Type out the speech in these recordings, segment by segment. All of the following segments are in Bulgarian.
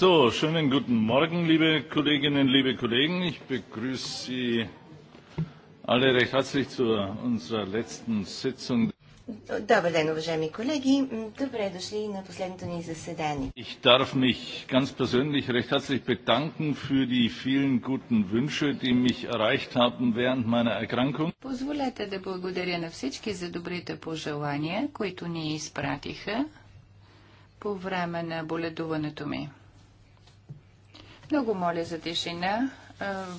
So, schönen guten Morgen, liebe Kolleginnen, liebe Kollegen. Ich begrüße Sie alle recht herzlich zu unserer letzten Sitzung. Добър ден, уважаеми колеги. Добре дошли на последното ни заседание. Ich darf mich ganz persönlich recht herzlich bedanken für die vielen guten Wünsche, die mich erreicht haben während meiner Erkrankung. Позволете да благодаря на всички за добрите пожелания, които ни изпратиха по време на боледуването ми. Много моля за тишина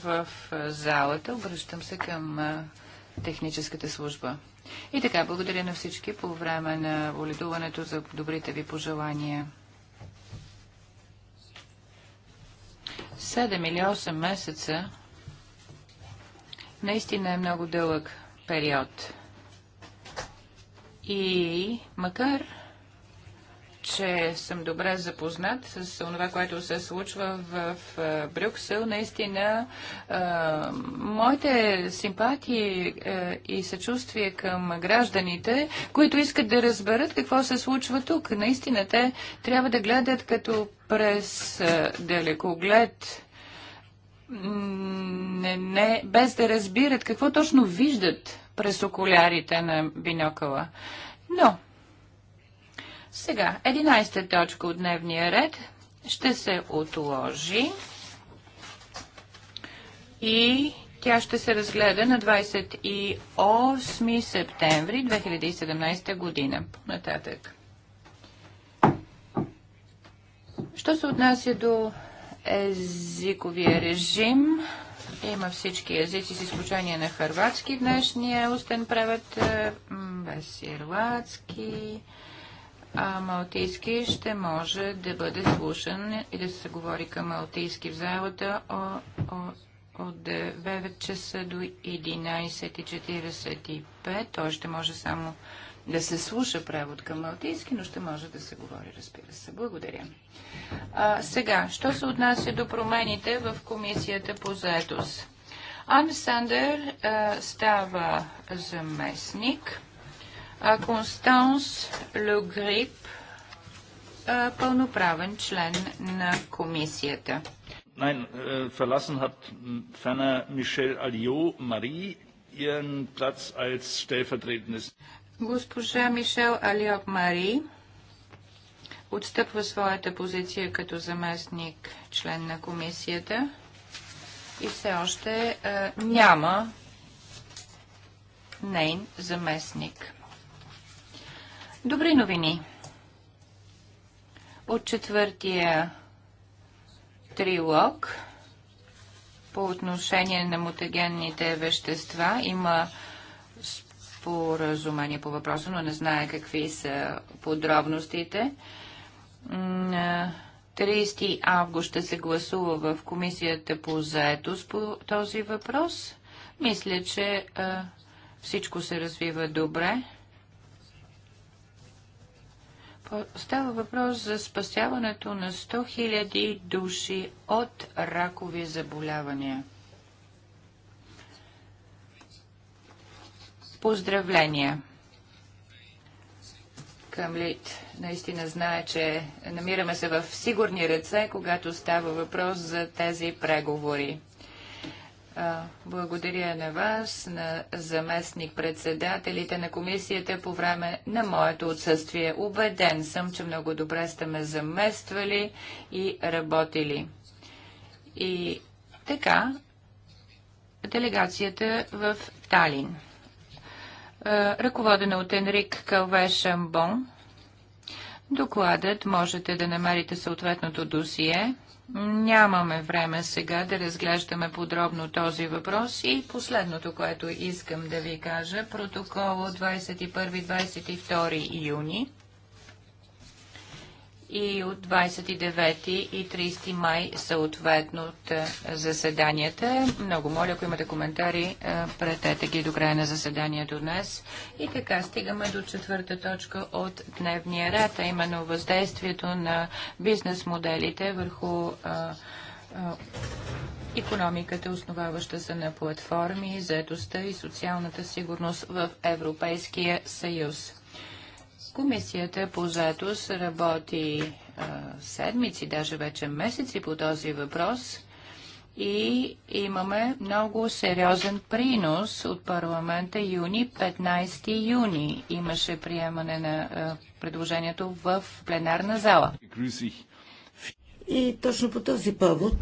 в залата. Обръщам се към техническата служба. И така, благодаря на всички по време на оледуването за добрите ви пожелания. Седем или 8 месеца наистина е много дълъг период. И макар че съм добре запознат с това, което се случва в, е, Брюксел. Наистина, е, моите симпатии е, и съчувствие към гражданите, които искат да разберат какво се случва тук. Наистина, те трябва да гледат като през далекоглед не, не, без да разбират какво точно виждат през окулярите на бинокъла. Но сега, 11-та точка от дневния ред ще се отложи и тя ще се разгледа на 28 септември 2017 година. Нататък. Що се отнася до езиковия режим, има всички езици с изключение на хърватски днешния устен превед, е, без ирландски, а малтийски ще може да бъде слушан и да се говори към малтийски в залата от 9 часа до 11.45. Той ще може само да се слуша превод към малтийски, но ще може да се говори, разбира се. Благодаря. А, сега, що се отнася до промените в комисията по заедост? Ан Сандер а, става заместник а Констанс Легрип, пълноправен член на комисията. Nein, äh, verlassen hat ferner Michel Alliot Marie ihren Platz als stellvertretendes. Госпожа Мишел Алиот Мари отстъпва своята позиция като заместник член на комисията и все още äh, няма нейн заместник. Добри новини. От четвъртия трилог по отношение на мутагенните вещества има споразумение по въпроса, но не знае какви са подробностите. 30 август ще се гласува в комисията по заетост по този въпрос. Мисля, че а, всичко се развива добре. Става въпрос за спасяването на 100 000 души от ракови заболявания. Поздравления! камлит. Наистина знае, че намираме се в сигурни ръце, когато става въпрос за тези преговори. Благодаря на вас, на заместник-председателите на комисията по време на моето отсъствие. Убеден съм, че много добре сте ме замествали и работили. И така, делегацията в Талин. Ръководена от Енрик Калве Шамбон, докладът можете да намерите съответното досие – Нямаме време сега да разглеждаме подробно този въпрос и последното, което искам да ви кажа, протокол от 21-22 юни и от 29 и 30 май съответно от е, заседанията. Много моля, ако имате коментари, е, претете ги до края на заседанието днес. И така стигаме до четвърта точка от дневния ред, а именно въздействието на бизнес моделите върху економиката, е, основаваща се на платформи, заедостта и социалната сигурност в Европейския съюз. Комисията по заедост работи седмици, даже вече месеци по този въпрос и имаме много сериозен принос от парламента юни, 15 юни имаше приемане на предложението в пленарна зала. И точно по този повод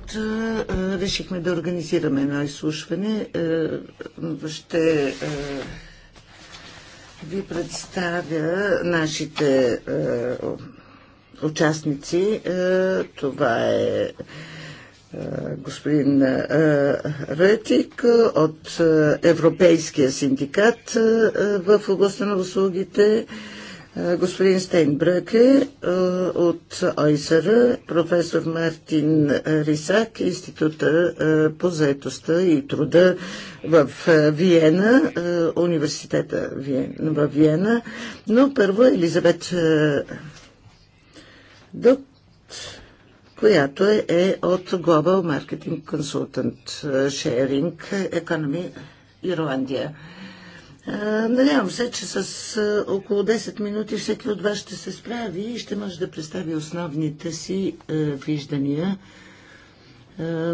решихме да организираме едно изслушване. Ще ви представя нашите е, участници. Е, това е, е господин е, Ретик от е, Европейския синдикат е, в областта на услугите. Е, господин Стейн Бръке от ОИСР, професор Мартин Рисак, Института по заетостта и труда в Виена, университета в Виена. Но първо Елизабет Дот, която е, е от Global Marketing Consultant Sharing Economy Ирландия. Е, надявам се, че с е, около 10 минути всеки от вас ще се справи и ще може да представи основните си е, виждания.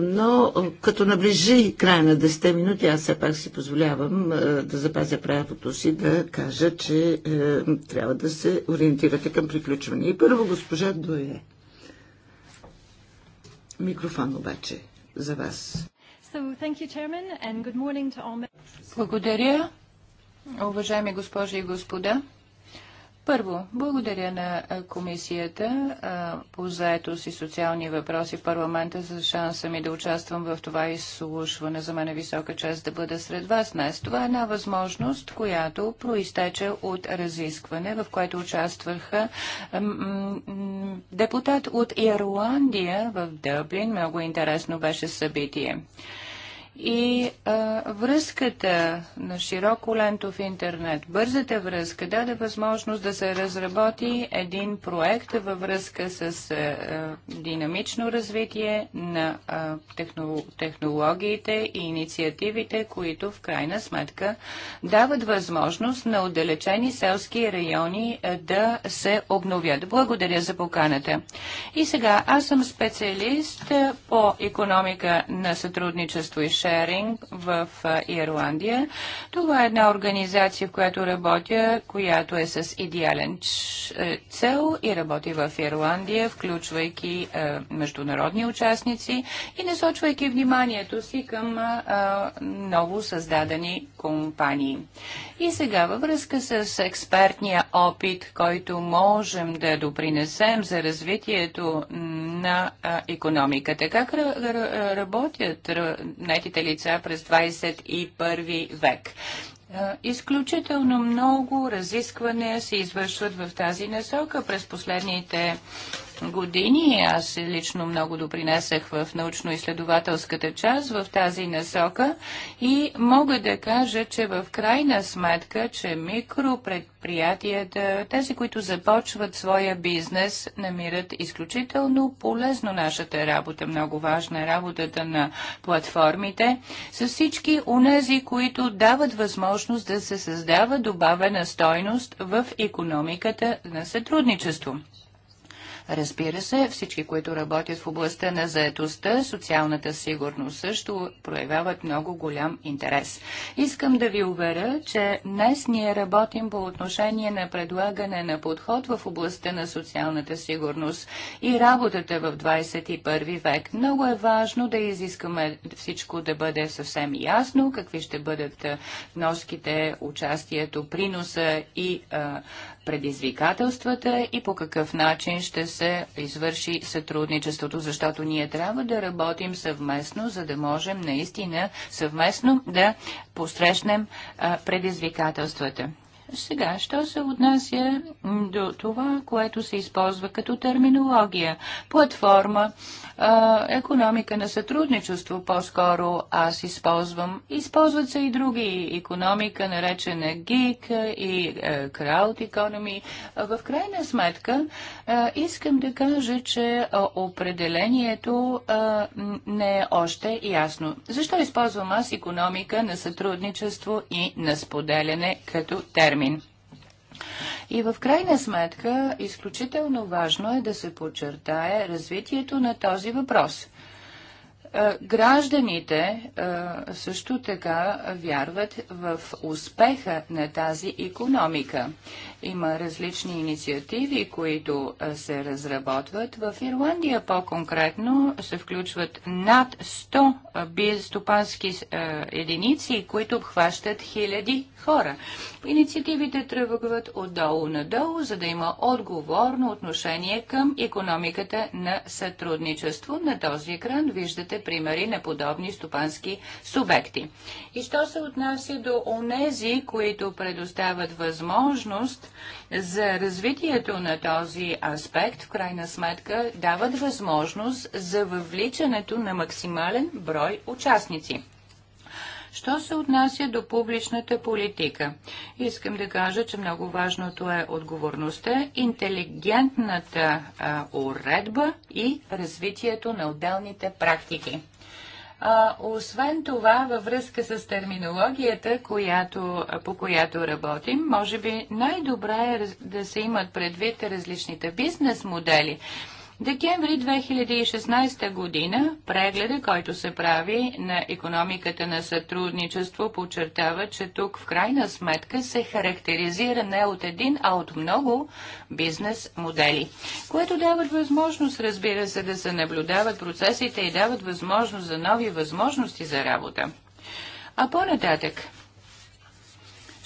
Но като наближи края на 10 минути, аз все пак си позволявам да запазя правото си да кажа, че трябва да се ориентирате към приключване. И първо госпожа Дуе. Микрофон обаче за вас. So, you, Chairman, all... Благодаря. Уважаеми госпожи и господа, първо, благодаря на комисията по заетост и социални въпроси в парламента за шанса ми да участвам в това изслушване. За мен е висока чест да бъда сред вас днес. Това е една възможност, която проистече от разискване, в което участваха депутат от Ирландия в Дъблин. Много интересно беше събитие и а, връзката на широко лентов интернет, бързата връзка даде възможност да се разработи един проект във връзка с а, динамично развитие на а, техно, технологиите и инициативите, които в крайна сметка дават възможност на отдалечени селски райони а, да се обновят. Благодаря за поканата. И сега аз съм специалист по економика на сътрудничество и Sharing в Ирландия. Това е една организация, в която работя, която е с идеален е, цел и работи в Ирландия, включвайки международни участници и насочвайки вниманието си към ново създадени компании. И сега във връзка с експертния опит, който можем да допринесем за развитието на економиката. Как работят физическите лица през 21 век. Е, изключително много разисквания се извършват в тази насока през последните години. Аз лично много допринесех в научно-изследователската част в тази насока и мога да кажа, че в крайна сметка, че микропредприятията, тези, които започват своя бизнес, намират изключително полезно нашата работа. Много важна е работата на платформите с всички унези, които дават възможност да се създава добавена стойност в економиката на сътрудничество. Разбира се, всички, които работят в областта на заетостта, социалната сигурност също проявяват много голям интерес. Искам да ви уверя, че днес ние работим по отношение на предлагане на подход в областта на социалната сигурност и работата в 21 век. Много е важно да изискаме всичко да бъде съвсем ясно, какви ще бъдат вноските, участието, приноса и а, предизвикателствата и по какъв начин ще се извърши сътрудничеството, защото ние трябва да работим съвместно, за да можем наистина съвместно да посрещнем предизвикателствата. Сега, що се отнася до това, което се използва като терминология? Платформа, а, економика на сътрудничество по-скоро аз използвам. Използват се и други економика, наречена гик и е, крауд економи. В крайна сметка а, искам да кажа, че определението а, не е още ясно. Защо използвам аз економика на сътрудничество и на споделяне като термин? И в крайна сметка, изключително важно е да се подчертае развитието на този въпрос. Е, гражданите е, също така вярват в успеха на тази економика. Има различни инициативи, които се разработват. В Ирландия по-конкретно се включват над 100 биостопански единици, които обхващат хиляди хора. Инициативите тръгват отдолу надолу, за да има отговорно отношение към економиката на сътрудничество. На този екран виждате примери на подобни стопански субекти. И що се отнася до онези, които предоставят възможност за развитието на този аспект, в крайна сметка, дават възможност за въвличането на максимален брой участници. Що се отнася до публичната политика? Искам да кажа, че много важното е отговорността, интелигентната а, уредба и развитието на отделните практики. А, освен това, във връзка с терминологията, която, по която работим, може би най-добре е да се имат предвид различните бизнес модели. Декември 2016 година прегледа, който се прави на економиката на сътрудничество, подчертава, че тук в крайна сметка се характеризира не от един, а от много бизнес модели, което дават възможност, разбира се, да се наблюдават процесите и дават възможност за нови възможности за работа. А по-нататък,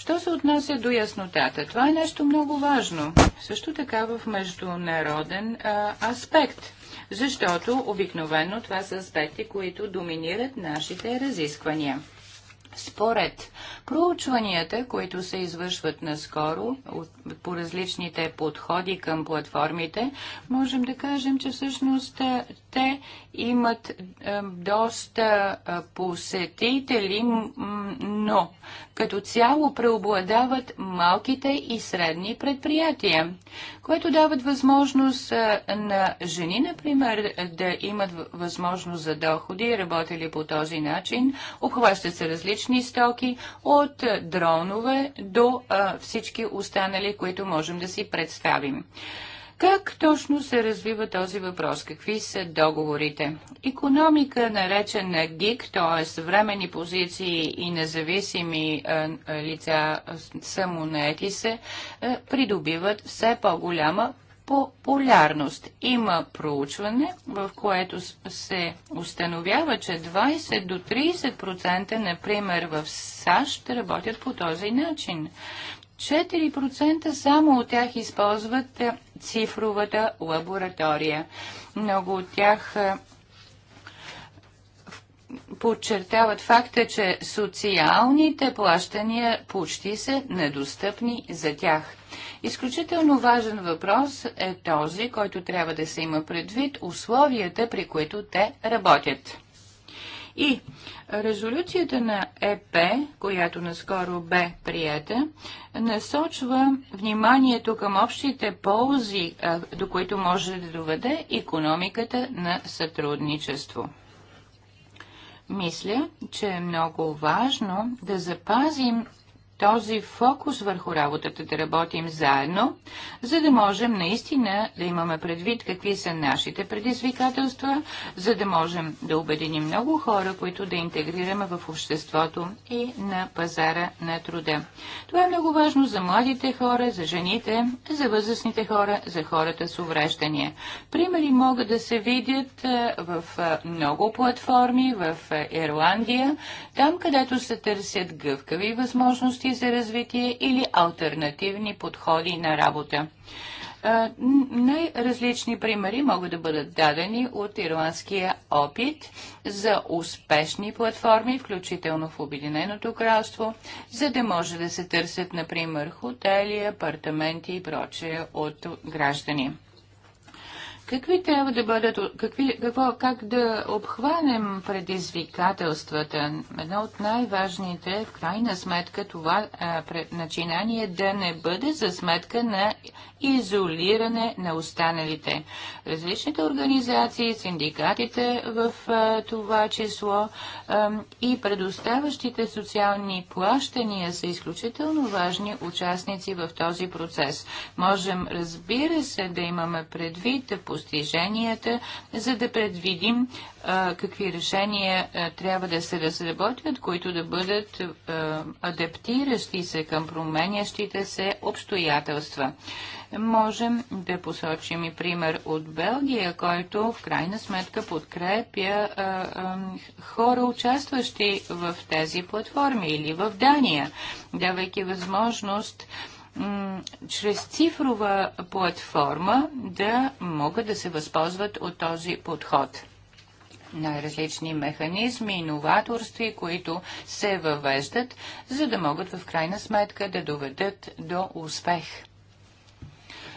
Що се отнася до яснотата? Това е нещо много важно. Също така в международен а, аспект. Защото обикновено това са аспекти, които доминират нашите разисквания. Според проучванията, които се извършват наскоро по различните подходи към платформите, можем да кажем, че всъщност те имат доста посетители, но като цяло преобладават малките и средни предприятия, което дават възможност на жени, например, да имат възможност за доходи, работили по този начин, обхващат се различни различни стоки, от дронове до а, всички останали, които можем да си представим. Как точно се развива този въпрос? Какви са договорите? Економика, наречена ГИК, т.е. времени позиции и независими лица самонаети се, придобиват все по-голяма по полярност. Има проучване, в което се установява, че 20 до 30%, например, в САЩ работят по този начин. 4% само от тях използват е, цифровата лаборатория. Много от тях е, подчертават факта, че социалните плащания почти са недостъпни за тях. Изключително важен въпрос е този, който трябва да се има предвид условията, при които те работят. И резолюцията на ЕП, която наскоро бе приета, насочва вниманието към общите ползи, до които може да доведе економиката на сътрудничество. Мисля, че е много важно да запазим този фокус върху работата, да работим заедно, за да можем наистина да имаме предвид какви са нашите предизвикателства, за да можем да обединим много хора, които да интегрираме в обществото и на пазара на труда. Това е много важно за младите хора, за жените, за възрастните хора, за хората с увреждания. Примери могат да се видят в много платформи в Ирландия, там където се търсят гъвкави възможности политики за развитие или альтернативни подходи на работа. Най-различни примери могат да бъдат дадени от ирландския опит за успешни платформи, включително в Обединеното кралство, за да може да се търсят, например, хотели, апартаменти и прочее от граждани. Какви трябва да бъдат, какви, какво, как да обхванем предизвикателствата? Едно от най-важните, в крайна сметка, това а, начинание да не бъде за сметка на изолиране на останалите. Различните организации, синдикатите в а, това число а, и предоставащите социални плащания са изключително важни участници в този процес. Можем, разбира се, да имаме предвид да постиженията, за да предвидим а, какви решения а, трябва да се разработят, които да бъдат а, адаптиращи се към променящите се обстоятелства. Можем да посочим и пример от Белгия, който в крайна сметка подкрепя хора, участващи в тези платформи или в Дания, давайки възможност а, чрез цифрова платформа да могат да се възползват от този подход най-различни механизми, иноваторства, които се въвеждат, за да могат в крайна сметка да доведат до успех.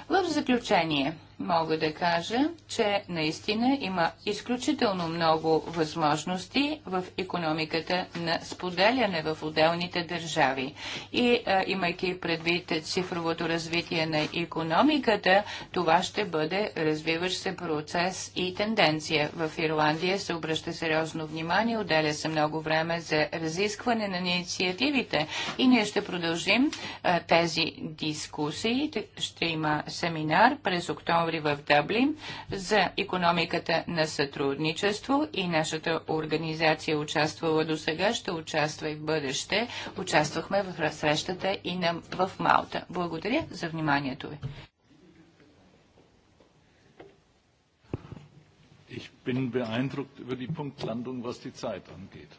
В заключение – мога да кажа, че наистина има изключително много възможности в економиката на споделяне в отделните държави. И а, имайки предвид цифровото развитие на економиката, това ще бъде развиващ се процес и тенденция. В Ирландия се обръща сериозно внимание, отделя се много време за разискване на инициативите и ние ще продължим а, тези дискусии. Ще има семинар през октомври октомври в Дъблин за економиката на сътрудничество и нашата организация участвала до сега, ще участва и в бъдеще. Участвахме в срещата и на, в Малта. Благодаря за вниманието ви. Ich bin beeindruckt über die Punktlandung, was die Zeit angeht.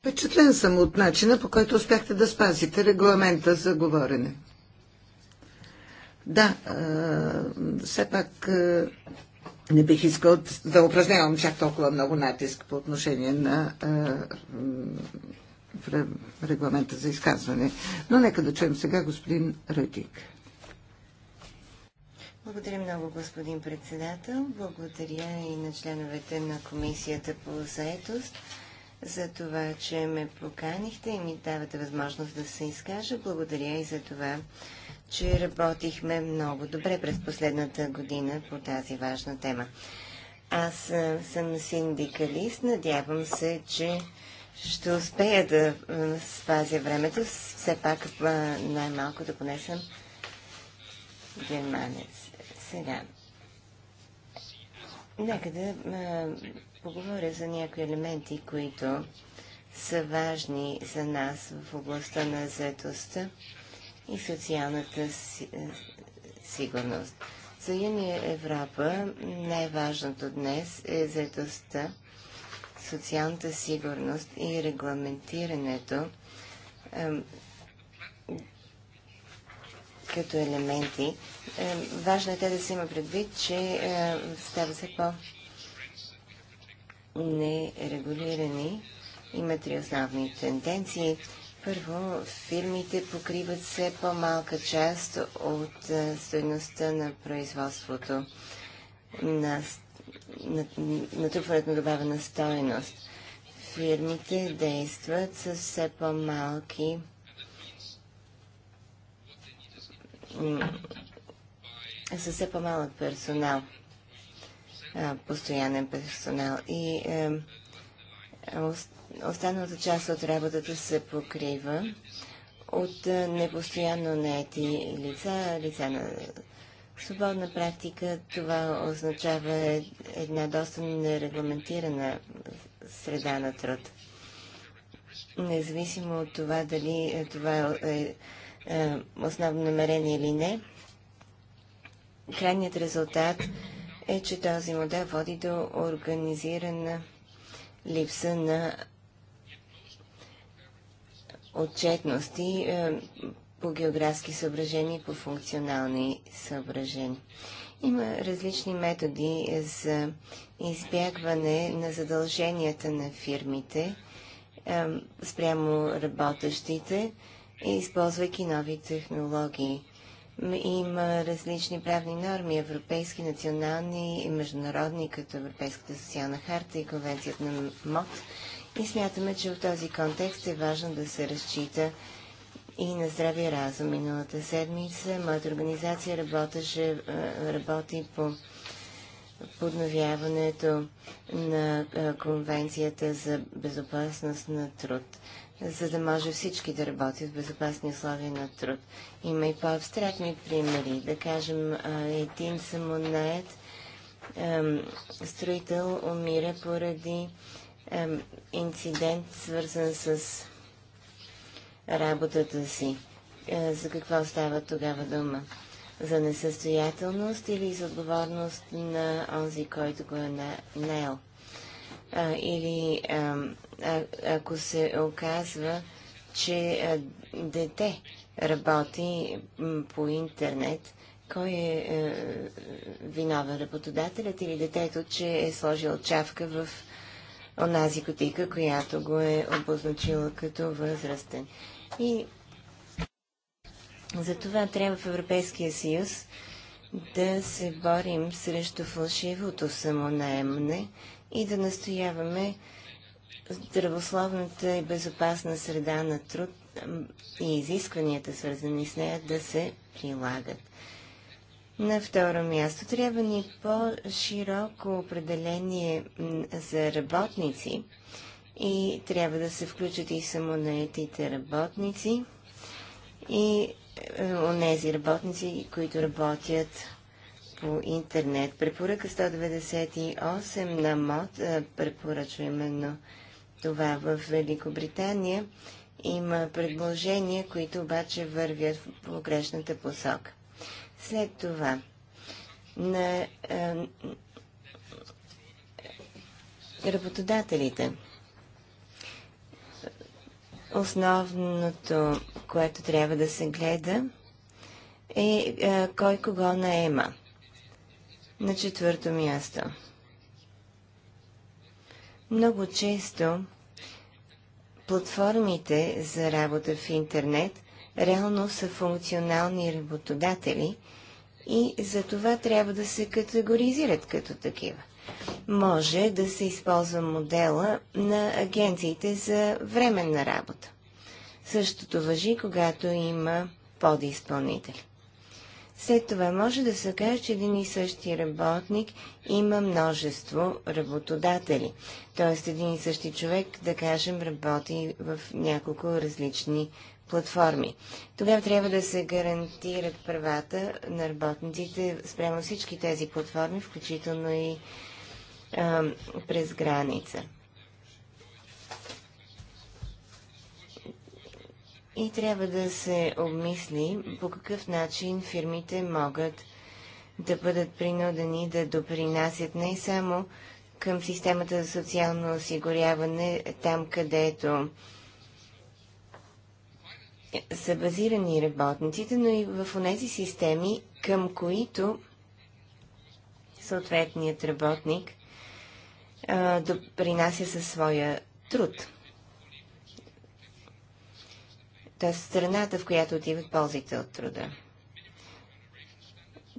Впечатлен съм от начина, по който успяхте да спазите регламента за говорене. Да, все пак не бих искал да упражнявам чак толкова много натиск по отношение на регламента за изказване. Но нека да чуем сега господин Ретик. Благодаря много, господин председател. Благодаря и на членовете на Комисията по заетост за това, че ме поканихте и ми давате възможност да се изкажа. Благодаря и за това, че работихме много добре през последната година по тази важна тема. Аз съм синдикалист. Надявам се, че ще успея да спазя времето. Все пак най малко да понесам германец. Сега. Нека да а, поговоря за някои елементи, които са важни за нас в областта на заедостта и социалната е, сигурност. За Юния Европа най-важното днес е заедостта, социалната сигурност и регламентирането като елементи. важно е те да се има предвид, че става се по- нерегулирани. Има три основни тенденции първо, фирмите покриват все по-малка част от стоеността на производството на, на, натрупването на добавена стоеност. Фирмите действат с все по-малки с все по-малък персонал, постоянен персонал. И останалата част от работата се покрива от непостоянно наети лица, лица на свободна практика. Това означава е, една доста нерегламентирана среда на труд. Независимо от това дали е, това е, е основно намерение или не, крайният резултат е, че този модел води до организирана липса на отчетности е, по географски съображения и по функционални съображения. Има различни методи за избягване на задълженията на фирмите е, спрямо работещите, използвайки нови технологии. Има различни правни норми, европейски, национални и международни, като Европейската социална харта и Конвенцията на МОД, и смятаме, че в този контекст е важно да се разчита и на здрави разум. Миналата седмица моята организация работеше, работи по подновяването на Конвенцията за безопасност на труд, за да може всички да работят в безопасни условия на труд. Има и по-абстрактни примери. Да кажем, един самонает строител умира поради инцидент, свързан с работата си. Е, за какво става тогава дума? За несъстоятелност или за отговорност на онзи, който го е наел? или ако се оказва, че дете работи по интернет, кой е, е виновен работодателят или детето, че е сложил чавка в онази котика, която го е обозначила като възрастен. И за това трябва в Европейския съюз да се борим срещу фалшивото самонаемане и да настояваме здравословната и безопасна среда на труд и изискванията, свързани с нея, да се прилагат. На второ място трябва ни по-широко определение за работници и трябва да се включат и самонаетите работници и е, онези работници, които работят по интернет. Препоръка 198 на МОД е, препоръчва именно това в Великобритания. Има предложения, които обаче вървят в погрешната посока. След това на а, е, работодателите. Основното, което трябва да се гледа, е а, е, кой кого наема. На четвърто място. Много често платформите за работа в интернет реално са функционални работодатели – и за това трябва да се категоризират като такива. Може да се използва модела на агенциите за временна работа. Същото въжи, когато има подизпълнители. След това може да се каже, че един и същи работник има множество работодатели. Тоест един и същи човек, да кажем, работи в няколко различни платформи. Тогава трябва да се гарантират правата на работниците спрямо всички тези платформи, включително и а, през граница. И трябва да се обмисли по какъв начин фирмите могат да бъдат принудени да допринасят не само към системата за социално осигуряване, там където са базирани работниците, но и в тези системи, към които съответният работник а, допринася със своя труд. Т.е. страната, в която отиват ползите от труда.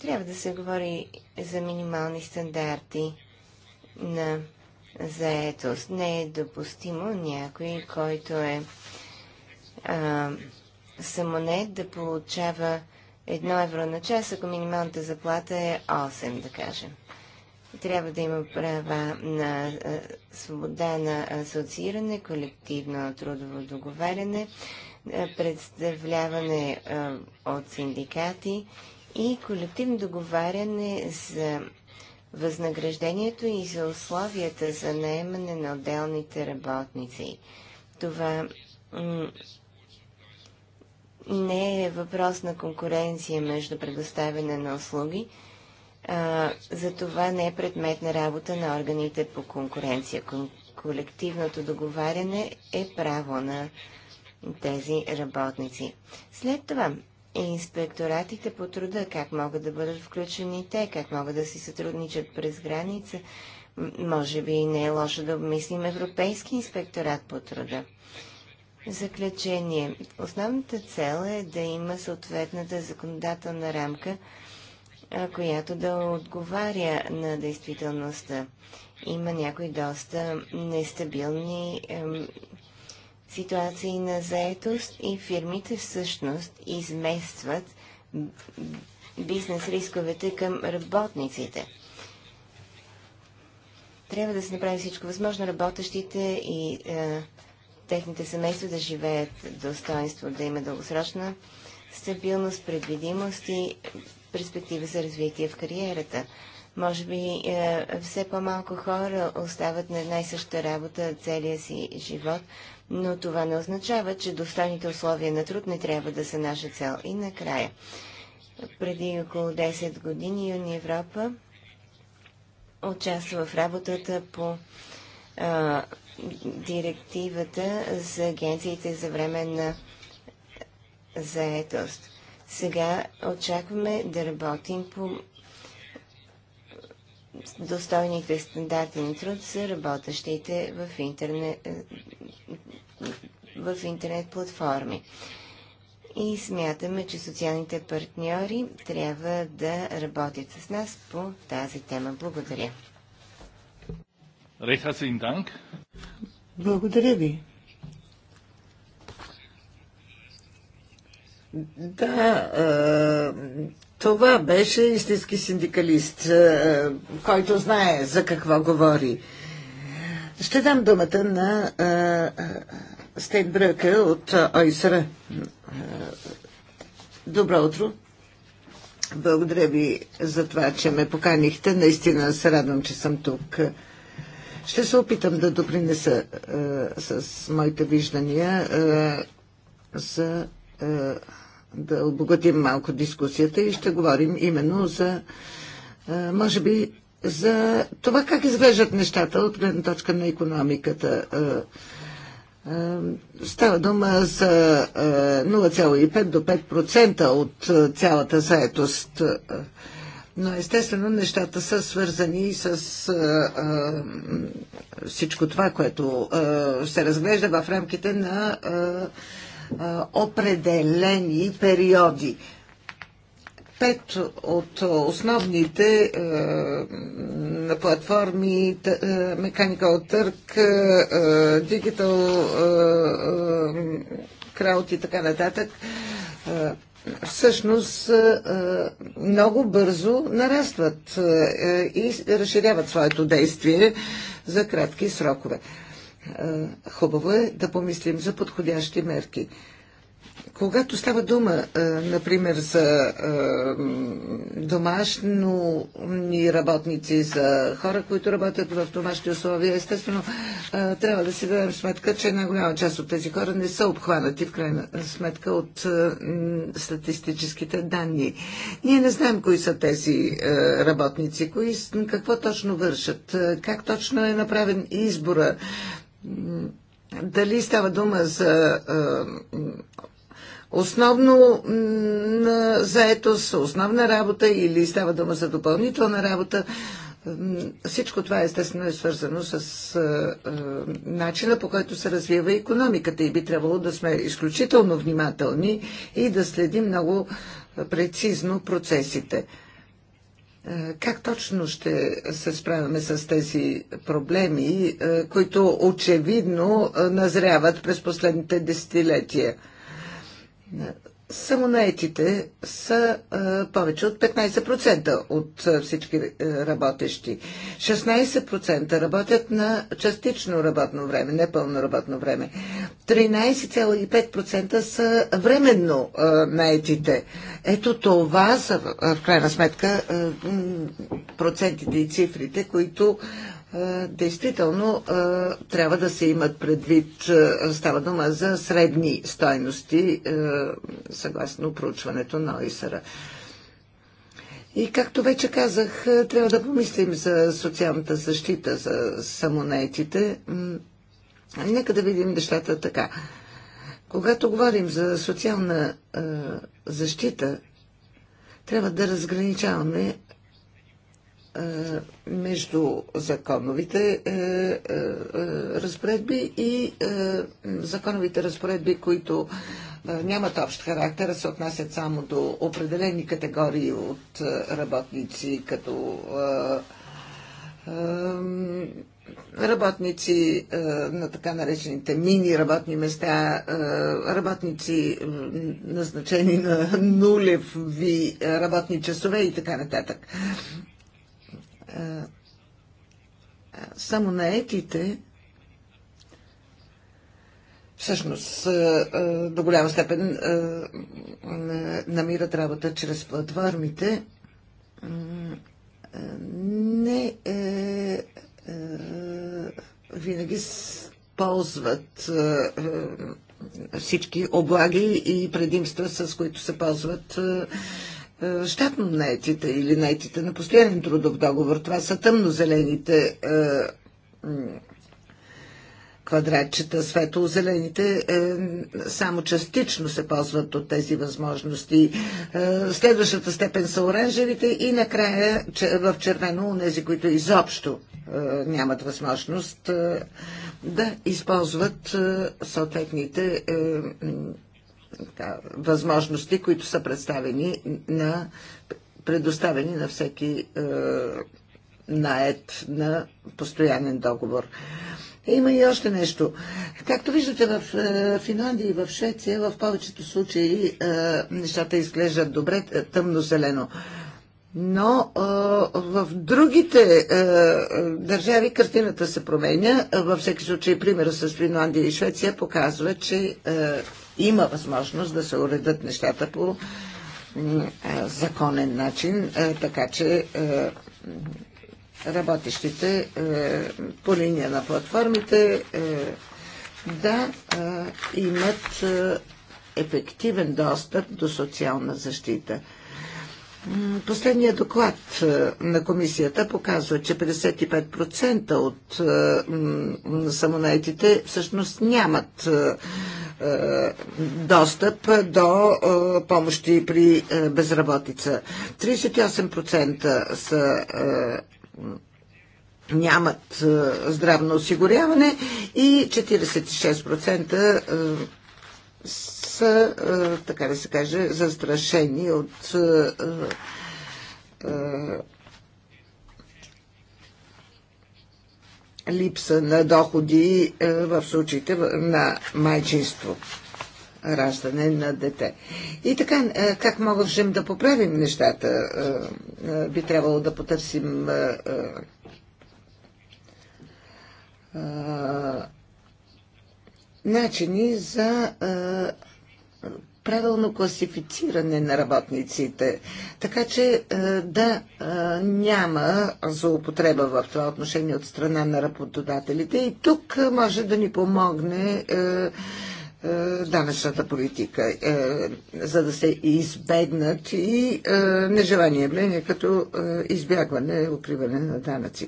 Трябва да се говори за минимални стандарти на заетост. Не е допустимо някой, който е а, самонет да получава едно евро на час, ако минималната заплата е 8, да кажем. Трябва да има права на свобода на асоцииране, колективно трудово договаряне, представляване от синдикати и колективно договаряне за възнаграждението и за условията за наемане на отделните работници. Това не е въпрос на конкуренция между предоставяне на услуги, а, за това не е предмет на работа на органите по конкуренция. Кон колективното договаряне е право на тези работници. След това, инспекторатите по труда, как могат да бъдат включени те, как могат да си сътрудничат през граница. Може би не е лошо да обмислим Европейски инспекторат по труда. Заключение. Основната цел е да има съответната законодателна рамка, която да отговаря на действителността. Има някои доста нестабилни ем, ситуации на заетост и фирмите всъщност изместват бизнес рисковете към работниците. Трябва да се направи всичко възможно работещите и е, техните семейства да живеят достоинство, да има дългосрочна стабилност, предвидимост и перспектива за развитие в кариерата. Може би е, все по-малко хора остават на една и съща работа целия си живот, но това не означава, че достойните условия на труд не трябва да са наша цел. И накрая, преди около 10 години Юни Европа участва в работата по е, директивата за агенциите за време на заетост. Сега очакваме да работим по достойните стандарти на труд за работещите в интернет, в интернет платформи. И смятаме, че социалните партньори трябва да работят с нас по тази тема. Благодаря. Благодаря ви. Да, това беше истински синдикалист, който знае за какво говори. Ще дам думата на Стейн Бръка от ОИСР. Добро утро. Благодаря ви за това, че ме поканихте. Наистина се радвам, че съм тук. Ще се опитам да допринеса е, с моите виждания е, за е, да обогатим малко дискусията и ще говорим именно за, може би, за това как изглеждат нещата от гледна точка на економиката. Става дума за 0,5 до 5% от цялата заетост. Но естествено нещата са свързани и с а, а, всичко това, което а, се разглежда в рамките на а, а, определени периоди. Пет от основните а, платформи а, Mechanical Turk, а, Digital а, Crowd и така нататък а, всъщност много бързо нарастват и разширяват своето действие за кратки срокове. Хубаво е да помислим за подходящи мерки. Когато става дума, например, за домашни работници, за хора, които работят в домашни условия, естествено, трябва да си дадем сметка, че една голяма част от тези хора не са обхванати, в крайна сметка, от статистическите данни. Ние не знаем кои са тези работници, кои, какво точно вършат, как точно е направен избора дали става дума за основно заетост, основна работа или става дума за допълнителна работа. Всичко това естествено е свързано с а, а, начина по който се развива економиката и би трябвало да сме изключително внимателни и да следим много прецизно процесите. Как точно ще се справяме с тези проблеми, които очевидно назряват през последните десетилетия? Самонаетите са а, повече от 15% от а, всички а, работещи. 16% работят на частично работно време, непълно работно време. 13,5% са временно а, наетите. Ето това са, в крайна сметка, а, процентите и цифрите, които е, действително е, трябва да се имат предвид, е, става дума за средни стойности, съгласно проучването на ОИСР. И както вече казах, трябва да помислим за социалната защита за самонетите. Нека да видим нещата така. Когато говорим за социална защита, трябва да разграничаваме е, между законовите е, е, разпоредби и законовите разпоредби, които нямат общ характер, се отнасят само до определени категории от работници, като работници на така наречените мини работни места, работници назначени на нулев ви работни часове и така нататък. Е, само на етите, всъщност е, е, до голяма степен намират работа чрез платформите, не е, винаги ползват всички облаги и предимства, с които се ползват е, щатно наетите или наетите на постоянен трудов договор. Това са тъмнозелените е, квадратчета, светло-зелените, е, само частично се ползват от тези възможности. Следващата степен са оранжевите и накрая в червено нези, които изобщо нямат възможност да използват съответните да, възможности, които са представени на, предоставени на всеки е, наед на постоянен договор. Има и още нещо. Както виждате в е, Финландия и в Швеция, в повечето случаи е, нещата изглеждат добре, е, тъмно-зелено. Но е, в другите е, е, държави картината се променя. Във всеки случай, примера с Финландия и Швеция показва, че има възможност да се уредат нещата по законен начин, така че работещите по линия на платформите да имат ефективен достъп до социална защита. Последният доклад е, на комисията показва, че 55% от е, самонаетите всъщност нямат е, достъп до помощи при безработица. 38% са нямат здравно осигуряване и 46% са са, така да се каже, застрашени от липса на доходи в случаите на майчинство раждане на дете. И така, как можем да поправим нещата? Би трябвало да потърсим начини за правилно класифициране на работниците, така че е, да е, няма злоупотреба в това отношение от страна на работодателите. И тук е, може да ни помогне данъчната политика, за да се избегнат и нежелани явления, като избягване, укриване на данъци.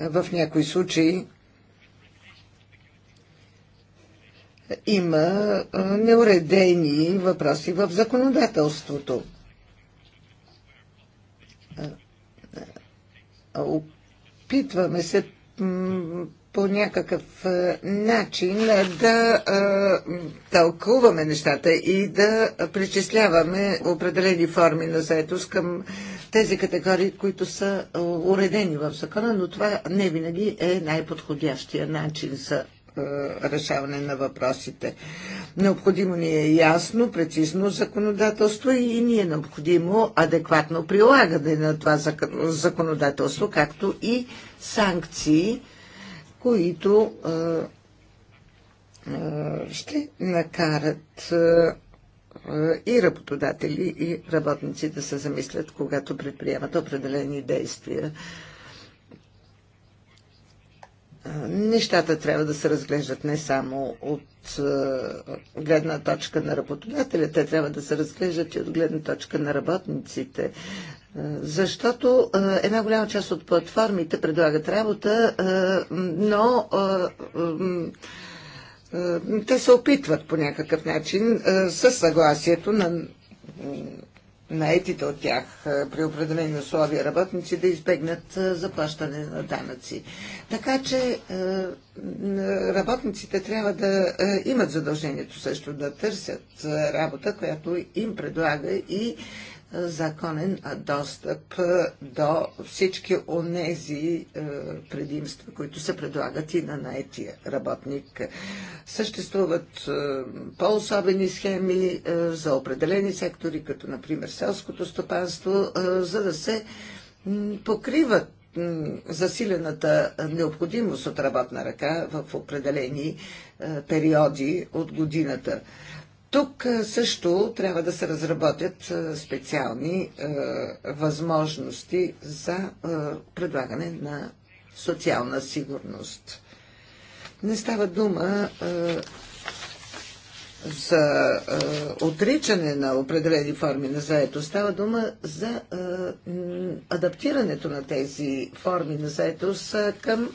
В някои случаи има неуредени въпроси в законодателството. Опитваме се по някакъв начин да тълкуваме нещата и да причисляваме определени форми на заетост към тези категории, които са уредени в закона, но това не винаги е най-подходящия начин за е, решаване на въпросите. Необходимо ни е ясно, прецизно законодателство и ни е необходимо адекватно прилагане на това законодателство, както и санкции, които е, е, ще накарат и работодатели, и работници да се замислят, когато предприемат определени действия нещата трябва да се разглеждат не само от гледна точка на работодателя, те трябва да се разглеждат и от гледна точка на работниците. Защото една голяма част от платформите предлагат работа, но те се опитват по някакъв начин с съгласието на наетите от тях при определени условия работници да избегнат заплащане на данъци. Така че работниците трябва да имат задължението също да търсят работа, която им предлага и законен достъп до всички онези предимства, които се предлагат и на найтия работник. Съществуват по-особени схеми за определени сектори, като например селското стопанство, за да се покриват засилената необходимост от работна ръка в определени периоди от годината. Тук също трябва да се разработят специални възможности за предлагане на социална сигурност. Не става дума за отричане на определени форми на заетост, Става дума за адаптирането на тези форми на заетост към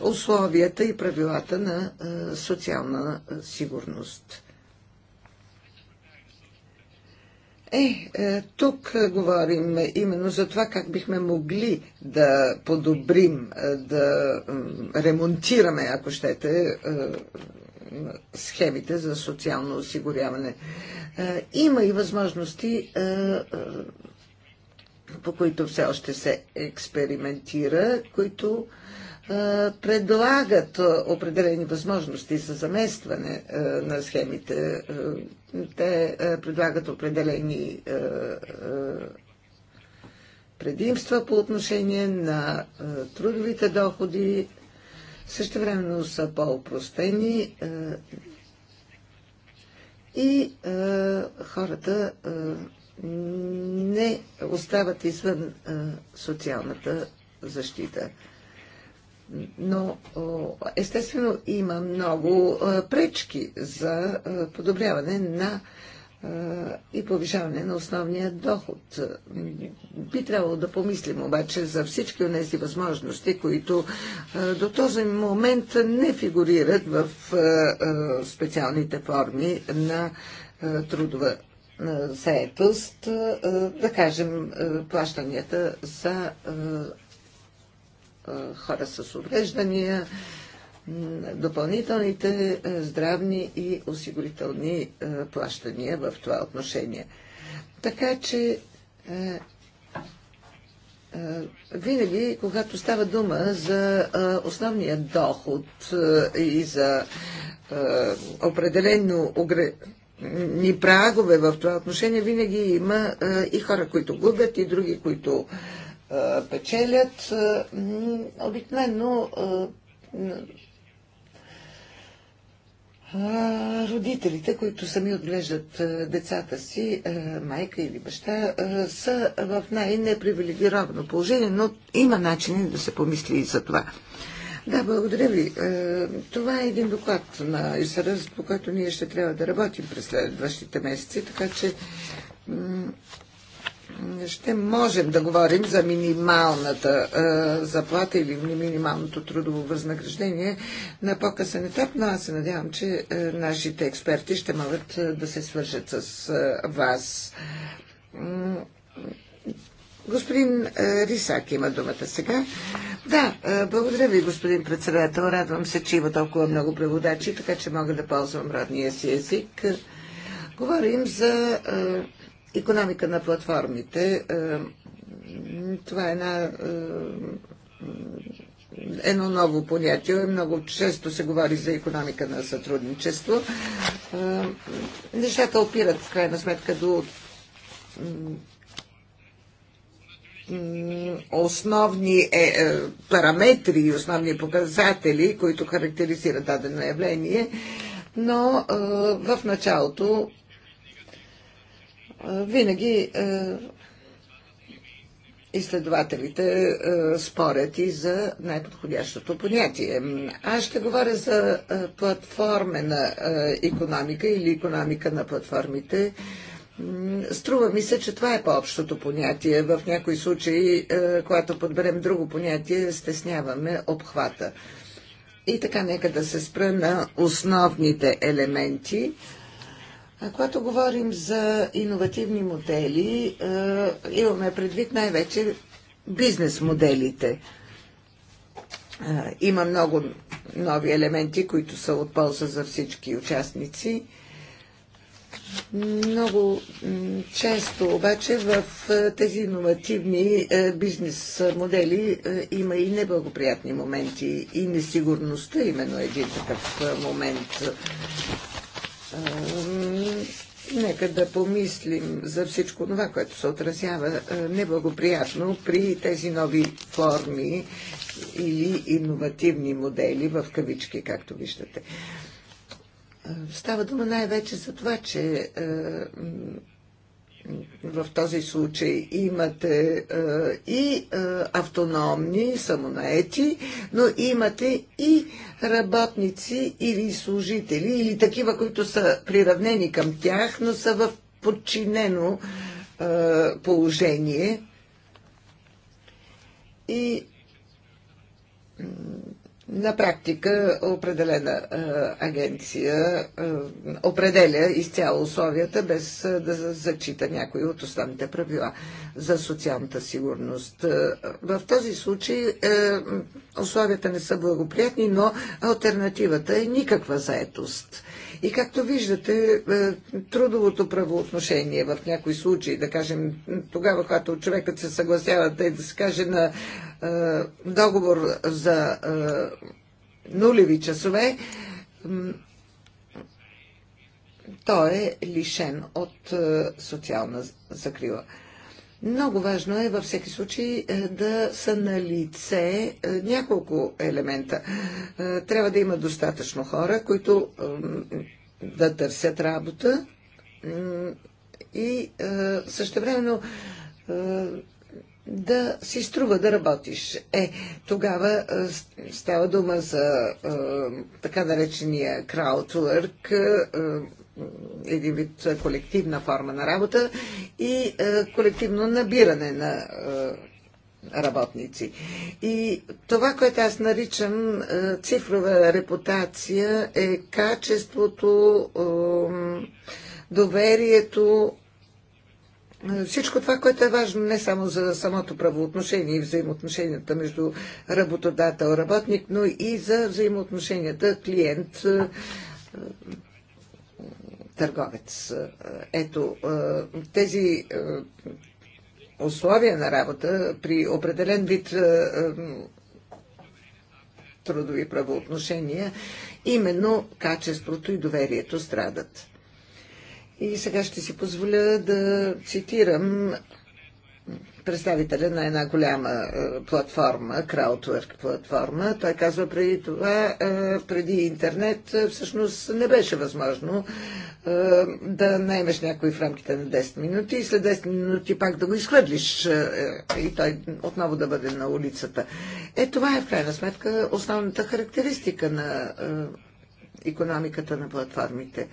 условията и правилата на социална сигурност. Е, е, тук говорим именно за това как бихме могли да подобрим, е, да ремонтираме, ако щете, е, схемите за социално осигуряване. Има и възможности, по които все още се експериментира, които предлагат определени възможности за заместване на схемите. Те предлагат определени предимства по отношение на трудовите доходи. Също времено са по-опростени и хората не остават извън социалната защита но естествено има много пречки за подобряване на и повишаване на основния доход. Би трябвало да помислим обаче за всички от тези възможности, които до този момент не фигурират в специалните форми на трудова заетост, да кажем, плащанията за хора с увреждания, допълнителните здравни и осигурителни плащания в това отношение. Така че винаги, когато става дума за основния доход и за определено ни прагове в това отношение, винаги има и хора, които губят, и други, които печелят. Обикновено родителите, които сами отглеждат децата си, майка или баща, са в най-непривилегировано положение, но има начини да се помисли и за това. Да, благодаря ви. Това е един доклад на ИСРС, по който ние ще трябва да работим през следващите месеци, така че ще можем да говорим за минималната заплата или минималното трудово възнаграждение на по-късен етап, но аз се надявам, че нашите експерти ще могат да се свържат с вас. Господин Рисак има думата сега. Да, благодаря ви, господин председател. Радвам се, че има толкова много преводачи, така че мога да ползвам родния си език. Говорим за економика на платформите. Е, това е една, е, едно ново понятие. Много често се говори за економика на сътрудничество. Е, нещата опират в крайна сметка до основни е, е, параметри и основни показатели, които характеризират дадено явление, но е, в началото винаги изследователите спорят и за най-подходящото понятие. Аз ще говоря за платформена економика или економика на платформите. Струва ми се, че това е по-общото понятие. В някои случаи, когато подберем друго понятие, стесняваме обхвата. И така, нека да се спра на основните елементи. Когато говорим за иновативни модели, имаме предвид най-вече бизнес моделите. Има много нови елементи, които са от полза за всички участници. Много често обаче в тези иновативни бизнес модели има и неблагоприятни моменти и несигурността именно е един такъв момент. Нека да помислим за всичко това, което се отразява неблагоприятно при тези нови форми или иновативни модели, в кавички, както виждате. Става дума най-вече за това, че в този случай имате е, и е, автономни, самонаети, но имате и работници или служители, или такива, които са приравнени към тях, но са в подчинено е, положение. И на практика определена агенция определя изцяло условията, без да зачита някои от основните правила за социалната сигурност. В този случай условията не са благоприятни, но альтернативата е никаква заетост. И както виждате, е, трудовото правоотношение в някои случаи, да кажем, тогава, когато човекът се съгласява да, да се каже на е, договор за е, нулеви часове, той е лишен от социална закрила. Много важно е във всеки случай е, да са на лице е, няколко елемента. Е, трябва да има достатъчно хора, които да търсят работа и същевременно да си струва да работиш. Е, тогава става дума за така наречения краудворк, един вид е, колективна форма на работа и е, колективно набиране на е, работници. И това, което аз наричам цифрова репутация, е качеството, доверието, всичко това, което е важно не само за самото правоотношение и взаимоотношенията между работодател-работник, но и за взаимоотношенията клиент търговец. Ето, тези условия на работа при определен вид трудови правоотношения, именно качеството и доверието страдат. И сега ще си позволя да цитирам представителя на една голяма е, платформа, краудворк платформа. Той казва преди това, е, преди интернет, е, всъщност не беше възможно да наймеш някой в рамките на 10 минути и след 10 минути пак да го изхвърлиш и той отново да бъде на улицата. Е, това е в крайна сметка основната характеристика на економиката на платформите.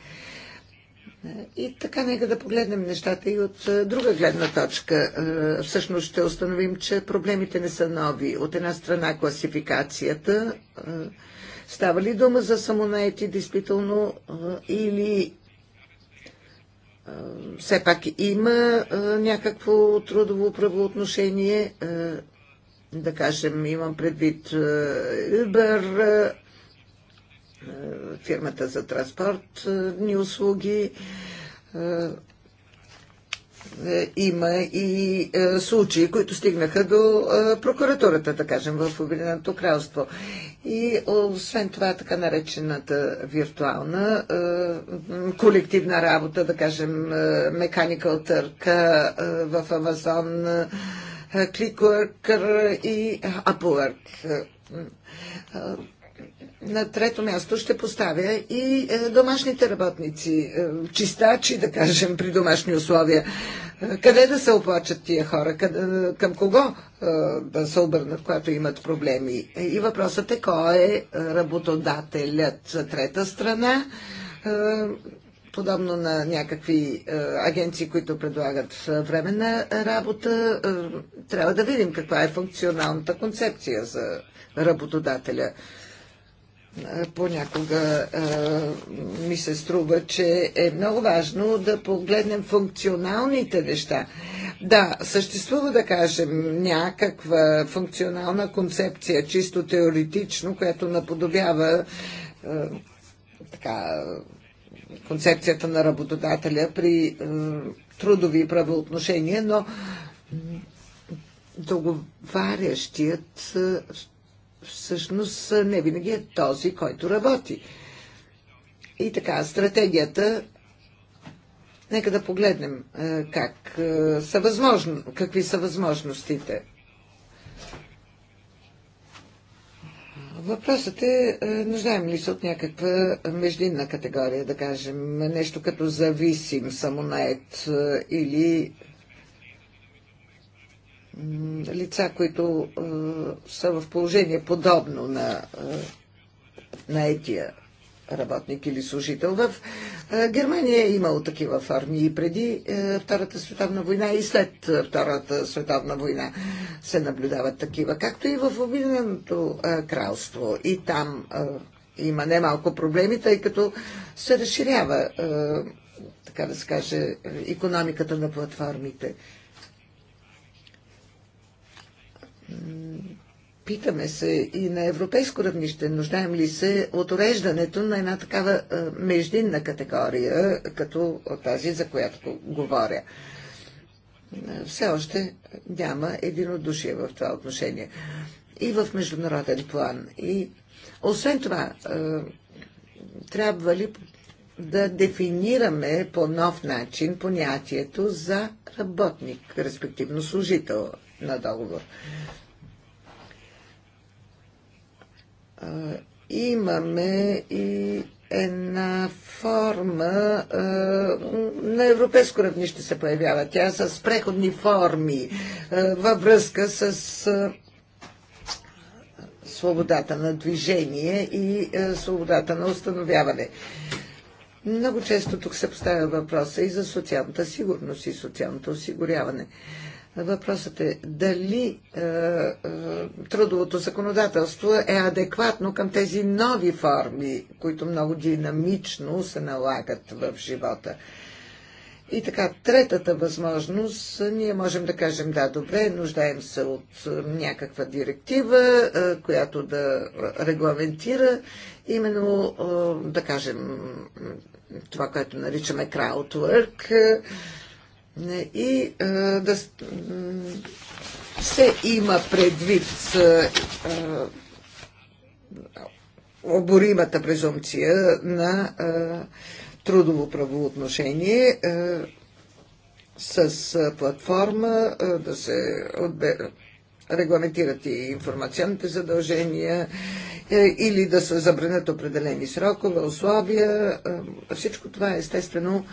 И така, нека да погледнем нещата и от е, друга гледна точка. Е, всъщност ще установим, че проблемите не са нови. От една страна класификацията. Е, става ли дума за самонаети, действително, или все пак има някакво трудово правоотношение, да кажем, имам предвид Uber, е, фирмата за транспортни е, услуги. Е, има и случаи, които стигнаха до прокуратурата, да кажем, в Обединеното кралство. И освен това, така наречената виртуална колективна работа, да кажем, механикал търка в Амазон, кликуъркър и аплърк. На трето място ще поставя и е, домашните работници, е, чистачи, да кажем, при домашни условия. Е, къде да се оплачат тия хора? Към кого да се обърнат, когато имат проблеми? И въпросът е кой е работодателят за трета страна? Подобно на някакви агенции, които предлагат временна работа, трябва да видим каква е функционалната концепция за работодателя понякога ми се струва, че е много важно да погледнем функционалните неща. Да, съществува, да кажем, някаква функционална концепция, чисто теоретично, която наподобява така, концепцията на работодателя при трудови правоотношения, но договарящият всъщност не винаги е този, който работи. И така, стратегията, нека да погледнем как са възможно, какви са възможностите. Въпросът е, нуждаем ли се от някаква междинна категория, да кажем, нещо като зависим самонает или лица, които са в положение подобно на, на етия работник или служител. В Германия е имало такива форми и преди Втората световна война и след Втората световна война се наблюдават такива, както и в Обединеното кралство. И там има немалко проблеми, тъй като се разширява, така да се каже, економиката на платформите. Питаме се и на европейско равнище, нуждаем ли се от уреждането на една такава междинна категория, като тази, за която говоря. Все още няма единодушие в това отношение. И в международен план. И освен това, трябва ли да дефинираме по нов начин понятието за работник, респективно служител на договор. имаме и една форма а, на европейско равнище се появява. Тя е с преходни форми а, във връзка с а, свободата на движение и свободата на установяване. Много често тук се поставя въпроса и за социалната сигурност и социалното осигуряване. Въпросът е дали е, е, трудовото законодателство е адекватно към тези нови форми, които много динамично се налагат в живота. И така, третата възможност, ние можем да кажем, да, добре, нуждаем се от е, някаква директива, е, която да регламентира именно, е, да кажем, това, което наричаме crowd work, и е, да се има предвид с е, оборимата презумпция на е, трудово правоотношение с платформа, да се отбе, регламентират и информационните задължения или да се забранят определени срокове, условия. Всичко това е естествено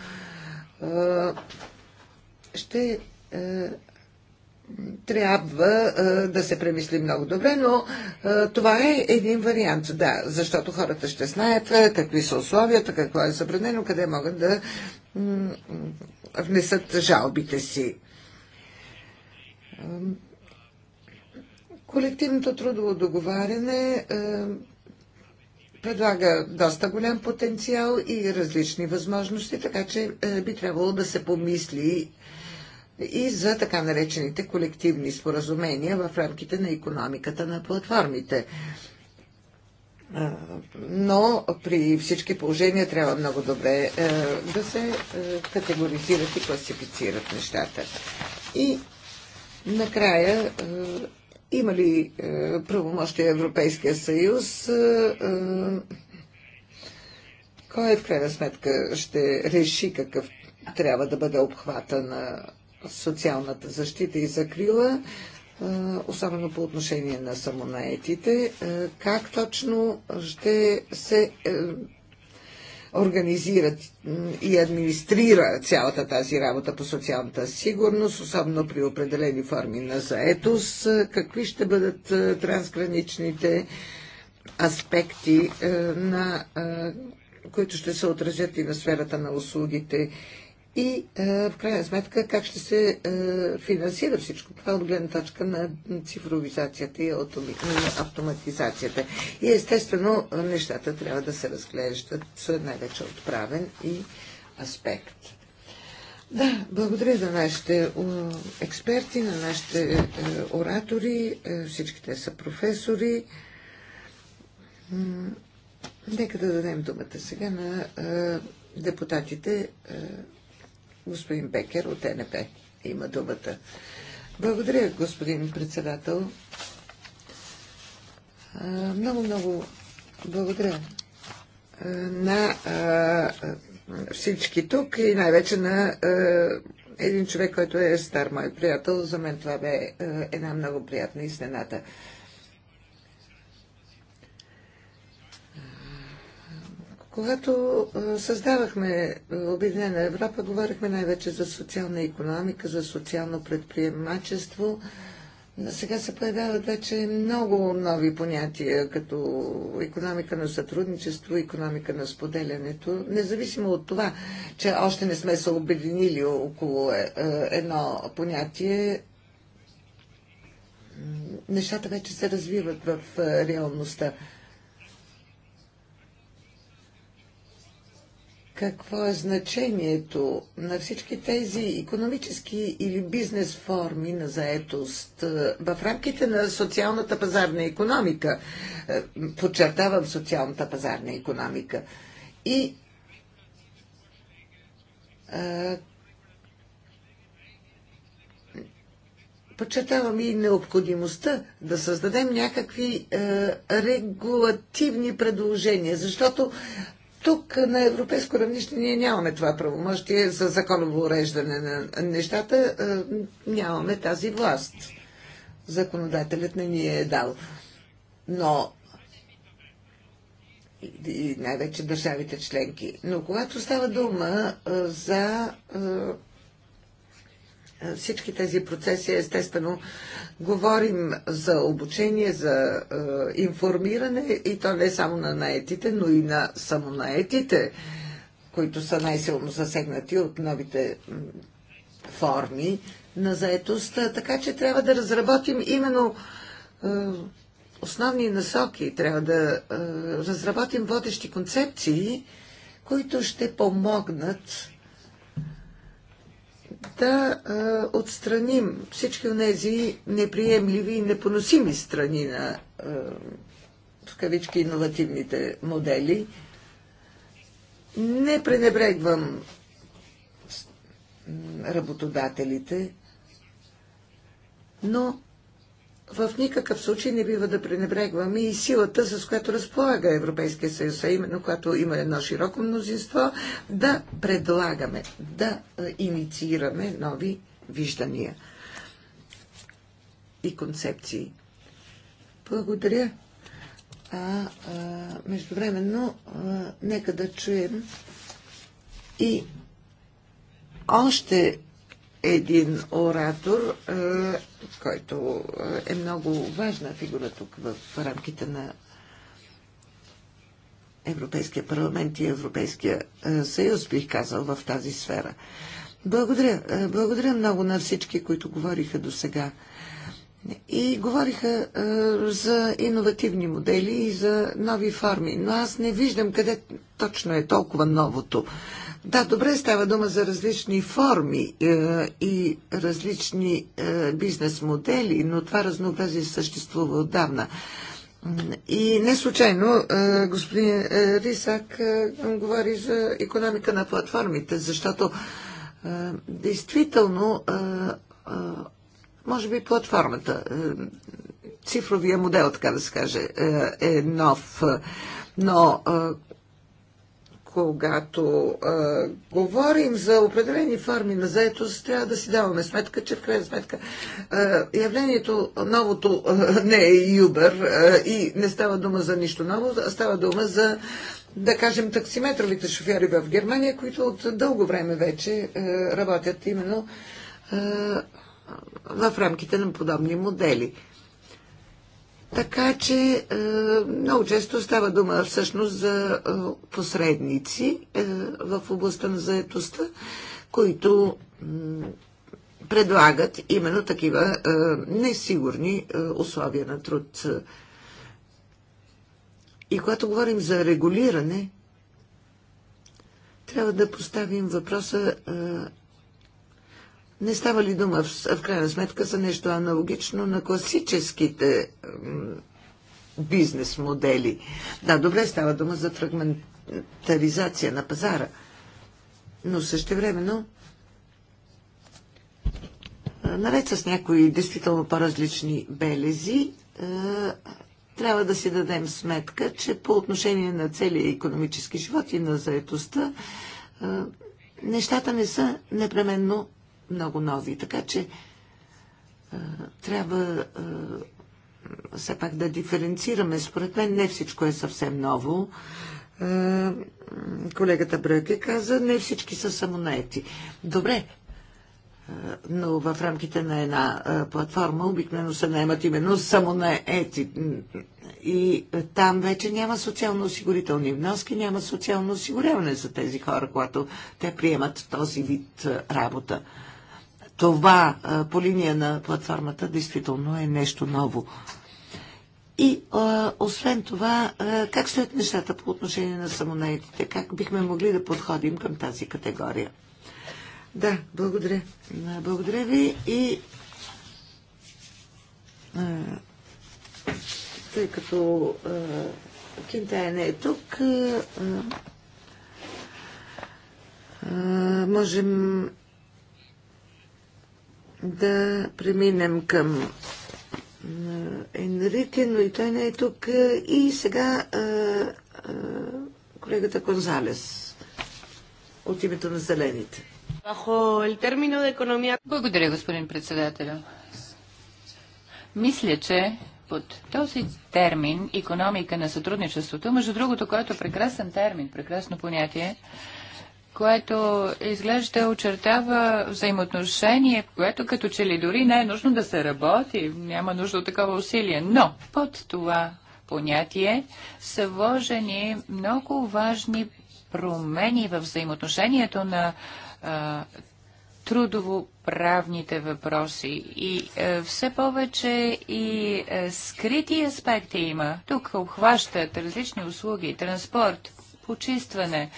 ще е, трябва е, да се премисли много добре, но е, това е един вариант, да, защото хората ще знаят е, какви са условията, какво е забранено, къде могат да внесат жалбите си. Колективното трудово договаряне е, предлага доста голям потенциал и различни възможности, така че е, би трябвало да се помисли и за така наречените колективни споразумения в рамките на економиката на платформите. Но при всички положения трябва много добре да се категоризират и класифицират нещата. И накрая има ли правомощия Европейския съюз? кой е в крайна сметка ще реши какъв трябва да бъде обхвата на социалната защита и закрила, особено по отношение на самонаетите. Как точно ще се е, организира и администрира цялата тази работа по социалната сигурност, особено при определени форми на заетост? Какви ще бъдат трансграничните аспекти е, на които ще се отразят и на сферата на услугите и е, в крайна сметка как ще се е, финансира всичко това от гледна точка на цифровизацията и автоматизацията. И естествено нещата трябва да се разглеждат най-вече от правен и аспект. Да, благодаря на нашите е, експерти, на нашите оратори. Всички те са професори. Нека да дадем думата сега на депутатите Господин Бекер от НП има думата. Благодаря, господин председател. Много, много благодаря на всички тук и най-вече на един човек, който е стар мой приятел. За мен това бе една много приятна изненада. Когато създавахме Обединена Европа, говорихме най-вече за социална економика, за социално предприемачество. Сега се появяват вече много нови понятия, като економика на сътрудничество, економика на споделянето. Независимо от това, че още не сме се обединили около е, е, едно понятие, нещата вече се развиват в е, реалността. Какво е значението на всички тези економически или бизнес форми на заетост е, в рамките на социалната пазарна економика? Е, подчертавам социалната пазарна економика. И е, подчертавам и необходимостта да създадем някакви е, регулативни предложения, защото тук на европейско равнище ние нямаме това правомощие за законово уреждане на нещата. Е, нямаме тази власт. Законодателят не ни е дал. Но и най-вече държавите членки. Но когато става дума е, за е, всички тези процеси, естествено, говорим за обучение, за е, информиране и то не само на наетите, но и на самонаетите, които са най-силно засегнати от новите форми на заетост. Така че трябва да разработим именно е, основни насоки, трябва да е, разработим водещи концепции, които ще помогнат да а, отстраним всички от тези неприемливи и непоносими страни на а, в кавички иновативните модели. Не пренебрегвам работодателите, но в никакъв случай не бива да пренебрегваме и силата, с която разполага Европейския съюз, а именно когато има едно широко мнозинство, да предлагаме, да е, инициираме нови виждания и концепции. Благодаря. А, а междувременно, а, нека да чуем и още един оратор, е, който е много важна фигура тук в рамките на Европейския парламент и Европейския е, съюз, бих казал, в тази сфера. Благодаря. Е, благодаря много на всички, които говориха до сега. И говориха е, за иновативни модели и за нови форми. Но аз не виждам къде точно е толкова новото. Е, да, добре, става дума за различни форми е, и различни е, бизнес модели, но това разнообразие съществува отдавна. И не случайно е, господин е, Рисак е, говори за економика на платформите, защото е, действително е, е, може би платформата, е, цифровия модел, така да се каже, е, е нов. Но е, когато а, говорим за определени форми на заетост, трябва да си даваме сметка, че в крайна сметка а, явлението новото а, не е юбер а, и не става дума за нищо ново, а става дума за да кажем таксиметровите шофьори в Германия, които от дълго време вече а, работят именно а, в рамките на подобни модели. Така че е, много често става дума всъщност за е, посредници е, в областта на заетостта, които предлагат именно такива несигурни условия на труд. И когато говорим за регулиране, трябва да поставим въпроса не става ли дума в, в крайна сметка за нещо аналогично на класическите бизнес модели? Да, добре става дума за фрагментаризация на пазара, но същевременно наред с някои действително по-различни белези, трябва да си дадем сметка, че по отношение на целия економически живот и на заетостта, нещата не са непременно много нови. Така че е, трябва е, все пак да диференцираме. Според мен не всичко е съвсем ново. Е, колегата Бръке каза, не всички са самонаети. Добре, но в рамките на една платформа обикновено се наемат именно самонаети, И там вече няма социално-осигурителни вноски, няма социално осигуряване за тези хора, когато те приемат този вид работа това по линия на платформата действително е нещо ново. И а, освен това, а, как стоят нещата по отношение на самонаетите? Как бихме могли да подходим към тази категория? Да, благодаря. Благодаря ви и а, тъй като а, Кинтая не е тук, а, а, можем да преминем към е, Енрике, но и той не е тук. И сега е, е, колегата Конзалес от името на Зелените. Благодаря, господин председател. Мисля, че под този термин економика на сътрудничеството, между другото, който е прекрасен термин, прекрасно понятие, което изглежда очертава взаимоотношение, което като че ли дори не е нужно да се работи, няма нужда от такова усилие. Но под това понятие са вложени много важни промени в взаимоотношението на а, трудово-правните въпроси. И е, все повече и е, скрити аспекти има. Тук обхващат различни услуги, транспорт, почистване. Е,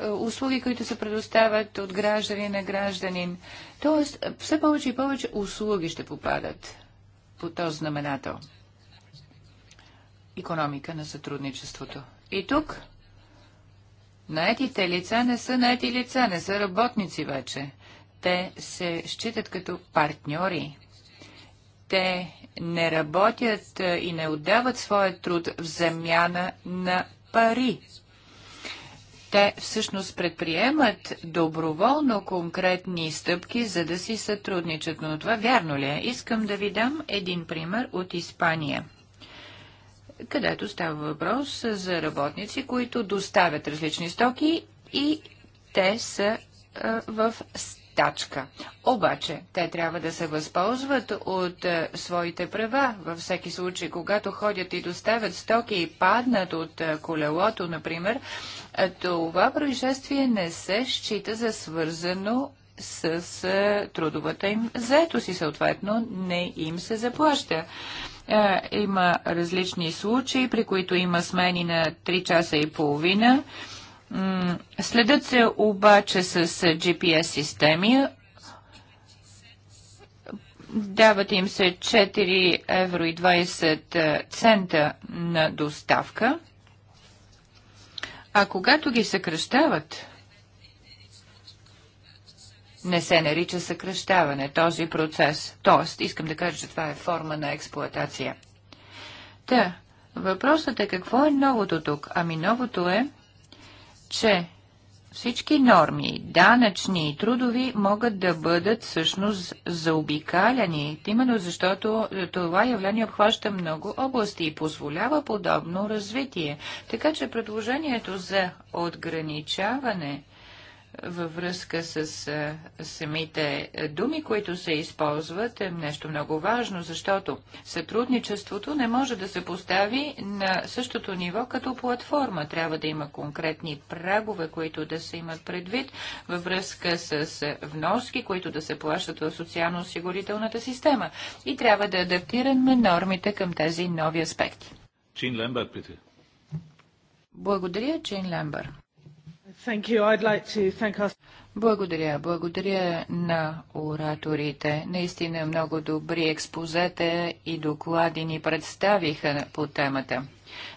е, услуги, които се предоставят от граждани на гражданин. Тоест, все повече и повече услуги ще попадат по този знаменател. Економика на сътрудничеството. И тук наетите лица не са наети лица, не са работници вече. Те се считат като партньори. Те не работят е, и не отдават своя труд в замяна на пари те всъщност предприемат доброволно конкретни стъпки, за да си сътрудничат. Но това вярно ли е? Искам да ви дам един пример от Испания където става въпрос за работници, които доставят различни стоки и те са в стачка. Обаче, те трябва да се възползват от своите права. Във всеки случай, когато ходят и доставят стоки и паднат от колелото, например, това происшествие не се счита за свързано с трудовата им заетост и съответно не им се заплаща. Е, има различни случаи, при които има смени на 3 часа и половина. Следят се обаче с GPS системи. Дават им се 4,20 евро цента на доставка. А когато ги съкръщават, не се нарича съкръщаване този процес. Тоест, искам да кажа, че това е форма на експлоатация. Та, въпросът е какво е новото тук? Ами новото е, че всички норми, данъчни и трудови, могат да бъдат всъщност заобикаляни, именно защото е, това явление обхваща много области и позволява подобно развитие. Така че предложението за отграничаване във връзка с а, самите думи, които се използват, е нещо много важно, защото сътрудничеството не може да се постави на същото ниво като платформа. Трябва да има конкретни прагове, които да се имат предвид във връзка с вноски, които да се плащат в социално-осигурителната система. И трябва да адаптираме нормите към тези нови аспекти. Чин Лембър, Благодаря, Чин Лембър благодаря. Благодаря на ораторите. Наистина много добри експозете и доклади ни представиха по темата.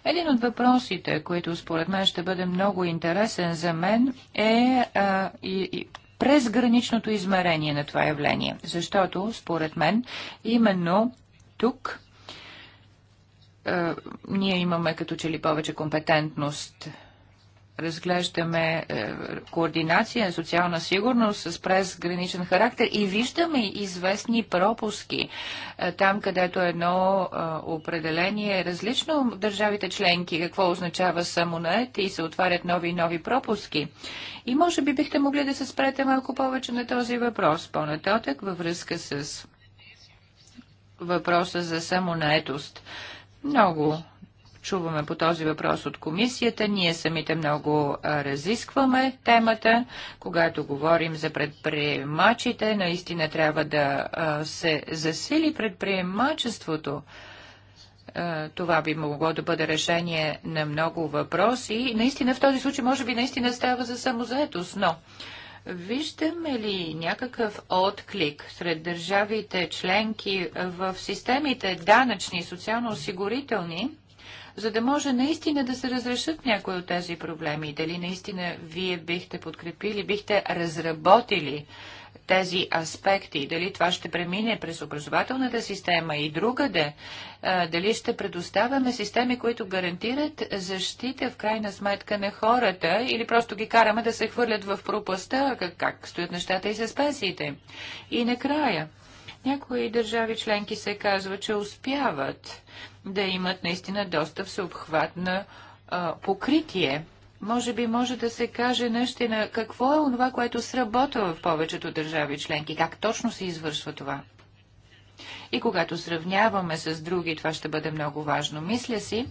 Един от въпросите, които според мен ще бъде много интересен за мен, е а, и, и през граничното измерение на това явление. Защото, според мен, именно тук а, ние имаме като че ли повече компетентност – разглеждаме е, координация на социална сигурност с презграничен характер и виждаме известни пропуски е, там, където едно е, определение е различно от държавите членки, какво означава самонает и се отварят нови и нови пропуски. И може би бихте могли да се спрете малко повече на този въпрос по-нататък във връзка с въпроса за самонаетост. Много чуваме по този въпрос от комисията. Ние самите много разискваме темата. Когато говорим за предприемачите, наистина трябва да се засили предприемачеството това би могло да бъде решение на много въпроси. Наистина в този случай може би наистина става за самозаетост, но виждаме ли някакъв отклик сред държавите членки в системите данъчни и социално-осигурителни, за да може наистина да се разрешат някои от тези проблеми? Дали наистина вие бихте подкрепили, бихте разработили тези аспекти, дали това ще премине през образователната система и другаде, дали ще предоставяме системи, които гарантират защита в крайна сметка на хората или просто ги караме да се хвърлят в пропаста, как, стоят нещата и с пенсиите. И накрая, някои държави членки се казва, че успяват да имат наистина доста всеобхватна а, покритие. Може би може да се каже наистина какво е това, което сработва в повечето държави членки, как точно се извършва това. И когато сравняваме с други, това ще бъде много важно. Мисля си,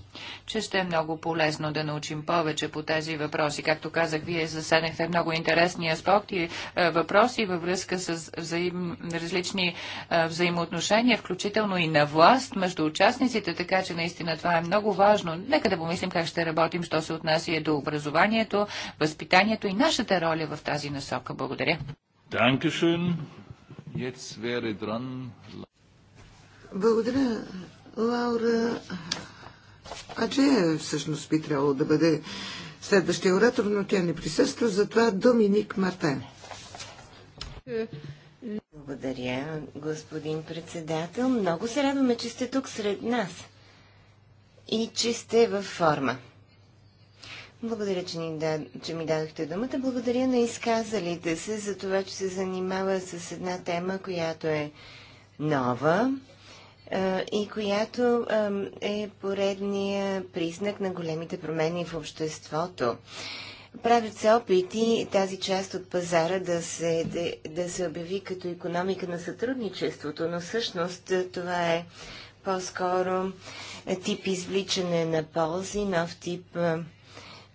че ще е много полезно да научим повече по тези въпроси. Както казах, вие заседнахте много интересни аспекти, е, въпроси във връзка с взаим, различни е, взаимоотношения, включително и на власт между участниците, така че наистина това е много важно. Нека да помислим как ще работим, що се отнася до образованието, възпитанието и нашата роля в тази насока. Благодаря. Dankeschön. Jetzt wäre dran... Благодаря, Лаура. А че всъщност би трябвало да бъде следващия оратор, но тя не присъства, затова Доминик Мартен. Благодаря, господин председател. Много се радваме, че сте тук сред нас и че сте във форма. Благодаря, че, ни да, че ми дадохте думата. Благодаря на изказалите се за това, че се занимава с една тема, която е нова, е, и която е поредния признак на големите промени в обществото. Правят се опити тази част от пазара да се, да, да се обяви като економика на сътрудничеството, но всъщност е, това е по-скоро е, тип извличане на ползи, нов тип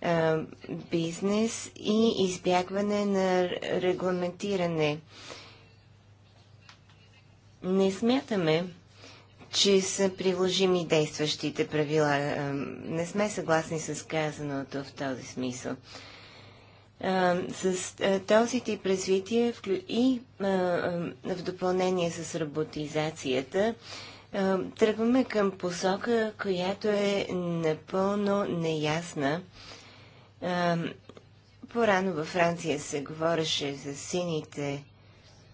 а, бизнес и избягване на регламентиране. Не смятаме, че са приложими действащите правила. Не сме съгласни с казаното в този смисъл. С този тип развитие и в допълнение с роботизацията тръгваме към посока, която е напълно неясна. По-рано във Франция се говореше за сините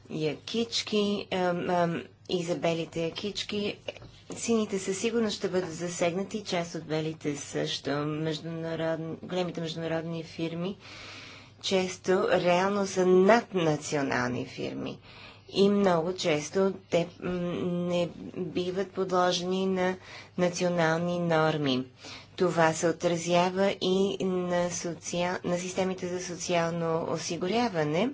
якички и за белите кички. Сините със сигурност ще бъдат засегнати, част от белите също. Международни, големите международни фирми често реално са наднационални фирми. И много често те не биват подложени на национални норми. Това се отразява и на, социал... на системите за социално осигуряване,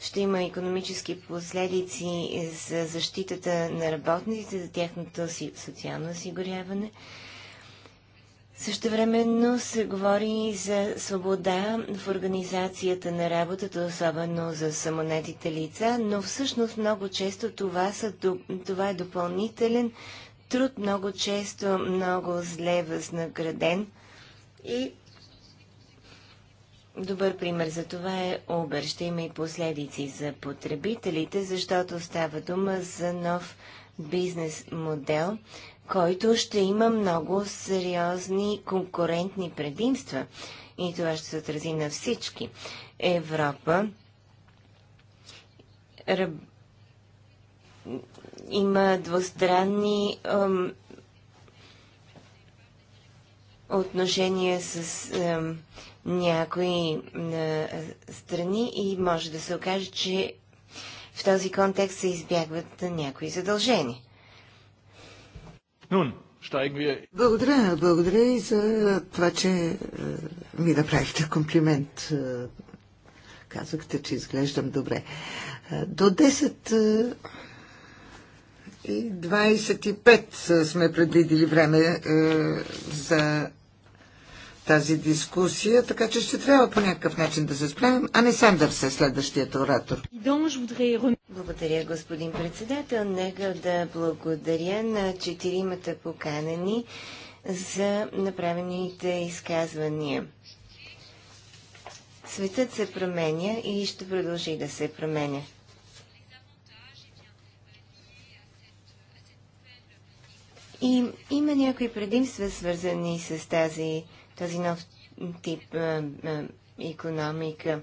ще има економически последици за защитата на работниците, за тяхното си социално осигуряване. Същевременно се говори и за свобода в организацията на работата, особено за самонетите лица, но всъщност много често това, са, това е допълнителен труд, много често много зле възнаграден и Добър пример за това е Uber. Ще има и последици за потребителите, защото става дума за нов бизнес модел, който ще има много сериозни конкурентни предимства. И това ще се отрази на всички. Европа ръб... има двустранни ъм... отношения с Ъм някои а, страни и може да се окаже, че в този контекст се избягват някои задължения. благодаря, благодаря и за това, че е, ми направихте комплимент. Е, казахте, че изглеждам добре. Е, до 10 е, и 25 сме предвидили време за тази дискусия, така че ще трябва по някакъв начин да се спрем, А не Сандърс е следващият оратор. Благодаря, господин председател. Нека да благодаря на четиримата поканени за направените изказвания. Светът се променя и ще продължи да се променя. И има някои предимства, свързани с тази този нов тип а, а, економика.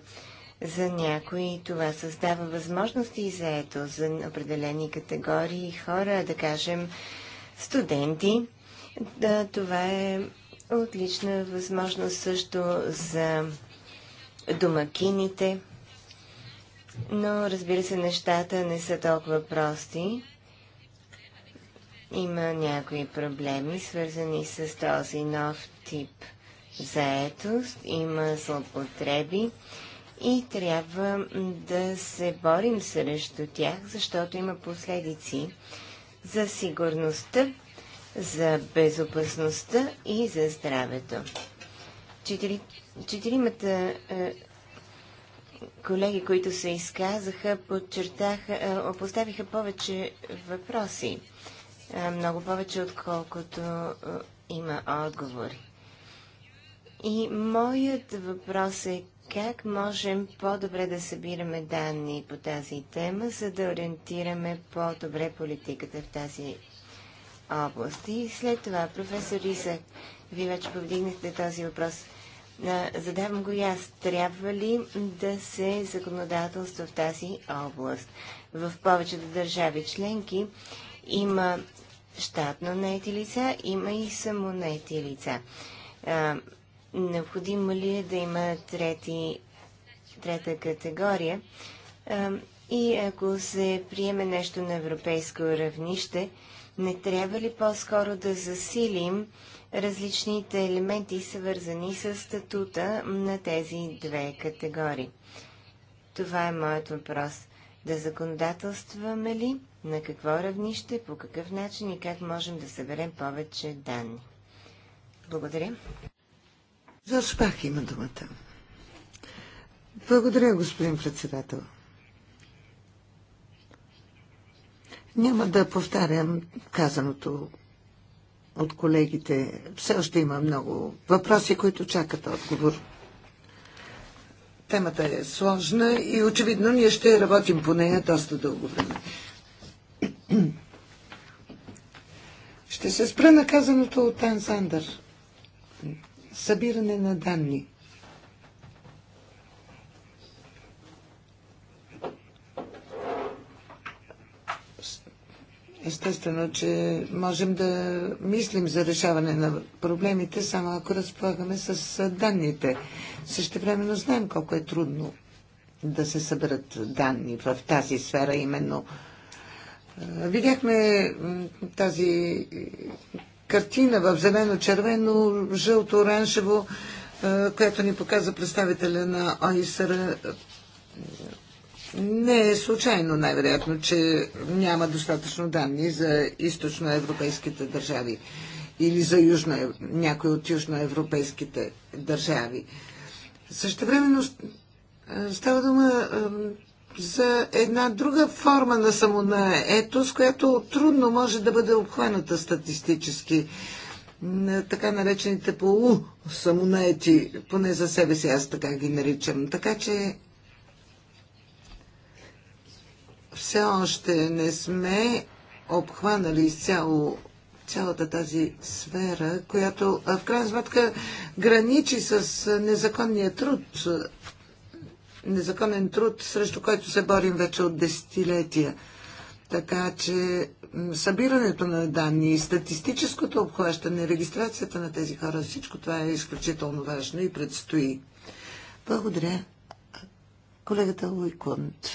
За някои това създава възможности за ето, за определени категории хора, да кажем студенти. Да, това е отлична възможност също за домакините. Но, разбира се, нещата не са толкова прости. Има някои проблеми, свързани с този нов тип заетост, има злопотреби и трябва да се борим срещу тях, защото има последици за сигурността, за безопасността и за здравето. Четири, четиримата е, колеги, които се изказаха, подчертаха, е, поставиха повече въпроси, е, много повече отколкото е, има отговори. И моят въпрос е как можем по-добре да събираме данни по тази тема, за да ориентираме по-добре политиката в тази област. И след това, професор Исак, вие вече повдигнахте този въпрос. Задавам го и аз. Трябва ли да се законодателство в тази област? В повечето държави членки има щатно наети лица, има и самонаети лица необходимо ли е да има трети, трета категория. И ако се приеме нещо на европейско равнище, не трябва ли по-скоро да засилим различните елементи, свързани с статута на тези две категории? Това е моят въпрос. Да законодателстваме ли, на какво равнище, по какъв начин и как можем да съберем повече данни? Благодаря. За има думата. Благодаря, господин председател. Няма да повтарям казаното от колегите. Все още има много въпроси, които чакат отговор. Темата е сложна и очевидно ние ще работим по нея доста дълго време. Ще се спра на казаното от Тан Сандър събиране на данни. Естествено, че можем да мислим за решаване на проблемите, само ако разполагаме с данните. Също времено знаем колко е трудно да се съберат данни в тази сфера именно. Видяхме тази картина в зелено, червено, жълто, оранжево, е, която ни показа представителя на ОИСР. Не е случайно, най-вероятно, че няма достатъчно данни за източноевропейските държави или за южно, някои от южноевропейските държави. Същевременно е, става дума е, за една друга форма на самонаетост, която трудно може да бъде обхваната статистически. Така наречените полу самонаети, поне за себе си аз така ги наричам. Така че все още не сме обхванали изцяло цялата тази сфера, която в крайна сметка граничи с незаконния труд незаконен труд, срещу който се борим вече от десетилетия. Така че събирането на данни, статистическото обхващане, регистрацията на тези хора, всичко това е изключително важно и предстои. Благодаря. Колегата Луйкунт.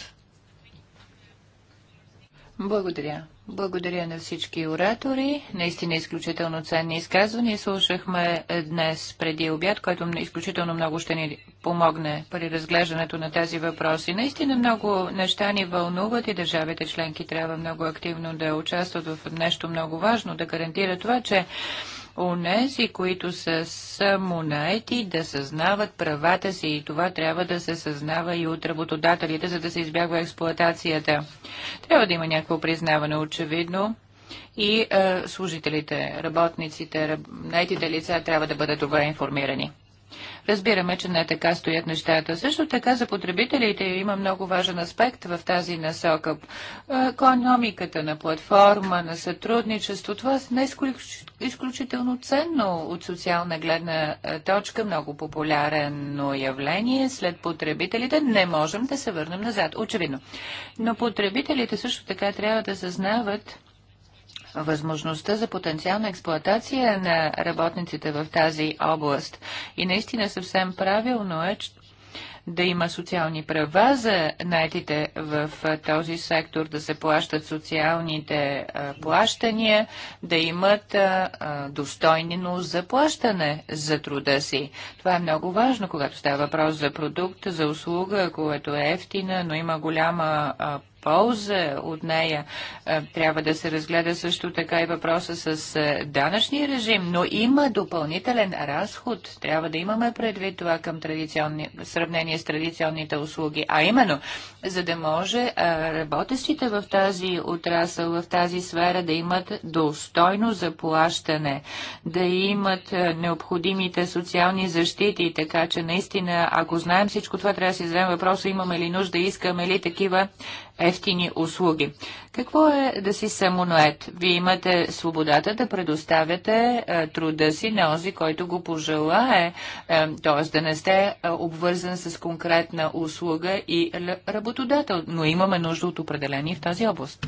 Благодаря. Благодаря на всички оратори. Наистина изключително ценни изказвания. Слушахме днес преди обяд, който изключително много ще ни помогне при разглеждането на тези въпроси. Наистина много неща ни вълнуват и държавите членки трябва много активно да участват в нещо много важно, да гарантира това, че онези, които са самонаети, да съзнават правата си и това трябва да се съзнава и от работодателите, за да се избягва експлоатацията. Трябва да има някакво признаване, очевидно. И е, служителите, работниците, наетите лица трябва да бъдат добре информирани. Разбираме, че не е така стоят нещата. Също така за потребителите има много важен аспект в тази насока. Економиката на платформа, на сътрудничество, това е изключително ценно от социална гледна е, точка, много популярно явление. След потребителите не можем да се върнем назад, очевидно. Но потребителите също така трябва да съзнават, възможността за потенциална експлоатация на работниците в тази област. И наистина съвсем правилно е, да има социални права за найтите в този сектор, да се плащат социалните плащания, да имат достойнино за заплащане за труда си. Това е много важно, когато става въпрос за продукт, за услуга, което е ефтина, но има голяма полза от нея. Е, трябва да се разгледа също така и въпроса с е, данъчния режим, но има допълнителен разход. Трябва да имаме предвид това към традиционни, сравнение с традиционните услуги. А именно, за да може е, работещите в тази отрасъл, в тази сфера да имат достойно заплащане, да имат необходимите социални защити, така че наистина, ако знаем всичко това, трябва да си зададем въпроса, имаме ли нужда, искаме ли такива ефтини услуги. Какво е да си самонует? Вие имате свободата да предоставяте е, труда си на този, който го пожелае, е, т.е. да не сте е, обвързан с конкретна услуга и работодател, но имаме нужда от определени в тази област.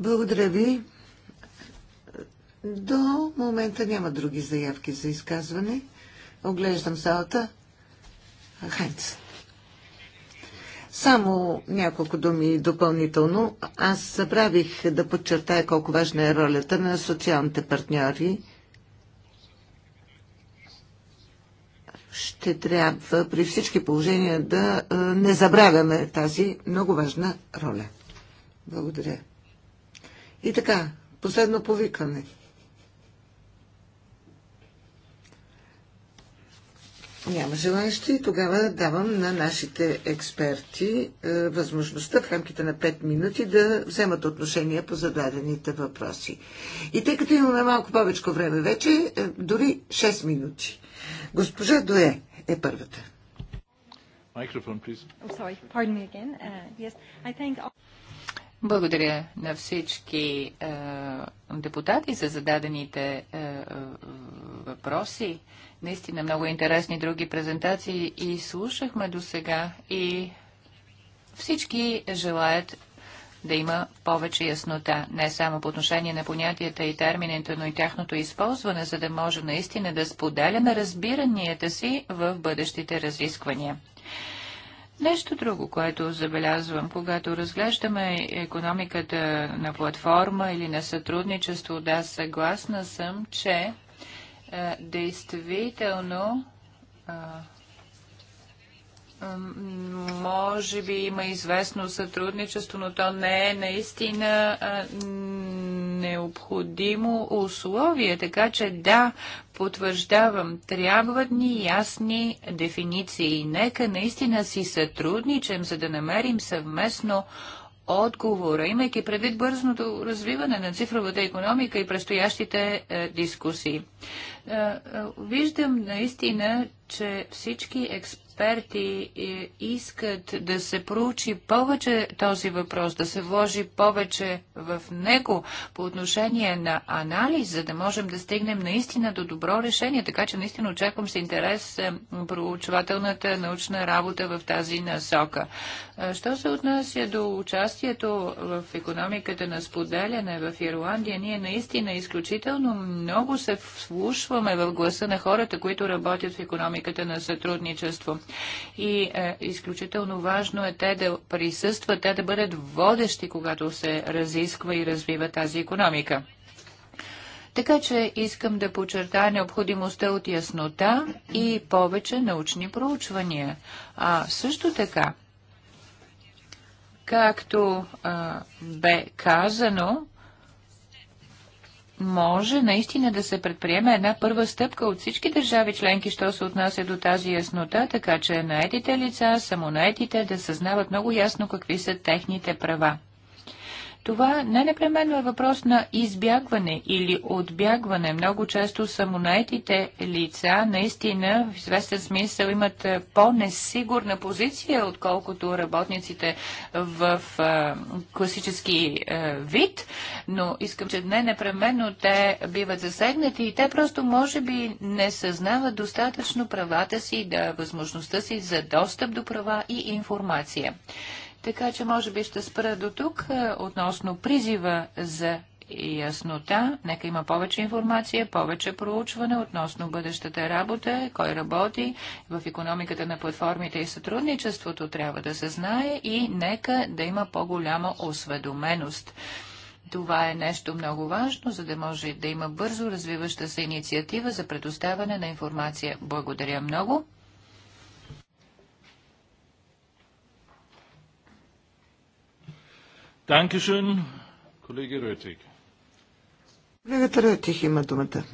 Благодаря ви. До момента няма други заявки за изказване. Оглеждам залата. Хайц. Само няколко думи допълнително. Аз забравих да подчертая колко важна е ролята на социалните партньори. Ще трябва при всички положения да не забравяме тази много важна роля. Благодаря. И така, последно повикване. Няма желаящи. Тогава давам на нашите експерти е, възможността в рамките на 5 минути да вземат отношение по зададените въпроси. И тъй като имаме малко повече време вече, е, дори 6 минути. Госпожа Дое е първата. Uh, Благодаря на всички е, депутати за зададените е, е въпроси. Наистина много интересни други презентации и слушахме до сега и всички желаят да има повече яснота, не само по отношение на понятията и термините, но и тяхното използване, за да може наистина да споделяме разбиранията си в бъдещите разисквания. Нещо друго, което забелязвам, когато разглеждаме економиката на платформа или на сътрудничество, да, съгласна съм, че е, действително може би има известно сътрудничество, но то не е наистина необходимо условие. Така че да, потвърждавам, трябват ни ясни дефиниции. Нека наистина си сътрудничем, за да намерим съвместно отговора, имайки предвид бързното развиване на цифровата економика и предстоящите е, дискусии. Е, е, виждам наистина, че всички експерти експерти е, искат да се проучи повече този въпрос, да се вложи повече в него по отношение на анализ, за да можем да стигнем наистина до добро решение. Така че наистина очаквам с интерес е, проучвателната научна работа в тази насока. Е, що се отнася до участието в економиката на споделяне в Ирландия, ние наистина изключително много се вслушваме в гласа на хората, които работят в економиката на сътрудничество. И е, изключително важно е те да присъстват, те да бъдат водещи, когато се разисква и развива тази економика. Така че искам да подчертая необходимостта от яснота и повече научни проучвания. А също така, както а, бе казано, може наистина да се предприеме една първа стъпка от всички държави членки, що се отнася до тази яснота, така че наетите лица, самонаетите да съзнават много ясно какви са техните права. Това не непременно е въпрос на избягване или отбягване. Много често самонаетите лица наистина в известен смисъл имат е, по-несигурна позиция, отколкото работниците в а, е, класически а, е, вид, но искам, че не непременно те биват засегнати и те просто може би не съзнават достатъчно правата си, да, възможността си за достъп до права и информация. Така че може би ще спра до тук е, относно призива за яснота. Нека има повече информация, повече проучване относно бъдещата работа, кой работи в економиката на платформите и сътрудничеството трябва да се знае и нека да има по-голяма осведоменост. Това е нещо много важно, за да може да има бързо развиваща се инициатива за предоставяне на информация. Благодаря много. Dankeschön, Колегата Ротик има uh,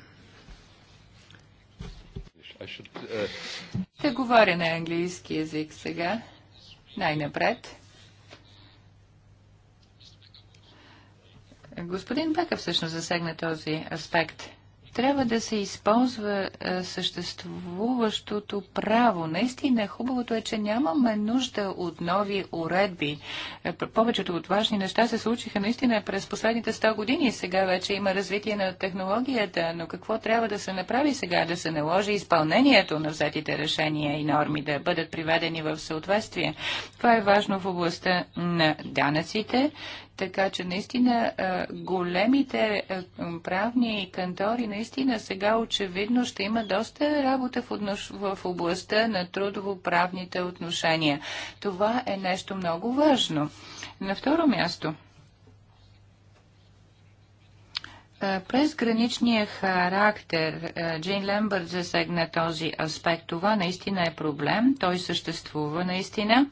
Ще говоря на английски язик сега, най-напред. Господин Бека всъщност засегна този аспект – трябва да се използва е, съществуващото право. Наистина, хубавото е, че нямаме нужда от нови уредби. Е, повечето от важни неща се случиха наистина през последните 100 години. Сега вече има развитие на технологията, но какво трябва да се направи сега? Да се наложи изпълнението на взетите решения и норми, да бъдат приведени в съответствие. Това е важно в областта на данъците така че наистина е, големите е, правни кантори наистина сега очевидно ще има доста работа в, отнош... в областта на трудово-правните отношения. Това е нещо много важно. На второ място. Е, през граничния характер Джейн Лембърт засегна този аспект. Това наистина е проблем. Той съществува наистина.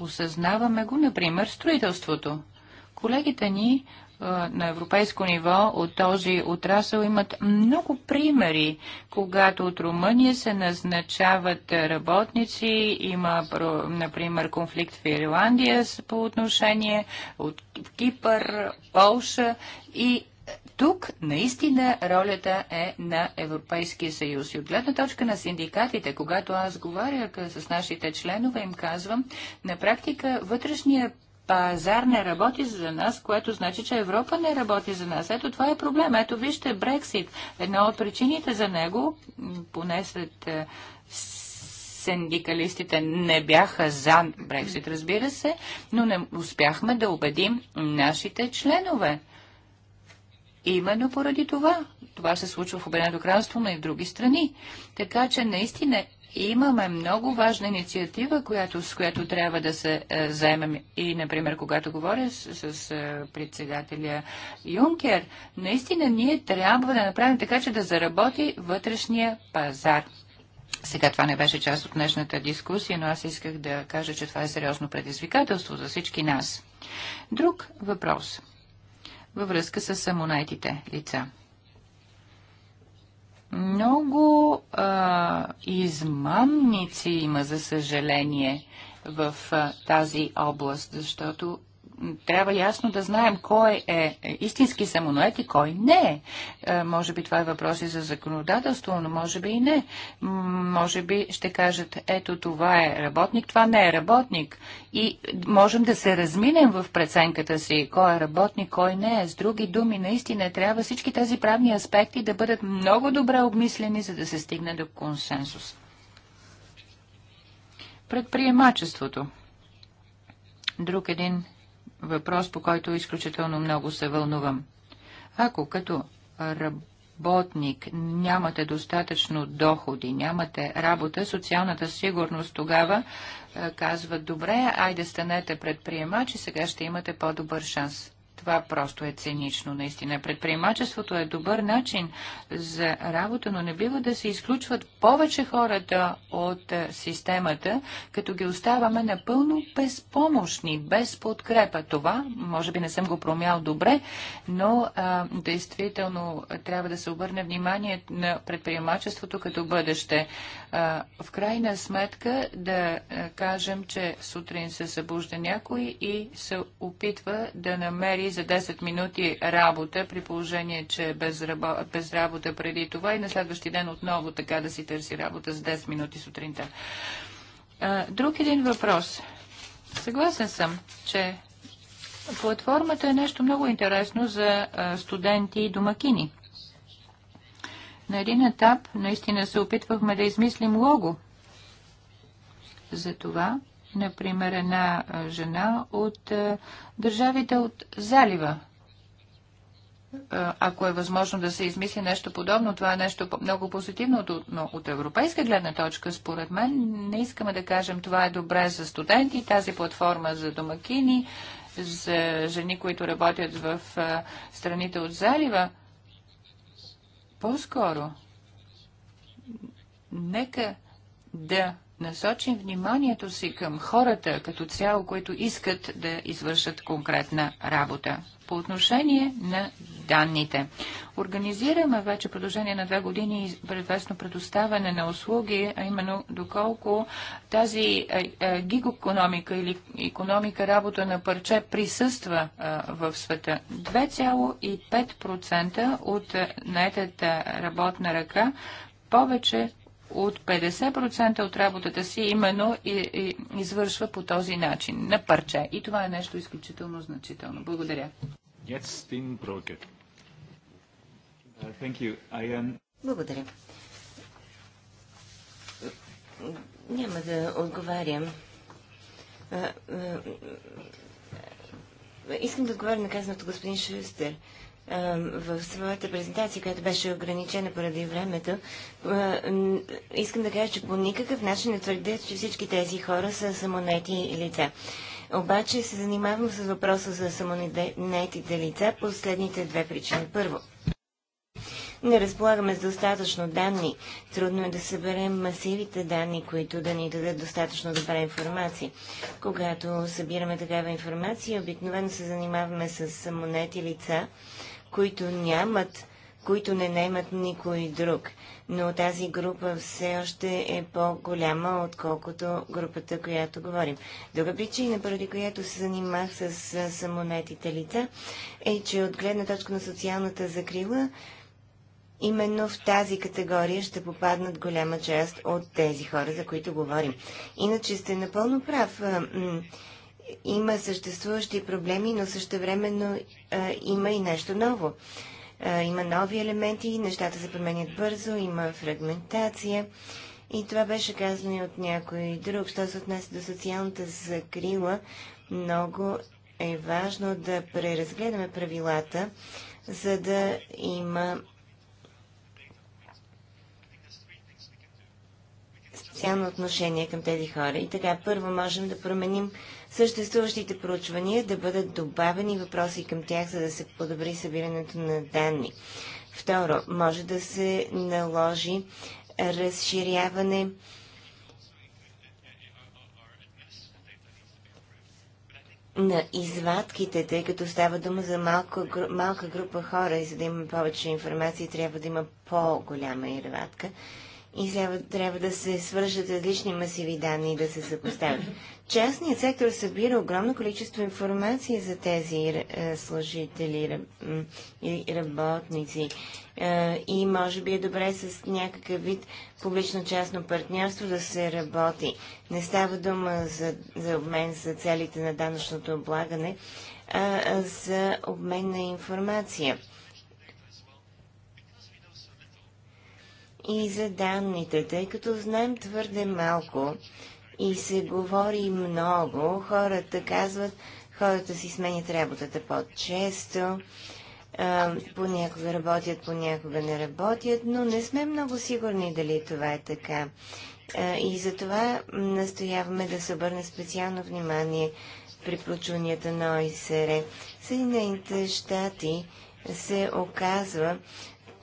Осъзнаваме го, например, строителството. Колегите ни на европейско ниво от този отрасъл имат много примери, когато от Румъния се назначават работници, има, например, конфликт в Ирландия по отношение от Кипър, Полша и тук наистина ролята е на Европейския съюз. И от гледна точка на синдикатите, когато аз говоря с нашите членове, им казвам, на практика вътрешния пазар не работи за нас, което значи, че Европа не работи за нас. Ето това е проблем. Ето вижте Брексит. Една от причините за него, поне след е, синдикалистите не бяха за Брексит, разбира се, но не успяхме да убедим нашите членове. Именно поради това. Това се случва в Обединеното кралство, но и в други страни. Така че наистина имаме много важна инициатива, която, с която трябва да се е, заемем. И, например, когато говоря с, с с е, председателя Юнкер, наистина ние трябва да направим така, че да заработи вътрешния пазар. Сега това не беше част от днешната дискусия, но аз исках да кажа, че това е сериозно предизвикателство за всички нас. Друг въпрос във връзка с самонайтите лица. Много а, измамници има, за съжаление, в а, тази област, защото трябва ясно да знаем кой е, е истински самонует и кой не е. е. Може би това е въпрос и за законодателство, но може би и не. Може би ще кажат, ето това е работник, това не е работник. И можем да се разминем в преценката си, кой е работник, кой не е. С други думи, наистина трябва всички тези правни аспекти да бъдат много добре обмислени, за да се стигне до консенсус. Предприемачеството. Друг един въпрос, по който изключително много се вълнувам. Ако като работник нямате достатъчно доходи, нямате работа, социалната сигурност тогава е, казва, добре, айде станете предприемачи, сега ще имате по-добър шанс. Това просто е цинично, наистина. Предприемачеството е добър начин за работа, но не бива да се изключват повече хората от системата, като ги оставаме напълно безпомощни, без подкрепа. Това, може би не съм го промял добре, но а, действително трябва да се обърне внимание на предприемачеството като бъдеще в крайна сметка да кажем, че сутрин се събужда някой и се опитва да намери за 10 минути работа, при положение, че е без, рабо, без работа преди това и на следващия ден отново така да си търси работа за 10 минути сутринта. Друг един въпрос. Съгласен съм, че платформата е нещо много интересно за студенти и домакини. На един етап наистина се опитвахме да измислим лого. Затова, например, една жена от държавите от залива. ако е възможно да се измисли нещо подобно, това е нещо много позитивно, но от европейска гледна точка, според мен, не искаме да кажем това е добре за студенти, тази платформа за домакини, за жени, които работят в страните от залива по-скоро, нека да насочим вниманието си към хората като цяло, които искат да извършат конкретна работа по отношение на данните. Организираме вече продължение на две години предвестно предоставяне на услуги, а именно доколко тази е, е, гигокономика или економика работа на парче присъства е, в света. 2,5% от наетата работна ръка повече от 50% от работата си именно и, и, извършва по този начин, на парче. И това е нещо изключително значително. Благодаря. Uh, thank you. I Благодаря. Няма да отговарям. Искам да отговаря на казаното господин Шустер. В своята презентация, която беше ограничена поради времето, искам да кажа, че по никакъв начин не твърдя, че всички тези хора са самонети лица. Обаче се занимавам с въпроса за самонетите лица по следните две причини. Първо, не разполагаме с достатъчно данни. Трудно е да съберем масивите данни, които да ни дадат достатъчно добра информация. Когато събираме такава информация, обикновено се занимаваме с самонети лица, които нямат които не наймат никой друг. Но тази група все още е по-голяма, отколкото групата, която говорим. Друга причина, поради която се занимах с самонетите лица, е, че от гледна точка на социалната закрила, именно в тази категория ще попаднат голяма част от тези хора, за които говорим. Иначе сте напълно прав. Има съществуващи проблеми, но същевременно има и нещо ново а, има нови елементи, нещата се променят бързо, има фрагментация. И това беше казано и от някой друг. Що се отнася до социалната закрила, много е важно да преразгледаме правилата, за да има специално отношение към тези хора. И така, първо можем да променим съществуващите проучвания, да бъдат добавени въпроси към тях, за да се подобри събирането на данни. Второ, може да се наложи разширяване на извадките, тъй като става дума за малка, малка група хора и за да има повече информация трябва да има по-голяма извадка и трябва да се свържат различни масиви данни и да се съпоставят. Частният сектор събира огромно количество информация за тези е, служители и работници е, и може би е добре с някакъв вид публично-частно партньорство да се работи. Не става дума за, за обмен за целите на данъчното облагане, а за обмен на информация – и за данните, тъй като знаем твърде малко и се говори много. Хората казват, хората си сменят работата по-често, понякога работят, понякога не работят, но не сме много сигурни дали това е така. и затова настояваме да се обърне специално внимание при проучванията на ОИСР. Съединените щати се оказва,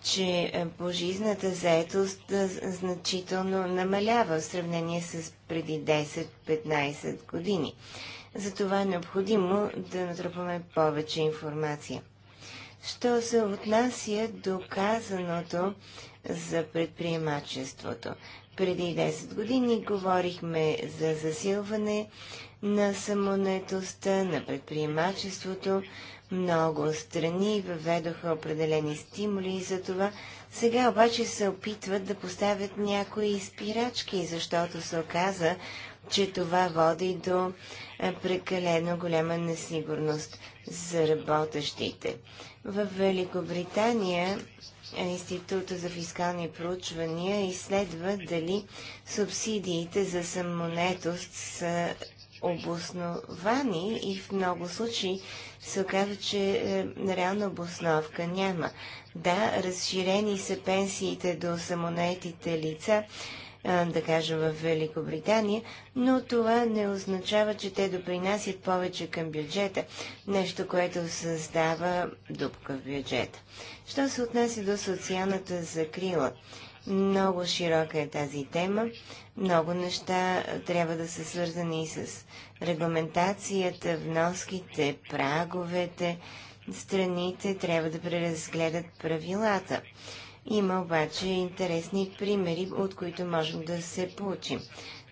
че е, пожизната заетост е, значително намалява в сравнение с преди 10-15 години. Затова е необходимо да натрупаме повече информация. Що се отнася до казаното за предприемачеството? Преди 10 години говорихме за засилване на самонетостта, на предприемачеството, много страни въведоха определени стимули за това. Сега обаче се опитват да поставят някои спирачки, защото се оказа, че това води до е, прекалено голяма несигурност за работещите. В Великобритания е, Института за фискални проучвания изследва дали субсидиите за самонетост са обосновани и в много случаи се оказва, че е, реална обосновка няма. Да, разширени са пенсиите до самонаетите лица, е, да кажем в Великобритания, но това не означава, че те допринасят повече към бюджета, нещо, което създава дупка в бюджета. Що се отнася до социалната закрила? Много широка е тази тема. Много неща трябва да са свързани с регламентацията, вноските, праговете. Страните трябва да преразгледат правилата. Има обаче интересни примери, от които можем да се получим.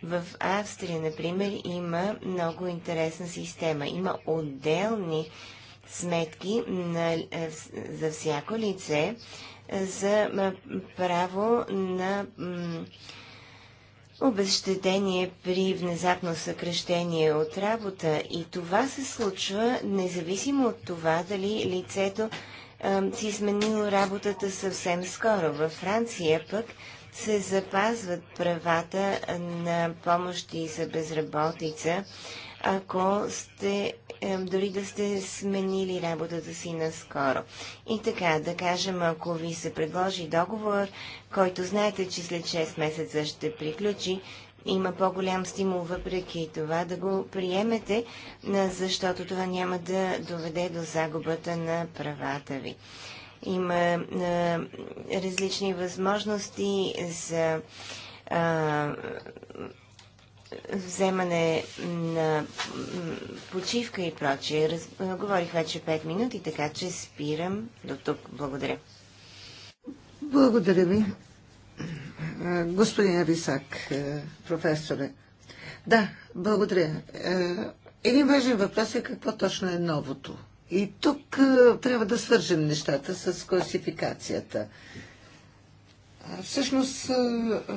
В Австрия, например, има много интересна система. Има отделни сметки на, за всяко лице, за право на обещедение при внезапно съкрещение от работа. И това се случва независимо от това дали лицето си сменило работата съвсем скоро. Във Франция пък се запазват правата на помощи за безработица ако сте, дори да сте сменили работата си наскоро. И така, да кажем, ако ви се предложи договор, който знаете, че след 6 месеца ще приключи, има по-голям стимул въпреки това да го приемете, защото това няма да доведе до загубата на правата ви. Има а, е, различни възможности за а, вземане на почивка и прочее. Раз... Говорих вече 5 минути, така че спирам до тук. Благодаря. Благодаря ви. Господин Висак, професоре. Да, благодаря. Един важен въпрос е какво точно е новото. И тук трябва да свържем нещата с класификацията. Всъщност е, е,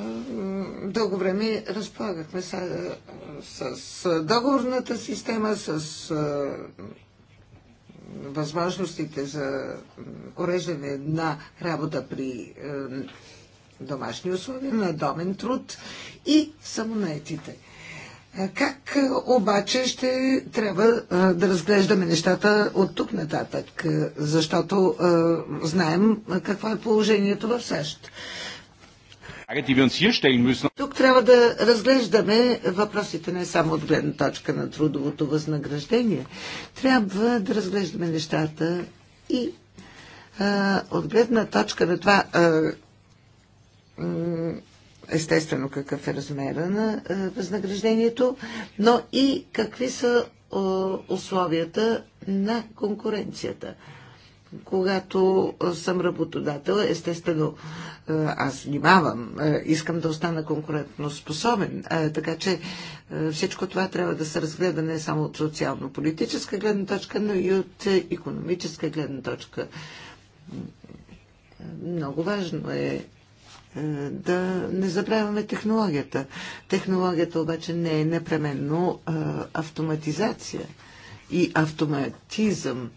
дълго време разполагахме е, с, с, договорната система, с възможностите за уреждане на работа при домашни условия, на домен труд и самонаетите. Как обаче ще трябва да разглеждаме нещата от тук нататък, защото знаем какво е положението в САЩ. Тук трябва да разглеждаме въпросите не само от гледна точка на трудовото възнаграждение. Трябва да разглеждаме нещата и от гледна точка на това естествено какъв е размера на е, възнаграждението, но и какви са е, условията на конкуренцията. Когато е, съм работодател, естествено, аз внимавам, искам да остана конкурентно способен, така че всичко това трябва да се разгледа не само от социално-политическа гледна точка, но и от економическа гледна точка. Много важно е е, да не забравяме технологията. Технологията обаче не е непременно е, автоматизация и автоматизъм.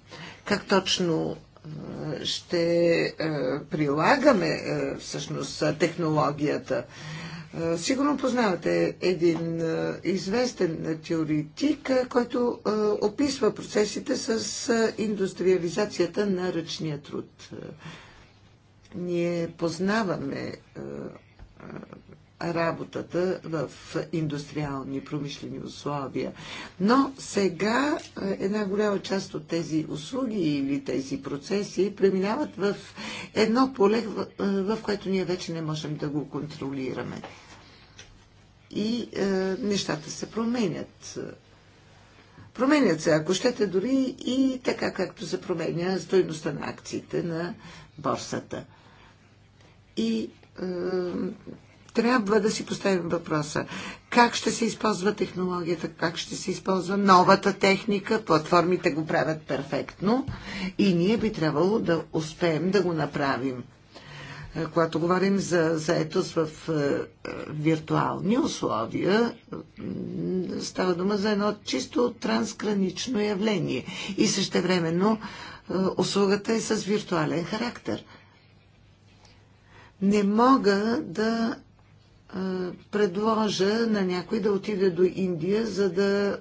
Как точно е, ще прилагаме всъщност технологията? Сигурно познавате един известен теоретик, който описва процесите с индустриализацията на ръчния труд. Ние познаваме е, е, работата в индустриални промишлени условия. Но сега е, една голяма част от тези услуги или тези процеси преминават в едно поле, в което ние вече не можем да го контролираме. И е, нещата се променят. Променят се, ако щете, дори и така, както се променя стоеността на акциите на борсата и е, трябва да си поставим въпроса как ще се използва технологията, как ще се използва новата техника. Платформите го правят перфектно и ние би трябвало да успеем да го направим. Е, когато говорим за заетост в е, е, виртуални условия, става дума за едно чисто трансгранично явление и същевременно услугата е с виртуален характер – не мога да предложа на някой да отиде до Индия, за да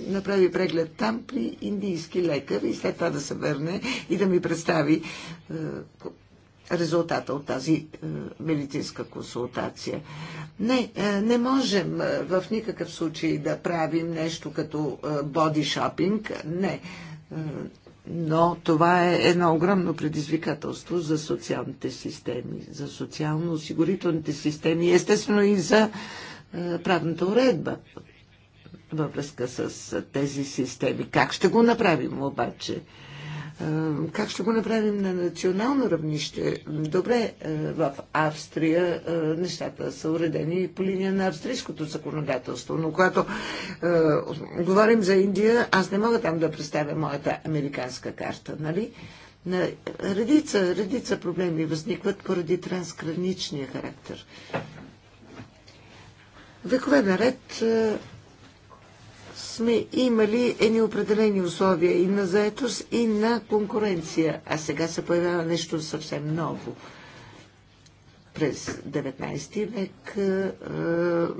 направи преглед там при индийски лекар и след това да се върне и да ми представи резултата от тази медицинска консултация. Не, не можем в никакъв случай да правим нещо като бодишопинг, Не но това е едно огромно предизвикателство за социалните системи, за социално-осигурителните системи, естествено и за е, правната уредба във връзка с тези системи. Как ще го направим обаче? Е, как ще го направим на национално равнище? Добре, е, в Австрия е, нещата са уредени по линия на австрийското законодателство, но когато говорим за Индия, аз не мога там да представя моята американска карта, нали? На редица, редица проблеми възникват поради трансграничния характер. Векове наред сме имали едни определени условия и на заетост, и на конкуренция, а сега се появява нещо съвсем ново. През 19 век е,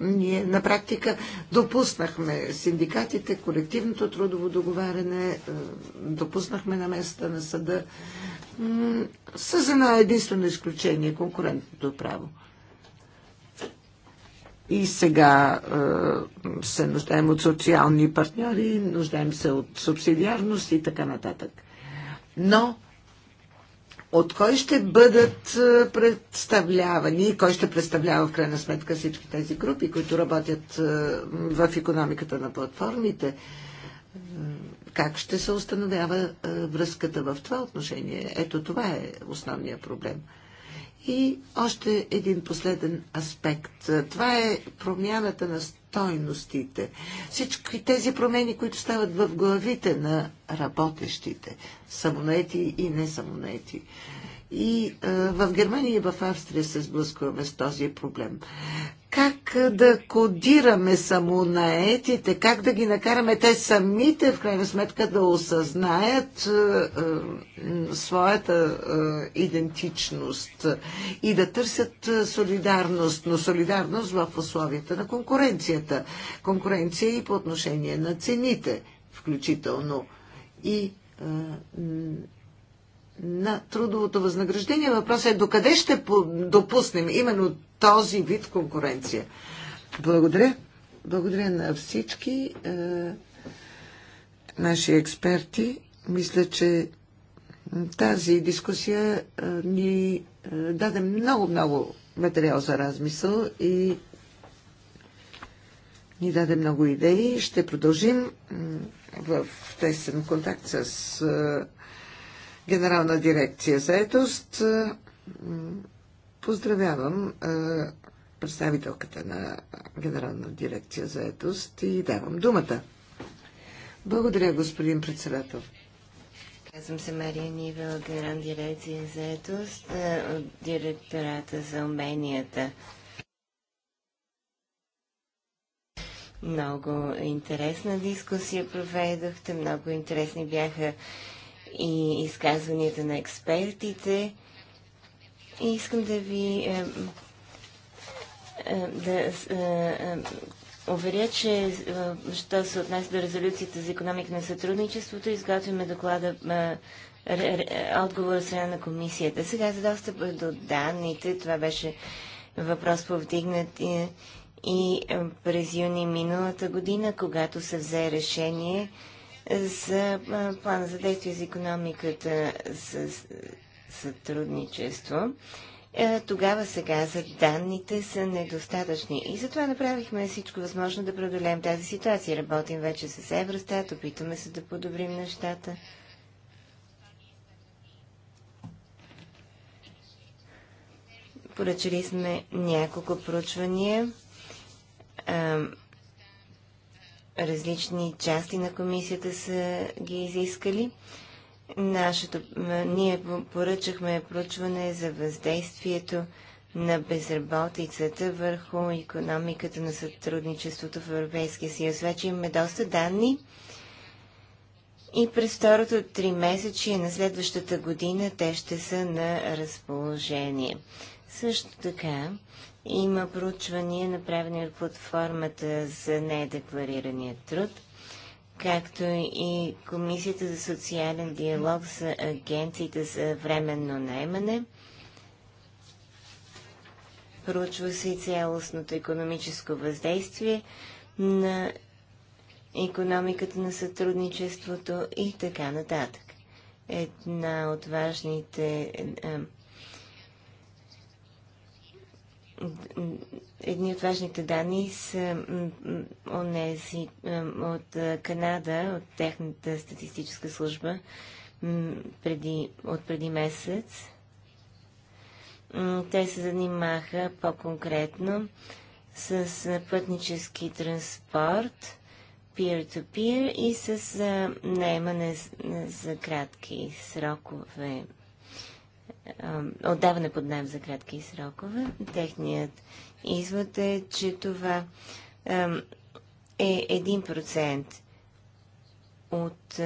ние на практика допуснахме синдикатите, колективното трудово договаряне, е, допуснахме на места на съда с една единствено изключение конкурентното право. И сега е, се нуждаем от социални партньори, нуждаем се от субсидиарност и така нататък. Но от кой ще бъдат е, представлявани кой ще представлява в крайна сметка всички тези групи, които работят е, в економиката на платформите? Как ще се установява връзката в това отношение? Ето това е основният проблем. И още един последен аспект. Това е промяната на стойностите. Всички тези промени, които стават в главите на работещите, самонети и не самонети и в Германия и в Австрия се сблъскваме с този проблем. Как да кодираме самонаетите, как да ги накараме те самите, в крайна сметка, да осъзнаят своята идентичност и да търсят солидарност, но солидарност в условията на конкуренцията. Конкуренция и по отношение на цените, включително. И на трудовото възнаграждение. Въпросът е докъде ще допуснем именно този вид конкуренция. Благодаря. Благодаря на всички е, наши експерти. Мисля, че тази дискусия е, ни е, даде много-много материал за размисъл и ни даде много идеи. Ще продължим в тесен контакт с. Е, Генерална дирекция заетост. Е, поздравявам е, представителката на Генерална дирекция заетост и давам думата. Благодаря, господин председател. Казвам се Мария Нива от Генерална дирекция заетост е, от директората за уменията. Много интересна дискусия проведохте, много интересни бяха и изказванията на експертите. И искам да ви е, е, да е, уверя, че що се отнася до резолюцията за економика на сътрудничеството, изготвяме доклада отговора сега на комисията. Сега за достъп до данните, това беше въпрос повдигнат и, и през юни миналата година, когато се взе решение за плана за действие за економиката за сътрудничество, е, тогава сега за данните са недостатъчни. И затова направихме всичко възможно да преодолеем тази ситуация. Работим вече с Евростат, опитваме се да подобрим нещата. Поръчали сме няколко проучвания различни части на комисията са ги изискали. Нашето, ние поръчахме проучване за въздействието на безработицата върху економиката на сътрудничеството в Европейския съюз. Вече имаме доста данни и през второто три месечи на следващата година те ще са на разположение. Също така има проучвания, направени от платформата за недекларирания труд, както и Комисията за социален диалог с агенциите за временно наймане, Проучва се и цялостното економическо въздействие на економиката на сътрудничеството и така нататък. Една от важните е, е, едни от важните данни са онези от Канада, от техната статистическа служба преди, от преди месец. Те се занимаха по-конкретно с пътнически транспорт, peer-to-peer -peer и с наемане за кратки срокове отдаване под найем за кратки срокове. Техният извод е, че това е 1% от,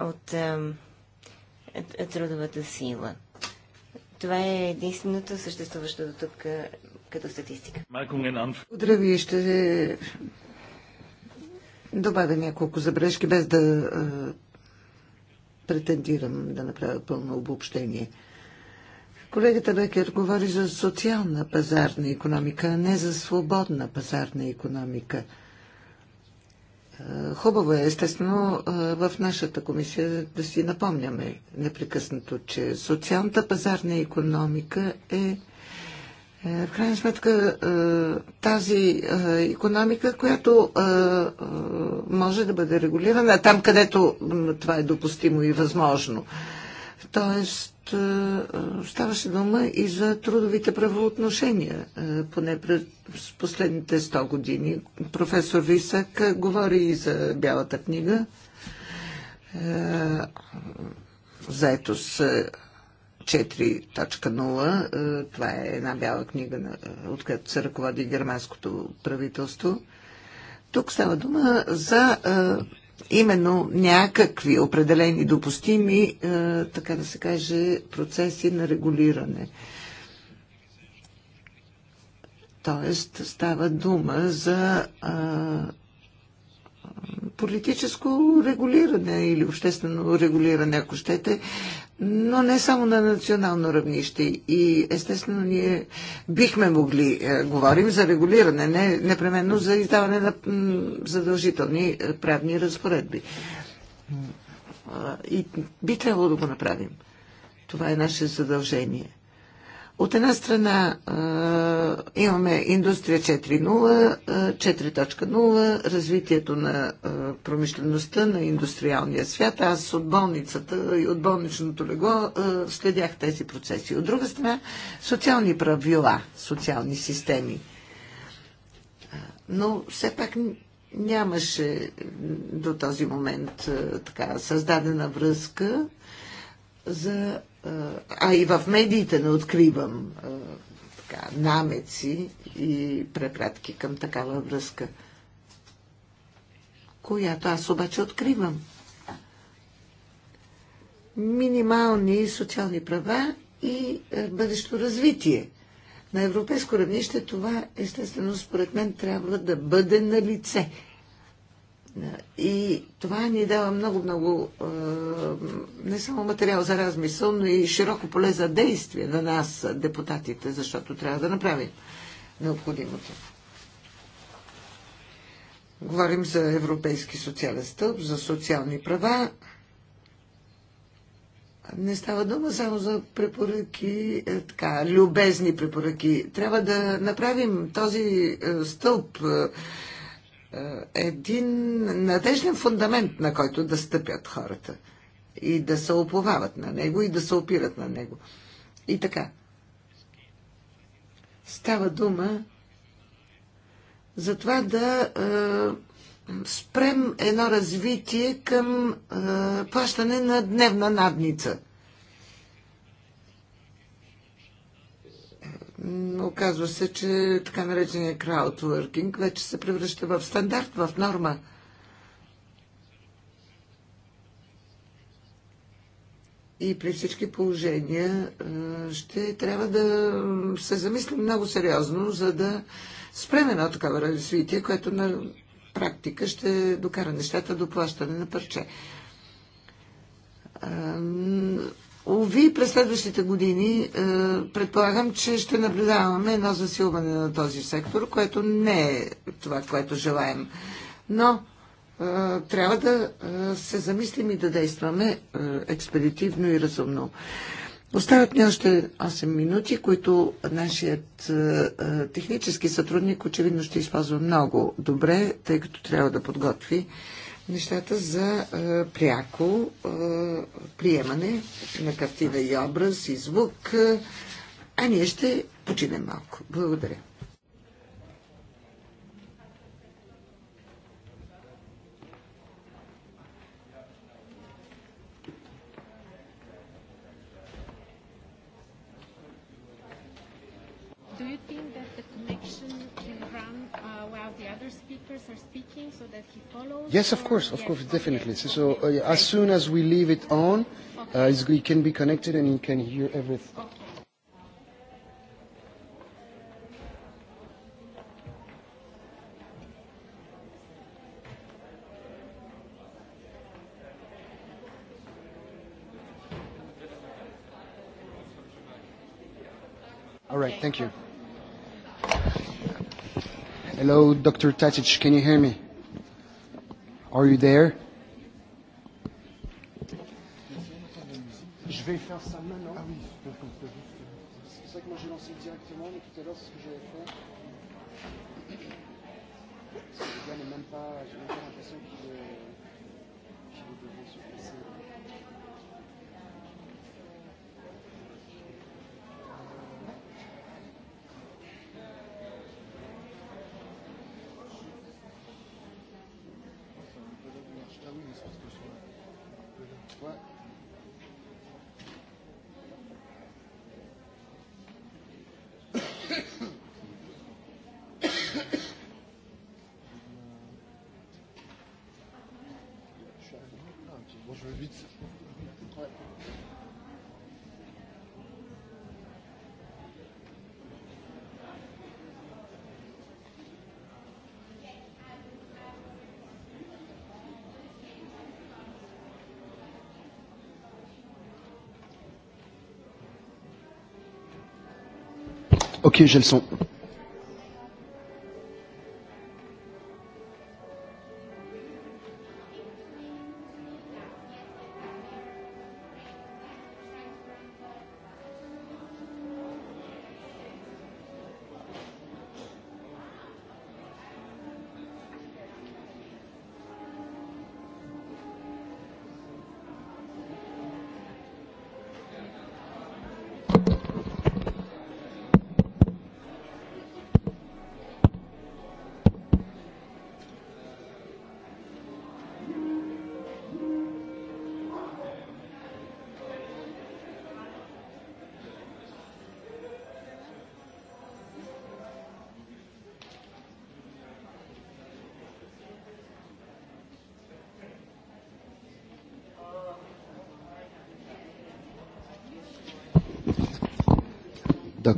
от трудовата сила. Това е единственото съществуващо до тук като статистика. Благодаря ви. Ще добавя няколко забрежки без да претендирам да направя пълно обобщение. Колегата Бекер говори за социална пазарна економика, а не за свободна пазарна економика. Е, хубаво е, естествено, е, в нашата комисия да си напомняме непрекъснато, че социалната пазарна економика е е, в крайна сметка е, тази економика, която е, може да бъде регулирана там, където това е допустимо и възможно. Тоест, ставаше дума и за трудовите правоотношения, поне през последните 100 години. Професор Висък говори и за Бялата книга. с. 4.0. Е, това е една бяла книга, е, от която се ръководи германското правителство. Тук става дума за е, именно някакви определени допустими, така да се каже, процеси на регулиране. Тоест става дума за политическо регулиране или обществено регулиране, ако щете, но не само на национално равнище. И естествено ние бихме могли, е, говорим за регулиране, не непременно за издаване на задължителни е, правни разпоредби. Е, и би трябвало да го направим. Това е наше задължение. От една страна а, имаме индустрия 4.0, 4.0, развитието на а, промишлеността, на индустриалния свят. Аз от болницата и от болничното легло а, следях тези процеси. От друга страна, социални правила, социални системи. Но все пак нямаше до този момент така създадена връзка за а и в медиите не откривам така, намеци и препратки към такава връзка, която аз обаче откривам. Минимални социални права и е, бъдещо развитие. На европейско равнище това, естествено, според мен трябва да бъде на лице и това ни дава много-много не само материал за размисъл, но и широко поле за действие на нас, депутатите, защото трябва да направим необходимото. Говорим за Европейски социален стълб, за социални права. Не става дума само за препоръки, е, така, любезни препоръки. Трябва да направим този е, стълб е, е, един надежден фундамент, на който да стъпят хората и да се оповават на него и да се опират на него. И така. Става дума за това да е, спрем едно развитие към е, плащане на дневна надница – Оказва се, че така наречения краудворкинг вече се превръща в стандарт, в норма. И при всички положения ще трябва да се замислим много сериозно, за да спреме едно такова развитие, което на практика ще докара нещата до плащане на парче Ови, през следващите години е, предполагам, че ще наблюдаваме едно засилване на този сектор, което не е това, което желаем. Но е, трябва да е, се замислим и да действаме експедитивно и разумно. Остават ни още 8 минути, които нашият технически сътрудник очевидно ще използва много добре, тъй като трябва да подготви нещата за е, пряко е, приемане на картина и образ и звук, а ние ще починем малко. Благодаря. speakers are speaking so that he follows? Yes, of course, of yes, course, definitely. Okay. So uh, yeah, as soon as we leave it on, okay. uh, it can be connected and you can hear everything. Okay. All right, thank you. Hello, Dr. Tatic, can you hear me? Are you there? Je vais faire ça maintenant. Ah oui, c'est pour ça que moi j'ai lancé directement, mais tout à l'heure c'est ce que j'avais fait. Le gars n'est même pas, j'ai même pas l'impression qu'il est, qu'il est devant sur se passer. Ok, j'ai le son.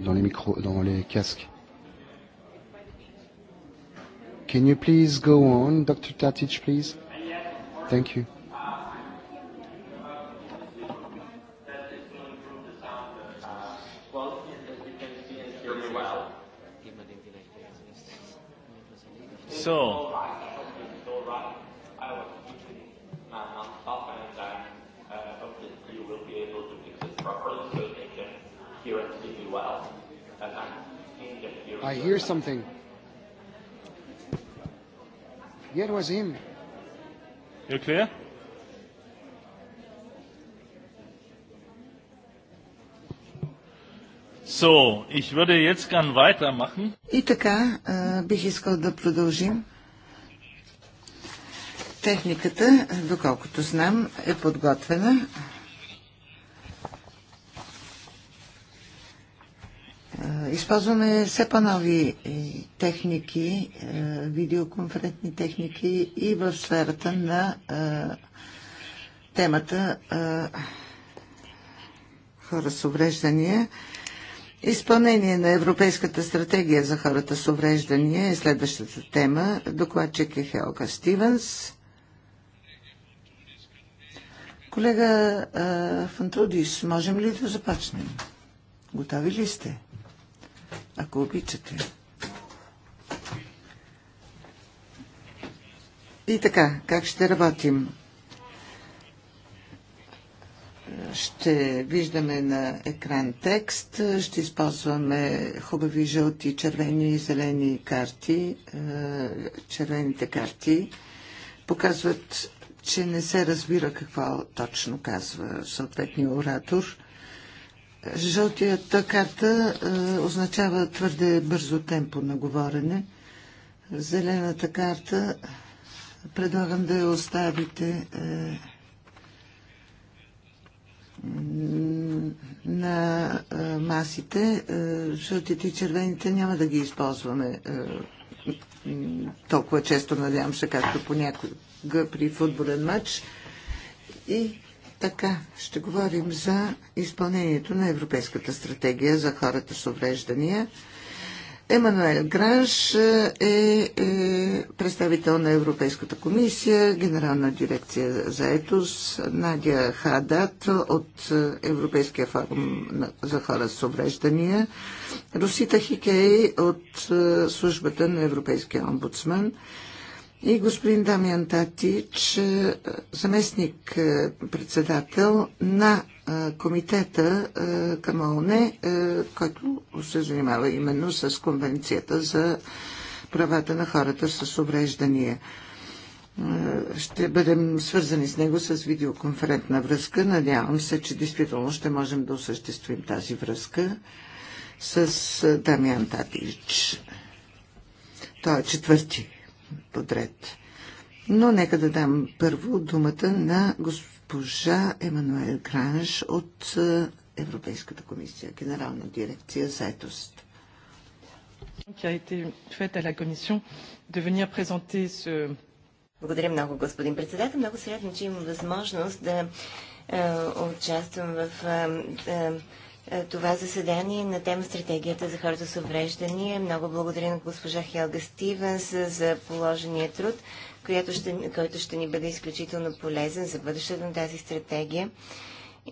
dans les micros, dans les casques. Can you please go on, Dr. Tatic, please? Thank you. something. Yeah, it was him. You're clear? So, ich würde jetzt gern weitermachen. И така, а, бих искал да продължим. Техниката, доколкото знам, е подготвена. Използваме все по-нови е, техники, е, видеоконферентни техники и в сферата на е, темата хора с увреждания. Изпълнение на Европейската стратегия за хората с увреждания е следващата тема. Докладчик е Хелка Стивенс. Колега Фантудис, можем ли да започнем? Готови ли сте? ако обичате. И така, как ще работим? Ще виждаме на екран текст, ще използваме хубави жълти, червени и зелени карти. Е, червените карти показват, че не се разбира какво точно казва съответния оратор – Жълтията карта е, означава твърде бързо темпо на говорене. Зелената карта предлагам да я оставите е, на е, масите. Жълтите и червените няма да ги използваме толкова често, надявам се, както понякога при футболен матч. И така, ще говорим за изпълнението на Европейската стратегия за хората с увреждания. Емануел Гранш е, е представител на Европейската комисия, генерална дирекция за етос, Надя Хадат от Европейския форум за хора с обреждания, Русита Хикей от е, службата на Европейския омбудсман, и господин Дамиан Татич, е, заместник е, председател на е, комитета към ООН, който се занимава именно с Конвенцията за правата на хората с увреждания. Ще бъдем свързани с него с видеоконферентна връзка. Надявам се, че действително ще можем да осъществим тази връзка с Дамиан Татич. Той е четвърти подред. Но нека да дам първо думата на госпожа Емануел Гранж от е, Европейската комисия, Генерална дирекция заетост. Благодаря много, господин председател. Много се радвам, че имам възможност да е, участвам в е, е, е, това заседание на тема Стратегията за хората с увреждания. Много благодаря на госпожа Хелга Стивенс за положения труд, който ще, който ще ни бъде изключително полезен за бъдещето на тази стратегия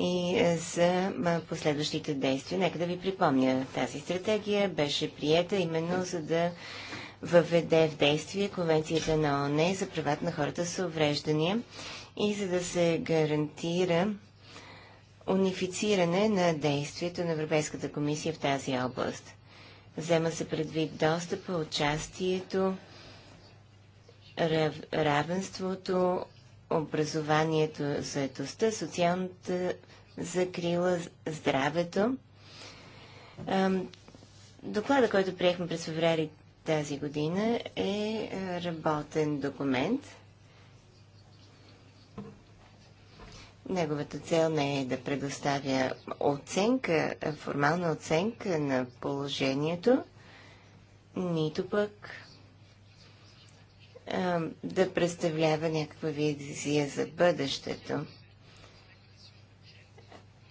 и е, за последващите действия. Нека да ви припомня, тази стратегия беше приета именно за да въведе в действие Конвенцията на ОНЕ за правата на хората с увреждания и за да се гарантира унифициране на действието на Европейската комисия в тази област. Взема се предвид достъпа, участието, рав, равенството, образованието, заедостта, социалната закрила, здравето. Доклада, който приехме през феврари тази година е работен документ – Неговата цел не е да предоставя оценка, формална оценка на положението, нито пък а, да представлява някаква визия за бъдещето.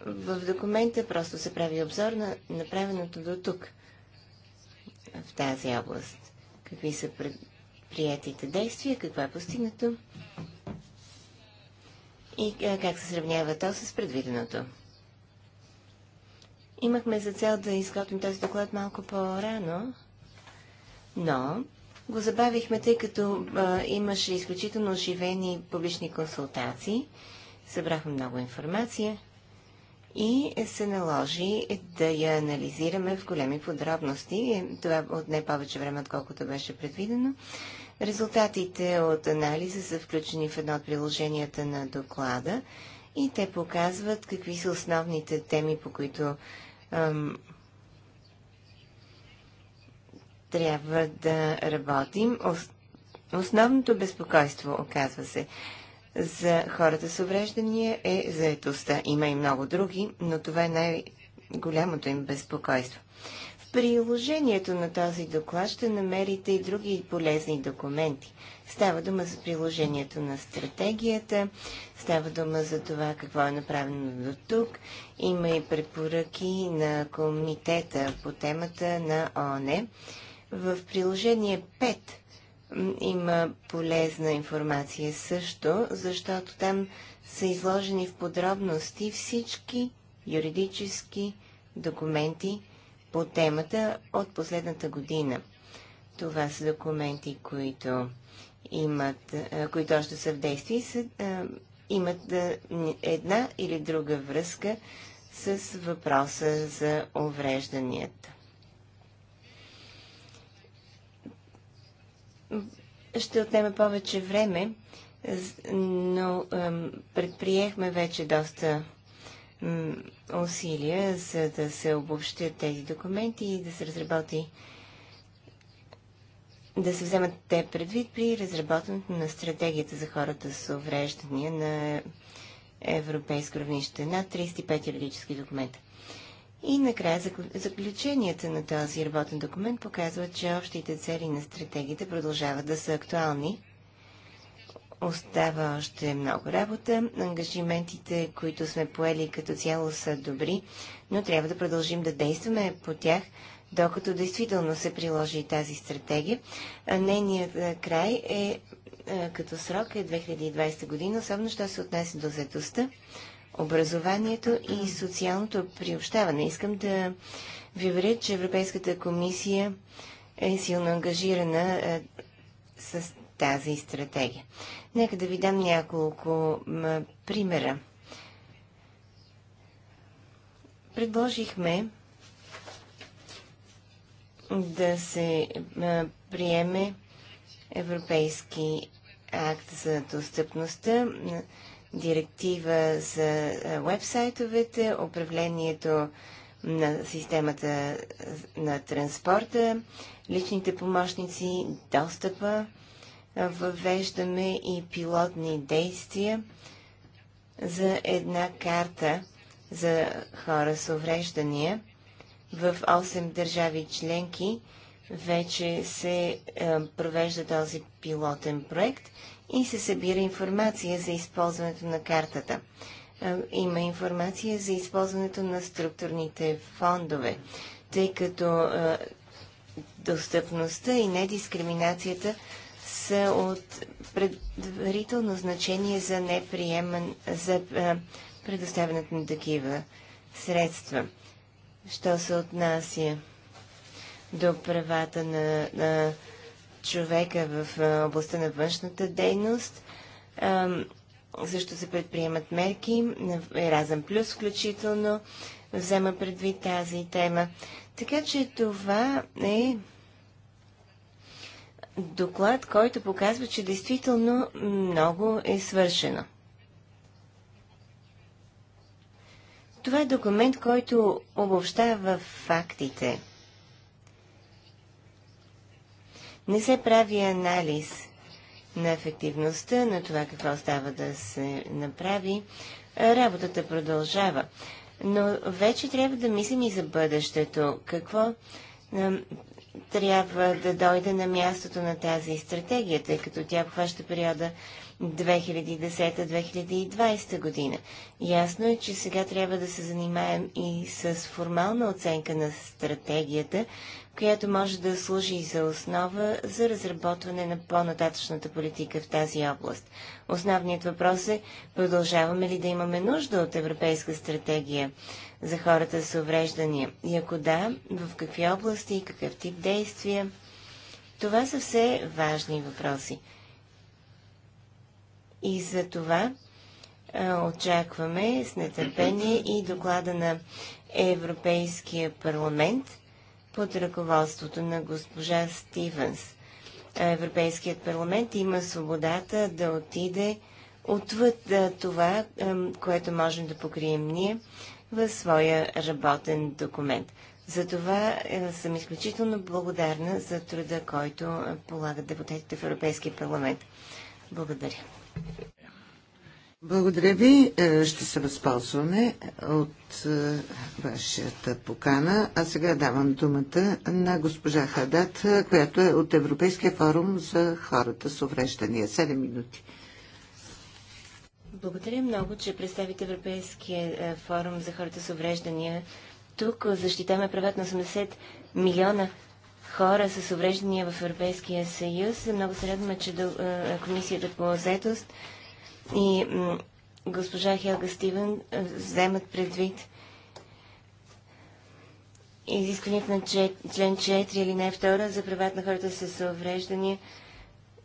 В документа просто се прави обзор на направеното до тук в тази област. Какви са предприятите действия, каква е постигнато и е, как се сравнява то с предвиденото. Имахме за цел да изготвим този доклад малко по-рано, но го забавихме, тъй като а, е, имаше изключително оживени публични консултации, събрахме много информация и се наложи да я анализираме в големи подробности. Това отне повече време, отколкото беше предвидено. Резултатите от анализа са включени в едно от приложенията на доклада и те показват какви са основните теми, по които ам, трябва да работим. Основното безпокойство, оказва се, за хората с увреждания е заетостта. Има и много други, но това е най-голямото им безпокойство приложението на този доклад ще намерите и други полезни документи. Става дума за приложението на стратегията, става дума за това какво е направено до тук. Има и препоръки на комитета по темата на ОНЕ. В приложение 5 има полезна информация също, защото там са изложени в подробности всички юридически документи, по темата от последната година. Това са документи, които имат, е, които още са в действие и е, имат е, една или друга връзка с въпроса за уврежданията. Ще отнеме повече време, но предприехме вече доста усилия, за да се обобщят тези документи и да се разработи да се вземат те предвид при разработването на стратегията за хората с увреждания на европейско равнище на 35 юридически документа. И накрая заключенията на този работен документ показват, че общите цели на стратегията продължават да са актуални Остава още много работа. Ангажиментите, които сме поели като цяло са добри, но трябва да продължим да действаме по тях, докато действително се приложи тази стратегия. Нейният край е като срок е 2020 година, особено що се отнася до заедостта, образованието и социалното приобщаване. Искам да ви уверя, че Европейската комисия е силно ангажирана с тази стратегия. Нека да ви дам няколко примера. Предложихме да се приеме Европейски акт за достъпността, директива за вебсайтовете, управлението на системата на транспорта, личните помощници, достъпа въвеждаме и пилотни действия за една карта за хора с увреждания. В 8 държави членки вече се е, провежда този пилотен проект и се събира информация за използването на картата. Е, има информация за използването на структурните фондове, тъй като е, достъпността и недискриминацията са от предварително значение за неприеман, за предоставянето на такива средства. Що се отнася до правата на, на човека в областта на външната дейност, също се предприемат мерки, на Еразъм Плюс включително, взема предвид тази тема. Така че това е доклад, който показва, че действително много е свършено. Това е документ, който обобщава фактите. Не се прави анализ на ефективността, на това какво става да се направи. Работата продължава. Но вече трябва да мислим и за бъдещето. Какво трябва да дойде на мястото на тази стратегия, тъй като тя обхваща периода 2010-2020 година. Ясно е, че сега трябва да се занимаем и с формална оценка на стратегията, която може да служи за основа за разработване на по-нататъчната политика в тази област. Основният въпрос е, продължаваме ли да имаме нужда от европейска стратегия за хората с увреждания? И ако да, в какви области и какъв тип действия? Това са все важни въпроси. И за това а, очакваме с нетърпение и доклада на Европейския парламент под ръководството на госпожа Стивенс. Европейският парламент има свободата да отиде отвъд това, което можем да покрием ние в своя работен документ. Затова е, съм изключително благодарна за труда, който е, полагат депутатите в Европейския парламент. Благодаря. Благодаря ви. Е, ще се възползваме от вашата покана. А сега давам думата на госпожа Хадат, която е от Европейския форум за хората с увреждания. 7 минути. Благодаря много, че представите Европейския е, форум за хората с увреждания. Тук е, защитаваме правата на 80 милиона хора с увреждания в Европейския съюз. Много се радваме, че до, е, Комисията по заедост и госпожа Хелга Стивен е, вземат предвид изискването на член 4 или не 2 за правата на хората с увреждания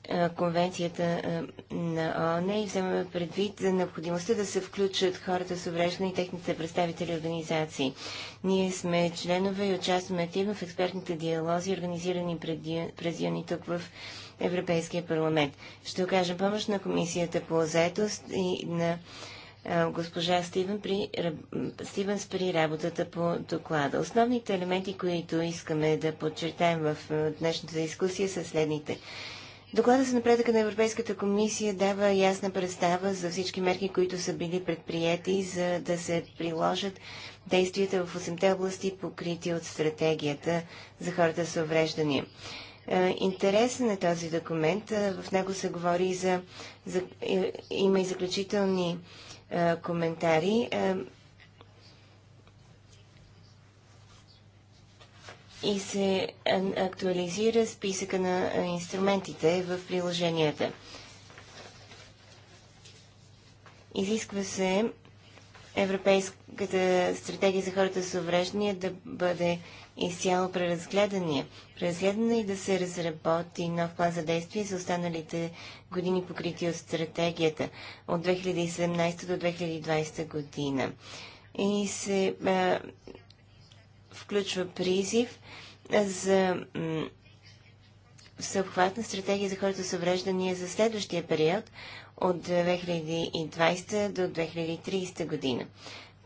е, конвенцията е, на ООН и взема предвид за необходимостта да се включат хората с увреждане и техните представители и организации. Ние сме членове и участваме активно в експертните диалози, организирани през юни тук в Европейския парламент. Ще окажем помощ на Комисията по заетост и на е, госпожа Стивен при, Стивенс при работата по доклада. Основните елементи, които искаме да подчертаем в днешната дискусия са следните. Доклада за напредъка на Европейската комисия дава ясна представа за всички мерки, които са били предприяти, за да се приложат действията в 8 те области, покрити от стратегията за хората с увреждания. Е, интересен е този документ. Е, в него се говори и за, за... Е, има и заключителни коментари. и се е, актуализира списъка на е, инструментите в приложенията. Изисква се Европейската стратегия за хората с увреждания да бъде изцяло преразгледане Преразгледана и да се разработи нов план за действие за останалите години покрити от стратегията от 2017 до 2020 година. И се а, е, включва призив за съобхватна стратегия за хората с увреждания за следващия период от 2020 до 2030 година.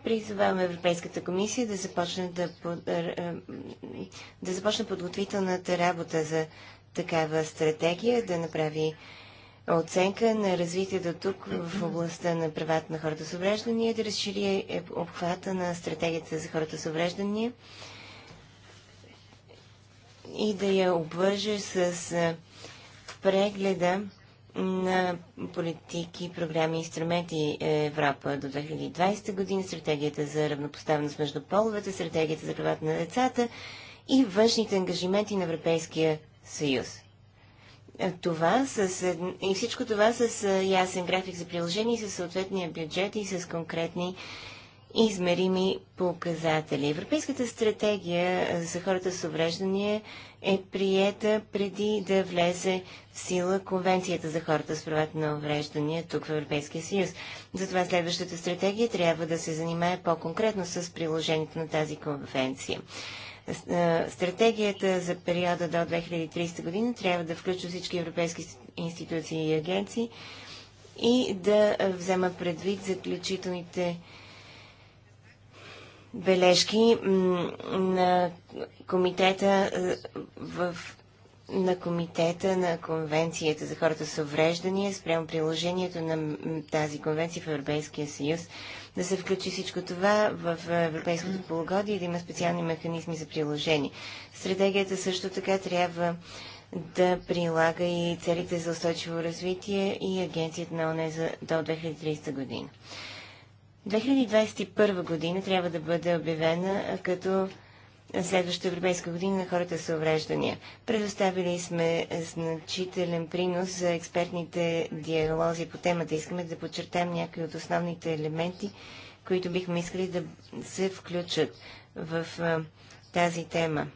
Призоваваме Европейската комисия да започне, да, е, да започне подготвителната работа за такава стратегия, да направи оценка на развитието тук в областта на правата на хората с увреждания, да разшири е, обхвата на стратегията за хората с увреждания и да я обвърже с прегледа на политики, програми и инструменти е, Европа до 2020 година, стратегията за равнопоставеност между половете, стратегията за правата на децата и външните ангажименти на Европейския съюз. Е, това с, и всичко това с е, ясен график за приложение, с съответния бюджет и с конкретни измерими показатели. Европейската стратегия е, за хората с увреждания е приета преди да влезе в сила Конвенцията за хората с правата на увреждания тук в Европейския съюз. Затова следващата стратегия трябва да се занимае по-конкретно с приложението на тази конвенция. Стратегията за периода до 2030 година трябва да включва всички европейски институции и агенции и да взема предвид заключителните бележки на комитета е, в на комитета на Конвенцията за хората с увреждания спрямо приложението на тази конвенция в Европейския съюз да се включи всичко това в е, европейското полугодие и да има специални механизми за приложение. Стратегията също така трябва да прилага и целите за устойчиво развитие и агенцията на ОНЕ за, до 2030 година. 2021 година трябва да бъде обявена като следващата Европейска година на хората с увреждания. Предоставили сме значителен принос за експертните диалози по темата. Искаме да подчертаем някои от основните елементи, които бихме искали да се включат в а, тази тема.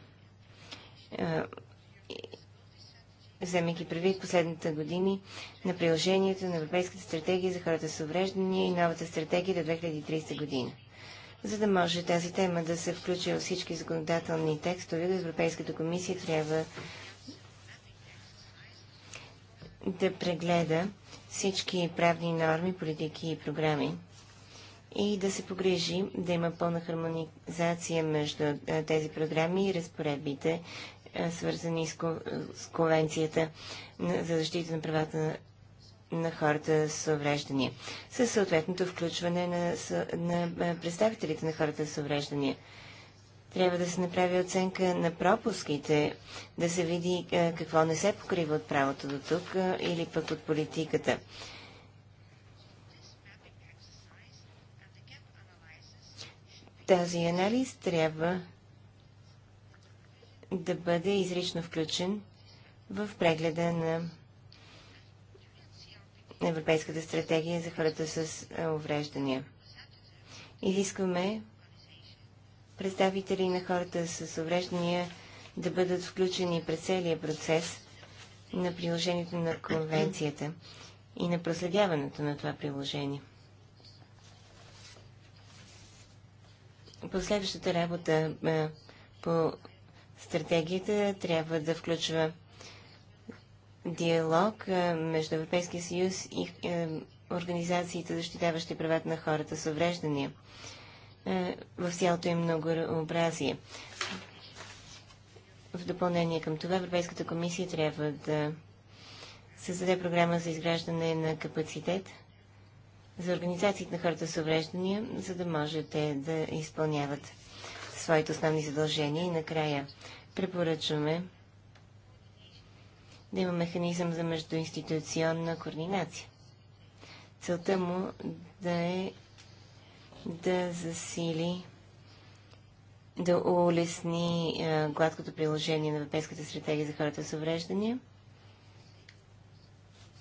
вземайки предвид последните години на приложението на Европейската стратегия за хората с увреждания и новата стратегия до 2030 година. За да може тази тема да се включи във всички законодателни текстове, Европейската комисия трябва да прегледа всички правни норми, политики и програми и да се погрежи да има пълна хармонизация между тези програми и разпоредбите, свързани с, Конвенцията за защита на правата на на хората с увреждания, със съответното включване на, на представителите на хората с увреждания. Трябва да се направи оценка на пропуските, да се види какво не се покрива от правото до тук или пък от политиката. Този анализ трябва да бъде изрично включен в прегледа на Европейската стратегия за хората с увреждания. Изискваме представители на хората с увреждания да бъдат включени през целия процес на приложението на конвенцията и на проследяването на това приложение. Последващата работа по стратегията трябва да включва диалог е, между Европейския съюз и е, организациите, защитаващи правата на хората с увреждания е, в цялото им многообразие. В допълнение към това, Европейската комисия трябва да създаде програма за изграждане на капацитет за организациите на хората с увреждания, за да можете да изпълняват своите основни задължения. И накрая препоръчваме да има механизъм за междуинституционна координация. Целта му да е да засили, да улесни гладкото приложение на Европейската стратегия за хората с увреждания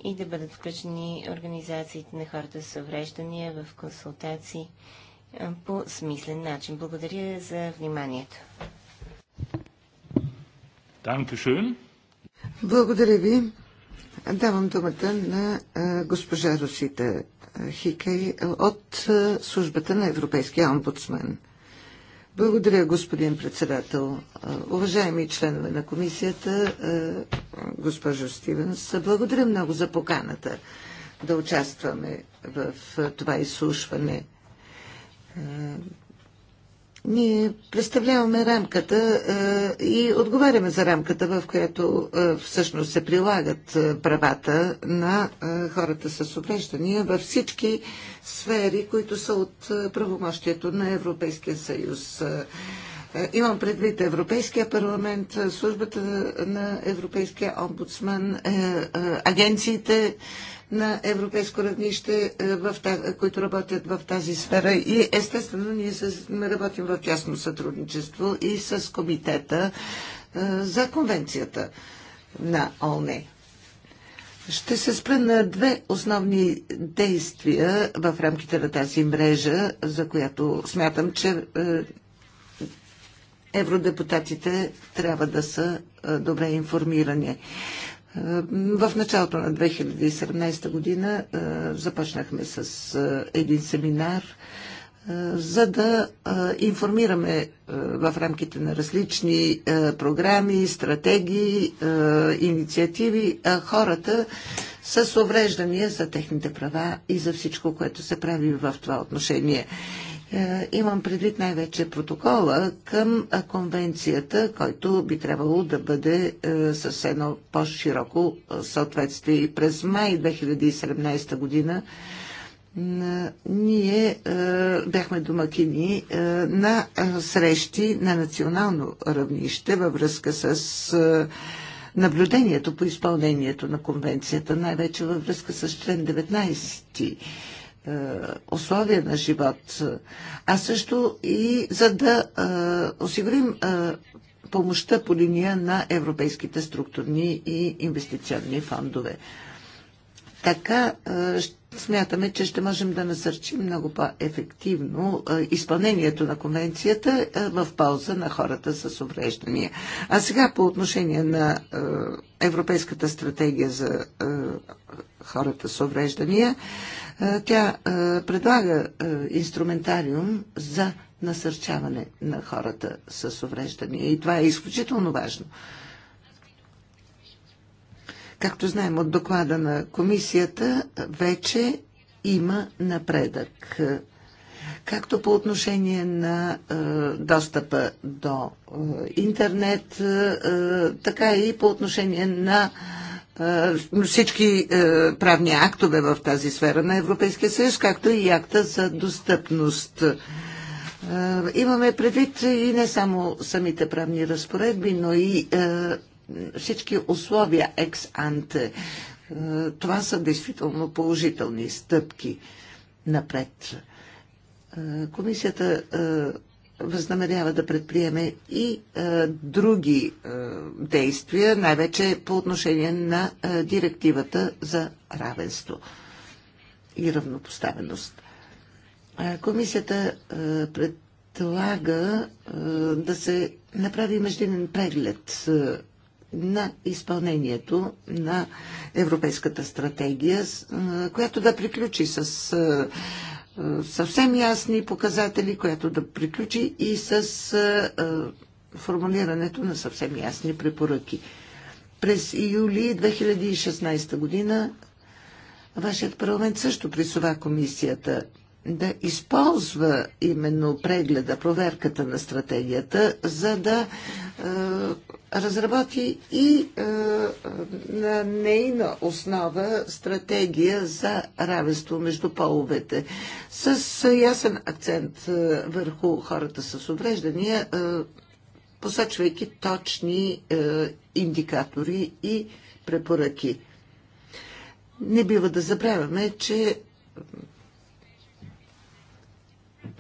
и да бъдат включени организациите на хората с увреждания в консултации по смислен начин. Благодаря за вниманието. Dankeschön. Благодаря ви. Давам думата на госпожа Русита Хикай от службата на Европейския омбудсман. Благодаря, господин председател. Уважаеми членове на комисията, госпожо Стивенс, благодаря много за поканата да участваме в това изслушване. Ние представляваме рамката е, и отговаряме за рамката, в която е, всъщност се прилагат е, правата на хората с увреждания във всички сфери, които са от правомощието на Европейския съюз. Имам предвид Европейския парламент, службата на Европейския омбудсман, агенциите, на европейско равнище, е, в, които работят в тази сфера. И естествено, ние работим в тясно сътрудничество и с комитета е, за конвенцията на ОНЕ. Ще се спра на две основни действия в рамките на тази мрежа, за която смятам, че е, евродепутатите трябва да са добре информирани. В началото на 2017 година започнахме с един семинар, за да информираме в рамките на различни програми, стратегии, инициативи хората с увреждания за техните права и за всичко, което се прави в това отношение. Е, имам предвид най-вече протокола към конвенцията, който би трябвало да бъде със е, едно по-широко е, съответствие. И през май 2017 година ние бяхме домакини на срещи на национално равнище във връзка с наблюдението по изпълнението на конвенцията, най-вече във връзка с член 19 е, условия на живот, а също и за да е, осигурим е, помощта по линия на европейските структурни и инвестиционни фондове. Така смятаме, че ще можем да насърчим много по-ефективно изпълнението на конвенцията в полза на хората с увреждания. А сега по отношение на Европейската стратегия за хората с увреждания, е, тя е, предлага е, инструментариум за насърчаване на хората с увреждания и това е изключително важно. Както знаем от доклада на комисията, вече има напредък. Както по отношение на е, достъпа до е, интернет, е, така и по отношение на е, е, всички е, правни актове в тази сфера на Европейския съюз, както и акта за достъпност. Е, имаме предвид и не само самите правни разпоредби, но и всички условия екс-анте. Това са действително положителни стъпки напред. Комисията възнамерява да предприеме и е, други е, действия, най-вече по отношение на е, директивата за равенство и равнопоставеност. Е, комисията е, предлага е, да се направи междинен преглед е, на изпълнението на Европейската стратегия, е, която да приключи с. Е, съвсем ясни показатели, която да приключи и с формулирането на съвсем ясни препоръки. През юли 2016 година вашият парламент също присува комисията да използва именно прегледа, проверката на стратегията, за да е, разработи и е, на нейна основа стратегия за равенство между половете. С ясен акцент е, върху хората с увреждания, е, посочвайки точни е, индикатори и препоръки. Не бива да забравяме, че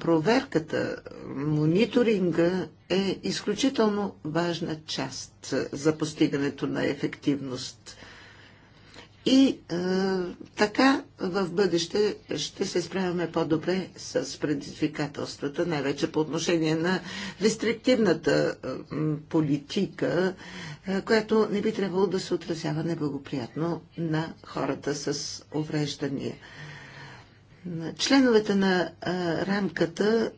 проверката, мониторинга е изключително важна част за постигането на ефективност. И е, така в бъдеще ще се справяме по-добре с предизвикателствата, най-вече по отношение на рестриктивната е, политика, е, която не би трябвало да се отразява неблагоприятно на хората с увреждания. Членовете на рамката,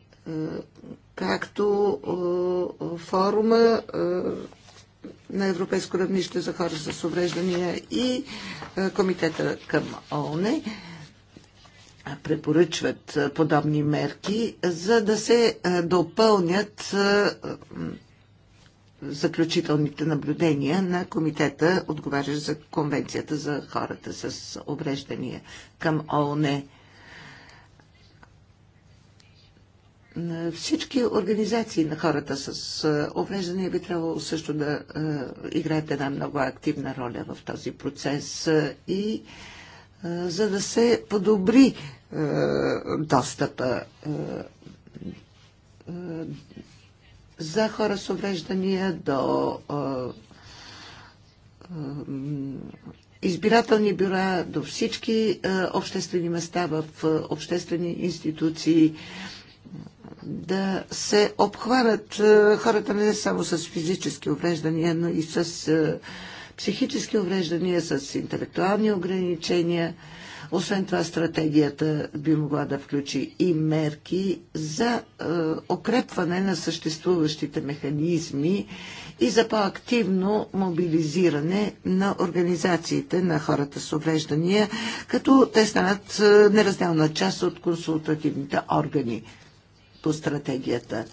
както форума на европейско равнище за хора с увреждания и комитета към ООН, препоръчват подобни мерки, за да се допълнят заключителните наблюдения на комитета, отговарящ за Конвенцията за хората с увреждания към ООН. Всички организации на хората с увреждания би трябвало също да играят една много активна роля в този процес и за да се подобри достъпа за хора с увреждания до избирателни бюра, до всички обществени места в обществени институции да се обхванат е, хората не само с физически увреждания, но и с е, психически увреждания, с интелектуални ограничения. Освен това, стратегията би могла да включи и мерки за е, укрепване на съществуващите механизми и за по-активно мобилизиране на организациите на хората с увреждания, като те станат е, неразделна част от консултативните органи по стратегията.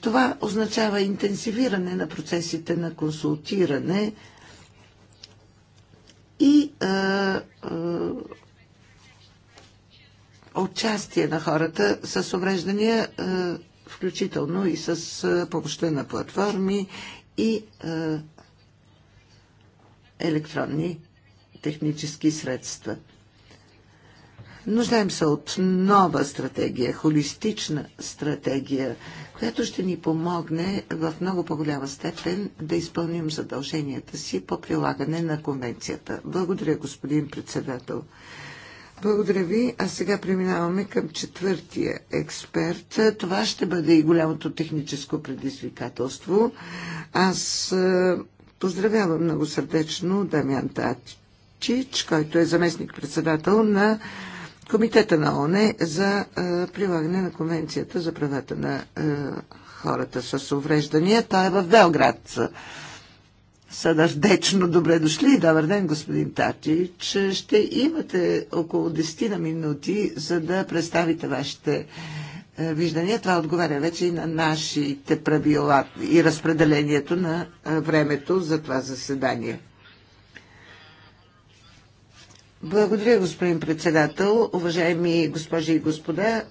Това означава интенсивиране на процесите на консултиране и участие на хората с увреждания, включително и с помощта на платформи и електронни технически средства. Нуждаем се от нова стратегия, холистична стратегия, която ще ни помогне в много по-голяма степен да изпълним задълженията си по прилагане на конвенцията. Благодаря, господин председател. Благодаря ви. А сега преминаваме към четвъртия експерт. Това ще бъде и голямото техническо предизвикателство. Аз е, поздравявам много сърдечно Дамян Татич, който е заместник-председател на Комитета на ОНЕ за прилагане на Конвенцията за правата на хората с увреждания. Той е в Белград. Съдърдечно добре дошли и добър ден, господин Тати, че ще имате около 10 на минути, за да представите вашите виждания. Това отговаря вече и на нашите правила и разпределението на времето за това заседание. Благодаря, господин председател. Уважаеми госпожи и господа,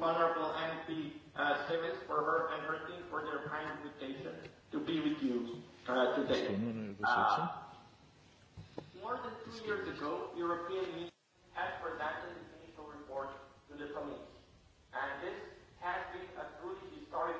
honorable MP heavens for her and her team for their kind invitation to be with you uh, today. Uh, more than two years ago, European Union had presented its initial report to the police and this has been a truly historic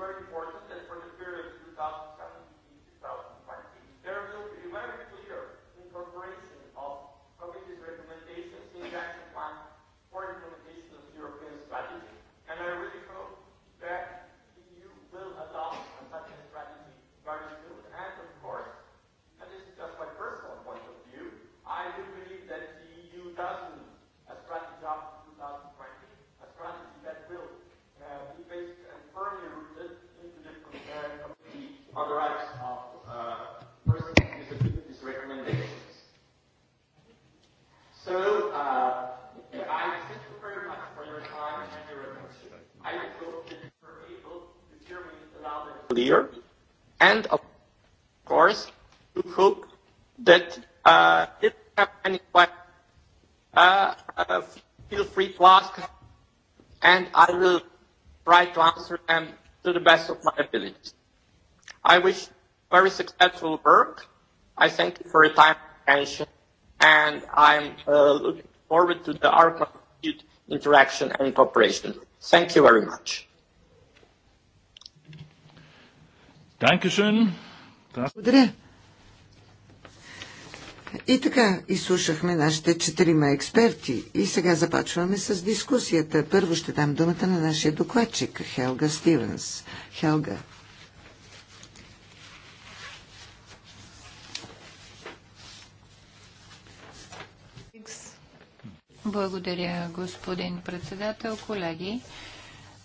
very important And of course, to hope that uh, if you have any questions, uh, uh, feel free to ask, and I will try to answer them to the best of my ability. I wish very successful work. I thank you for your time and attention, and I'm uh, looking forward to the our interaction and cooperation. Thank you very much. Благодаря. И така, изслушахме нашите четирима експерти и сега започваме с дискусията. Първо ще дам думата на нашия докладчик Хелга Стивенс. Хелга. Благодаря, господин председател, колеги,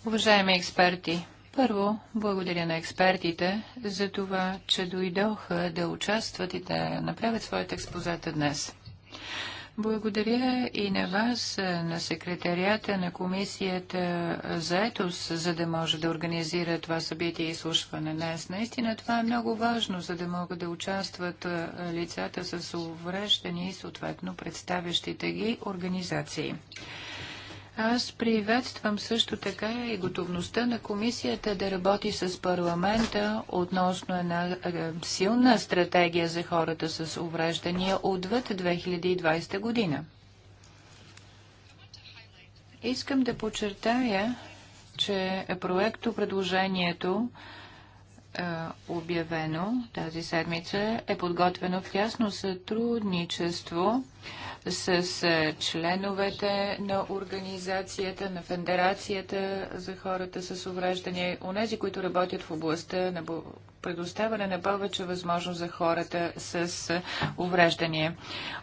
уважаеми експерти. Първо, благодаря на експертите за това, че дойдоха да участват и да направят своята експозата днес. Благодаря и на вас, на секретарията на комисията за етос, за да може да организира това събитие и слушване днес. Наистина това е много важно, за да могат да участват лицата с увреждани и съответно представящите ги организации. Аз приветствам също така и готовността на комисията да работи с парламента относно една е, силна стратегия за хората с увреждания отвъд 2020 година. Искам да подчертая, че проекто предложението е, обявено тази седмица е подготвено в тясно сътрудничество с е, членовете на организацията, на Федерацията за хората с увреждания, онези, които работят в областта на предоставяне на повече възможност за хората с е, увреждания.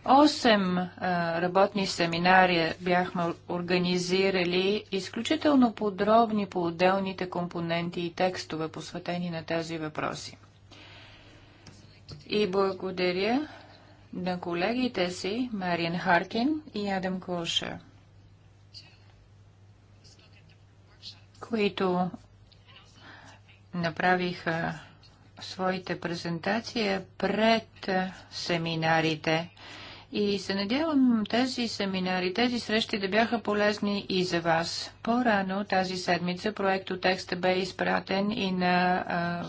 Осем е, работни семинари бяхме организирали, изключително подробни по отделните компоненти и текстове, посветени на тези въпроси. И благодаря на колегите си Мариан Харкин и Адам Коша, които направиха своите презентации пред семинарите. И се надявам тези семинари, тези срещи да бяха полезни и за вас. По-рано тази седмица проекто текста бе изпратен и на а,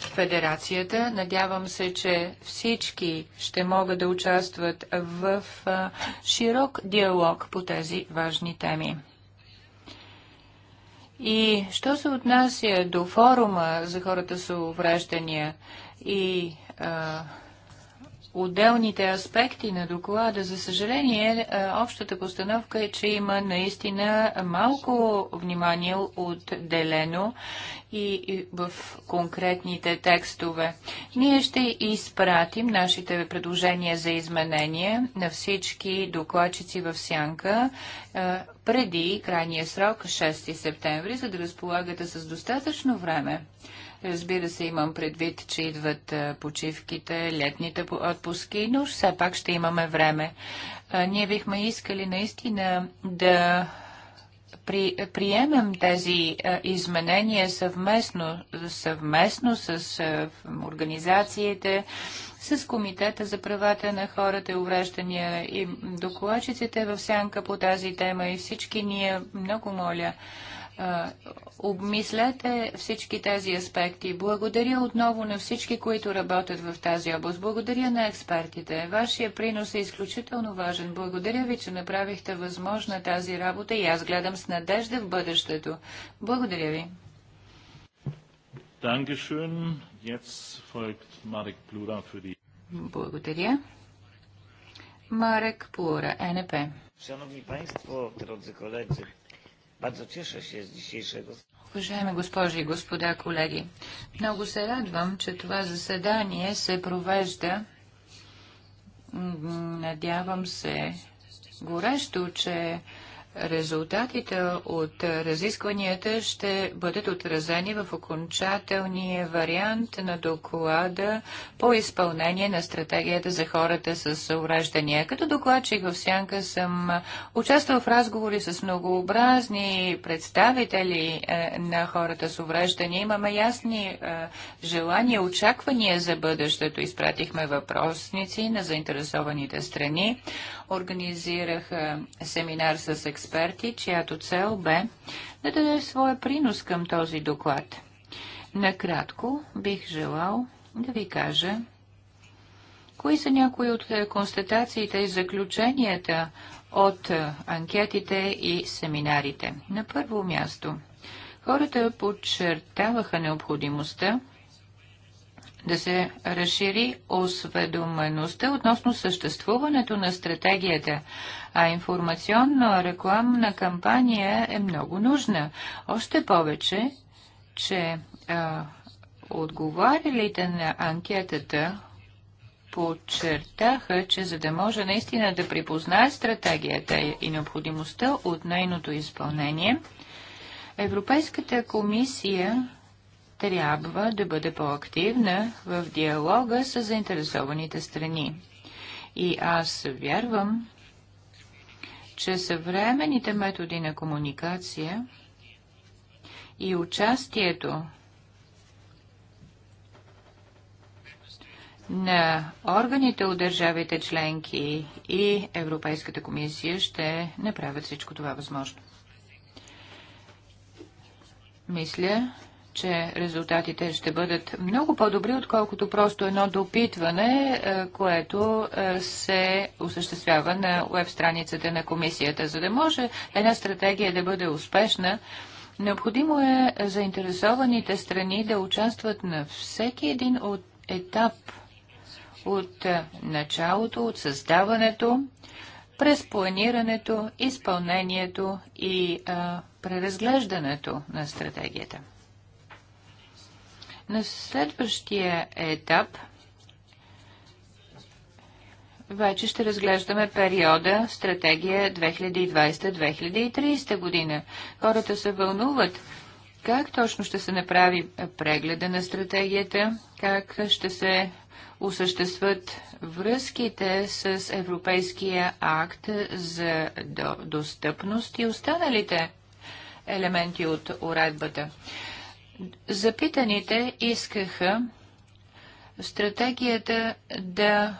федерацията. Надявам се, че всички ще могат да участват в а, широк диалог по тези важни теми. И що се отнася до форума за хората с увреждания и а, отделните аспекти на доклада. За съжаление, е, общата постановка е, че има наистина малко внимание отделено и в конкретните текстове. Ние ще изпратим нашите предложения за изменение на всички докладчици в Сянка е, преди крайния срок 6 септември, за да разполагате с достатъчно време Разбира се, имам предвид, че идват почивките, летните отпуски, но все пак ще имаме време. Ние бихме искали наистина да при, приемем тези изменения съвместно, съвместно с организациите, с Комитета за правата на хората и увреждания и докладчиците в сянка по тази тема и всички ние, много моля, обмислете всички тези аспекти. Благодаря отново на всички, които работят в тази област. Благодаря на експертите. Вашия принос е изключително важен. Благодаря ви, че направихте възможна тази работа и аз гледам с надежда в бъдещето. Благодаря ви. Благодаря. Марек Плура, НП. Szanowni Państwo, drodzy koledzy, Bardzo cieszę się z dzisiejszego. Уважаеми госпожи и господа колеги, много се радвам, че това заседание се провежда. Надявам се горещо, че Резултатите от разискванията ще бъдат отразени в окончателния вариант на доклада по изпълнение на стратегията за хората с увреждания. Като докладчик в Сянка съм участвал в разговори с многообразни представители е, на хората с увреждания. Имаме ясни е, желания, очаквания за бъдещето. Изпратихме въпросници на заинтересованите страни. Организирах семинар с експерти експерти, чиято цел бе да даде своя принос към този доклад. Накратко бих желал да ви кажа, кои са някои от е, констатациите и заключенията от е, анкетите и семинарите. На първо място, хората подчертаваха необходимостта да се разшири осведомеността относно съществуването на стратегията, а информационно-рекламна кампания е много нужна. Още повече, че а, отговарилите на анкетата подчертаха, че за да може наистина да припознае стратегията и необходимостта от нейното изпълнение, Европейската комисия трябва да бъде по-активна в диалога с заинтересованите страни. И аз вярвам, че съвременните методи на комуникация и участието на органите от държавите членки и Европейската комисия ще направят всичко това възможно. Мисля, че резултатите ще бъдат много по-добри, отколкото просто едно допитване, е, което е, се осъществява на веб страницата на комисията. За да може една стратегия да бъде успешна, необходимо е заинтересованите страни да участват на всеки един от етап от е, началото, от създаването, през планирането, изпълнението и а, преразглеждането на стратегията. На следващия етап вече ще разглеждаме периода стратегия 2020-2030 година. Хората се вълнуват как точно ще се направи прегледа на стратегията, как ще се осъществят връзките с Европейския акт за достъпност и останалите елементи от уредбата. Запитаните искаха стратегията да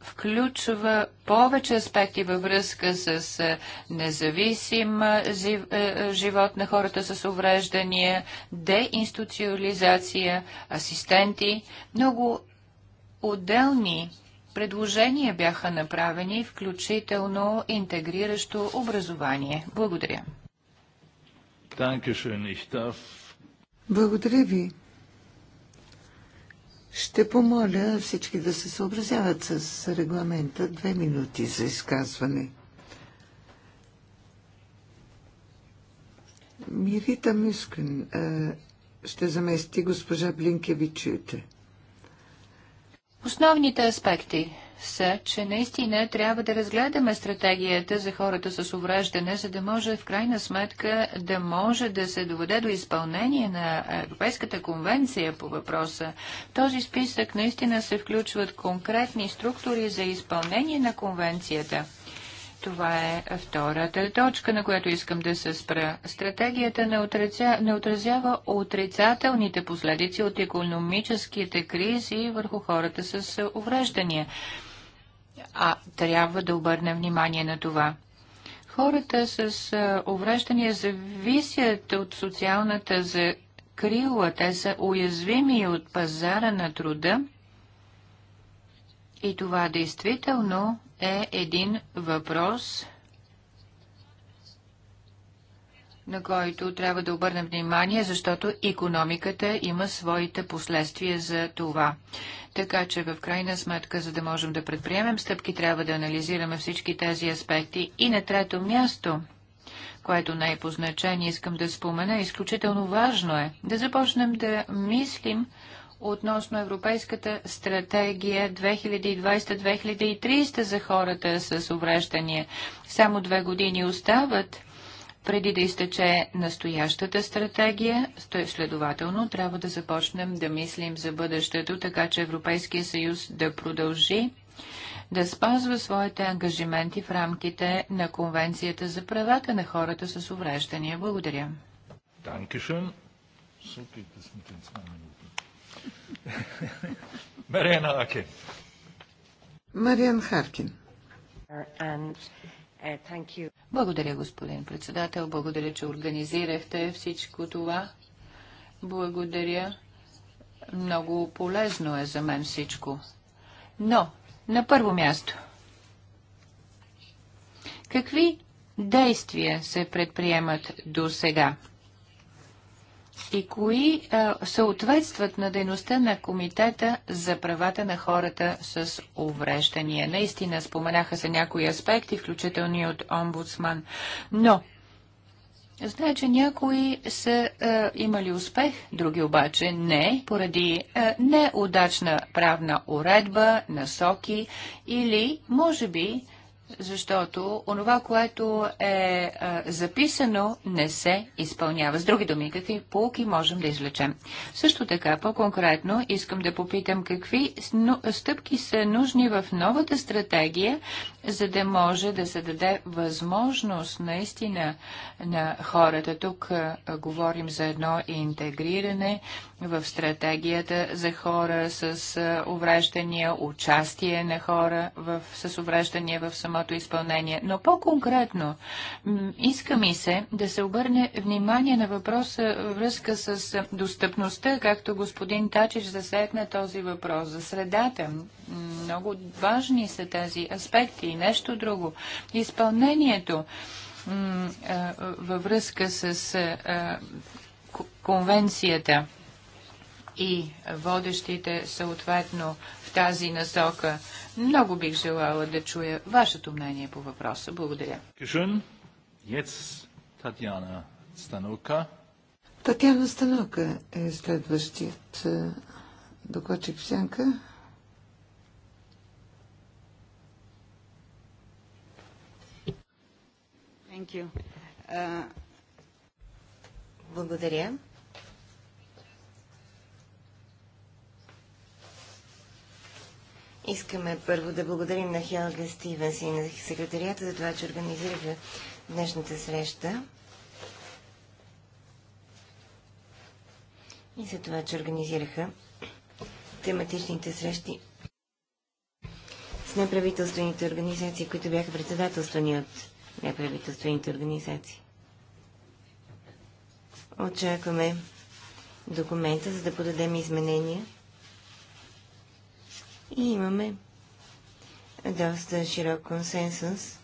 включва повече аспекти във връзка с независим живот на хората с увреждания, деинституциализация, асистенти. Много отделни предложения бяха направени, включително интегриращо образование. Благодаря. Dankeschön. Ich darf благодаря ви. Ще помоля всички да се съобразяват с регламента. Две минути за изказване. Мирита Мюскен ще замести госпожа Блинкевичуте. Основните аспекти са, че наистина трябва да разгледаме стратегията за хората с увреждане, за да може в крайна сметка да може да се доведе до изпълнение на Европейската конвенция по въпроса. В този списък наистина се включват конкретни структури за изпълнение на конвенцията. Това е втората точка, на която искам да се спра. Стратегията не, отриця... не отразява отрицателните последици от економическите кризи върху хората с увреждания а трябва да обърнем внимание на това. Хората с увреждания зависят от социалната закрила. Те са уязвими от пазара на труда. И това действително е един въпрос, на който трябва да обърнем внимание, защото економиката има своите последствия за това. Така че в крайна сметка, за да можем да предприемем стъпки, трябва да анализираме всички тези аспекти. И на трето място, което не е по значение, искам да спомена, изключително важно е да започнем да мислим относно Европейската стратегия 2020-2030 за хората с увреждания. Само две години остават преди да изтече настоящата стратегия, следователно трябва да започнем да мислим за бъдещето, така че Европейския съюз да продължи да спазва своите ангажименти в рамките на Конвенцията за правата на хората с увреждания. Благодаря. Dankeschön. Super, das mit Uh, Благодаря, господин председател. Благодаря, че организирахте всичко това. Благодаря. Много полезно е за мен всичко. Но, на първо място, какви действия се предприемат до сега? и кои а, съответстват на дейността на Комитета за правата на хората с увреждания. Наистина споменаха се някои аспекти, включително и от омбудсман. Но, знае, че някои са а, имали успех, други обаче не, поради а, неудачна правна уредба, насоки или, може би, защото онова, което е а, е, записано, не се изпълнява. С други думи, какви полки можем да излечем. Също така, по-конкретно, искам да попитам какви стъпки са нужни в новата стратегия, за да може да се даде възможност наистина на хората. Тук а, е, говорим за едно интегриране в стратегията за хора с е, увреждания, участие на хора в, с увреждания в самото самото изпълнение. Но по-конкретно, иска ми се да се обърне внимание на въпроса връзка с достъпността, както господин Тачич засекна този въпрос за средата. Много важни са тези аспекти и нещо друго. Изпълнението във връзка с конвенцията и водещите съответно в тази насока много бих желала да чуя вашето мнение по въпроса. Благодаря. Татьяна Станука. Татьяна Станука е следващият е, докладчик в сянка. Е, благодаря. Искаме първо да благодарим на Хелга Стивенс и на секретарията за това, че организираха днешната среща. И за това, че организираха тематичните срещи с неправителствените организации, които бяха председателствани от неправителствените организации. Очакваме документа, за да подадем изменения – и имаме доста широк консенсус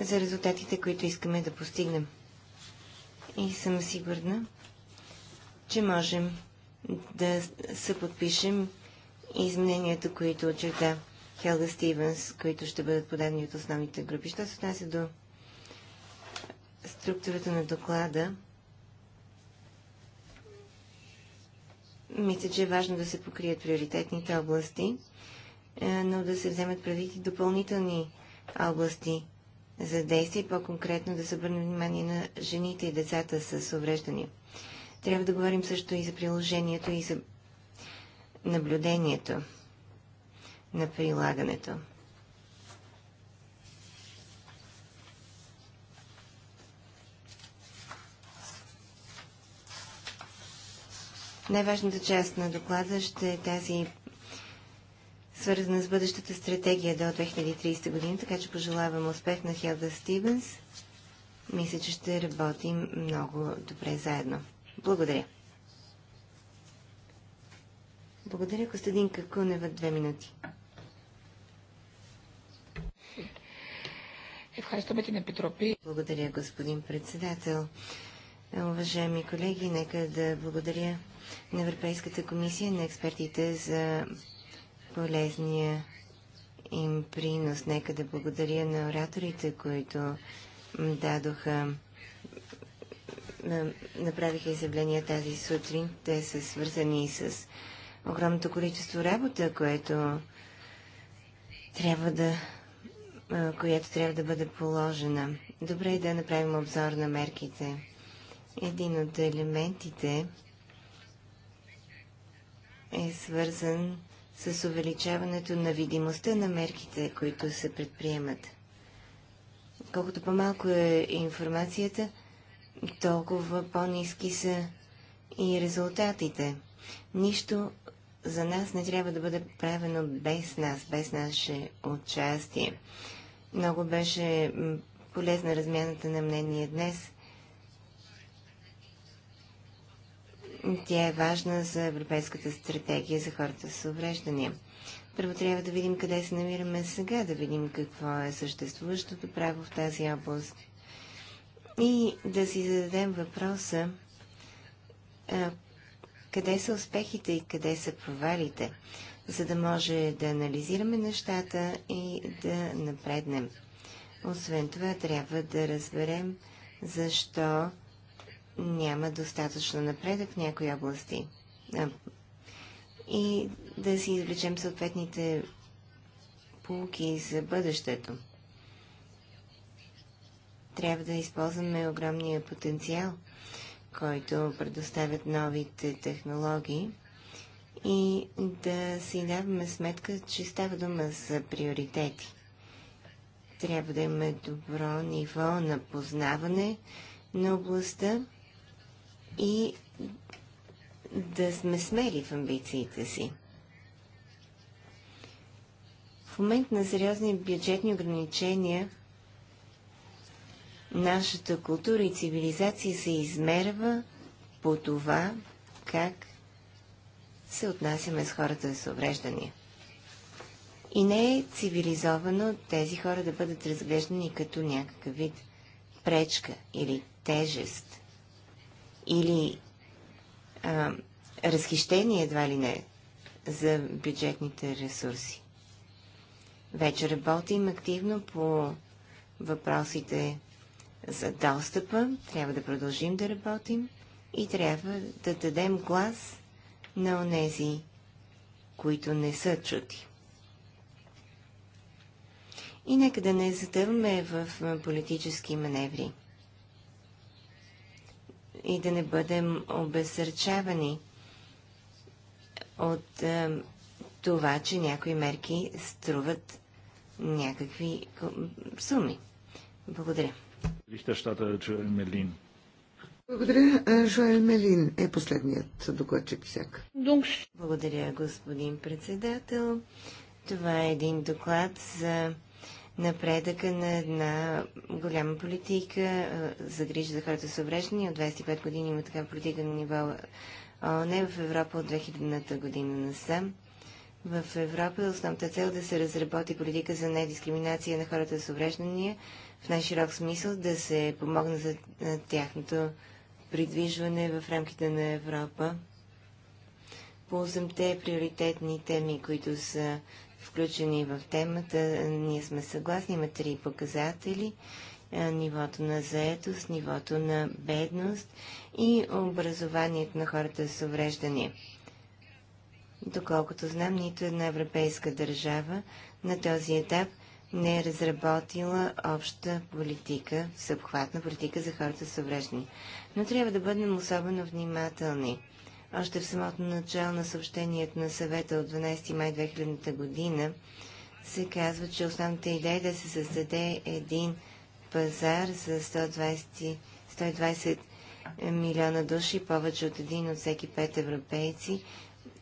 за резултатите, които искаме да постигнем. И съм сигурна, че можем да подпишем измененията, които очерта Хелда Стивенс, които ще бъдат подадени от основните групи. Що се отнася до структурата на доклада, мисля, че е важно да се покрият приоритетните области – е, но да се вземат предвид и допълнителни области за действие, по-конкретно да се обърне внимание на жените и децата с увреждания. Трябва да говорим също и за приложението и за наблюдението на прилагането. Най-важната част на доклада ще е тази свързана с бъдещата стратегия до 2030 година, така че пожелавам успех на Хелда Стивенс. Мисля, че ще работим много добре заедно. Благодаря. Благодаря, Костадин Кунева, две минути. Благодаря, господин председател. Уважаеми колеги, нека да благодаря на Европейската комисия, на експертите за полезния им принос. Нека да благодаря на ораторите, които дадоха направиха изявления тази сутрин. Те са свързани с огромното количество работа, което трябва да която трябва да бъде положена. Добре е да направим обзор на мерките. Един от елементите е свързан с увеличаването на видимостта на мерките, които се предприемат. Колкото по-малко е информацията, толкова по-низки са и резултатите. Нищо за нас не трябва да бъде правено без нас, без наше участие. Много беше полезна размяната на мнение днес Тя е важна за Европейската стратегия за хората с увреждания. Първо трябва да видим къде се намираме сега, да видим какво е съществуващото право в тази област и да си зададем въпроса а, къде са успехите и къде са провалите, за да може да анализираме нещата и да напреднем. Освен това, трябва да разберем защо няма достатъчно напредък в някои области. и да си извлечем съответните полки за бъдещето. Трябва да използваме огромния потенциал, който предоставят новите технологии и да си даваме сметка, че става дума за приоритети. Трябва да имаме добро ниво на познаване на областта, и да сме смели в амбициите си. В момент на сериозни бюджетни ограничения нашата култура и цивилизация се измерва по това, как се отнасяме с хората с увреждания. И не е цивилизовано тези хора да бъдат разглеждани като някакъв вид пречка или тежест – или а, разхищение едва ли не за бюджетните ресурси. Вече работим активно по въпросите за достъпа. Трябва да продължим да работим и трябва да дадем глас на онези, които не са чути. И нека да не затъваме в политически маневри и да не бъдем обесърчавани от е, това, че някои мерки струват някакви суми. Благодаря. Е, Благодаря. Е, Жоел Мелин е последният докладчик всяк. Благодаря, господин председател. Това е един доклад за напредъка на една голяма политика за грижа за хората с увреждания. От 25 години има такава политика на ниво ООН в Европа от 2000-та година насам. В Европа основната цел е да се разработи политика за недискриминация на хората с увреждания, в най-широк смисъл да се помогне за тяхното придвижване в рамките на Европа по 8-те приоритетни теми, които са включени в темата. Ние сме съгласни, има три показатели. Е, нивото на заетост, нивото на бедност и образованието на хората с увреждания. Доколкото знам, нито една европейска държава на този етап не е разработила обща политика, съобхватна политика за хората с увреждания. Но трябва да бъдем особено внимателни – още в самото начало на съобщението на съвета от 12 май 2000 година се казва, че основната идея е да се създаде един пазар за 120, 120 милиона души, повече от един от всеки пет европейци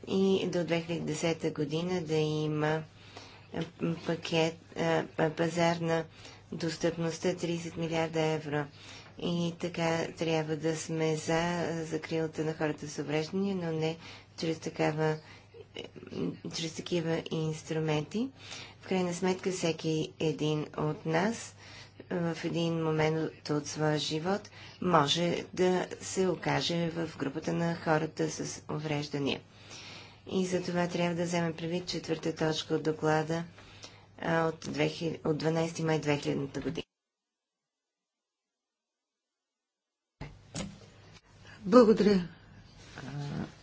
и до 2010 година да има пакет, пазар на достъпността 30 милиарда евро. И така трябва да сме за закрилата на хората с увреждания, но не чрез, такава, чрез такива инструменти. В крайна сметка всеки един от нас в един момент от своя живот може да се окаже в групата на хората с увреждания. И за това трябва да вземем предвид четвърта точка от доклада от 12 май 2000 година. Благодаря.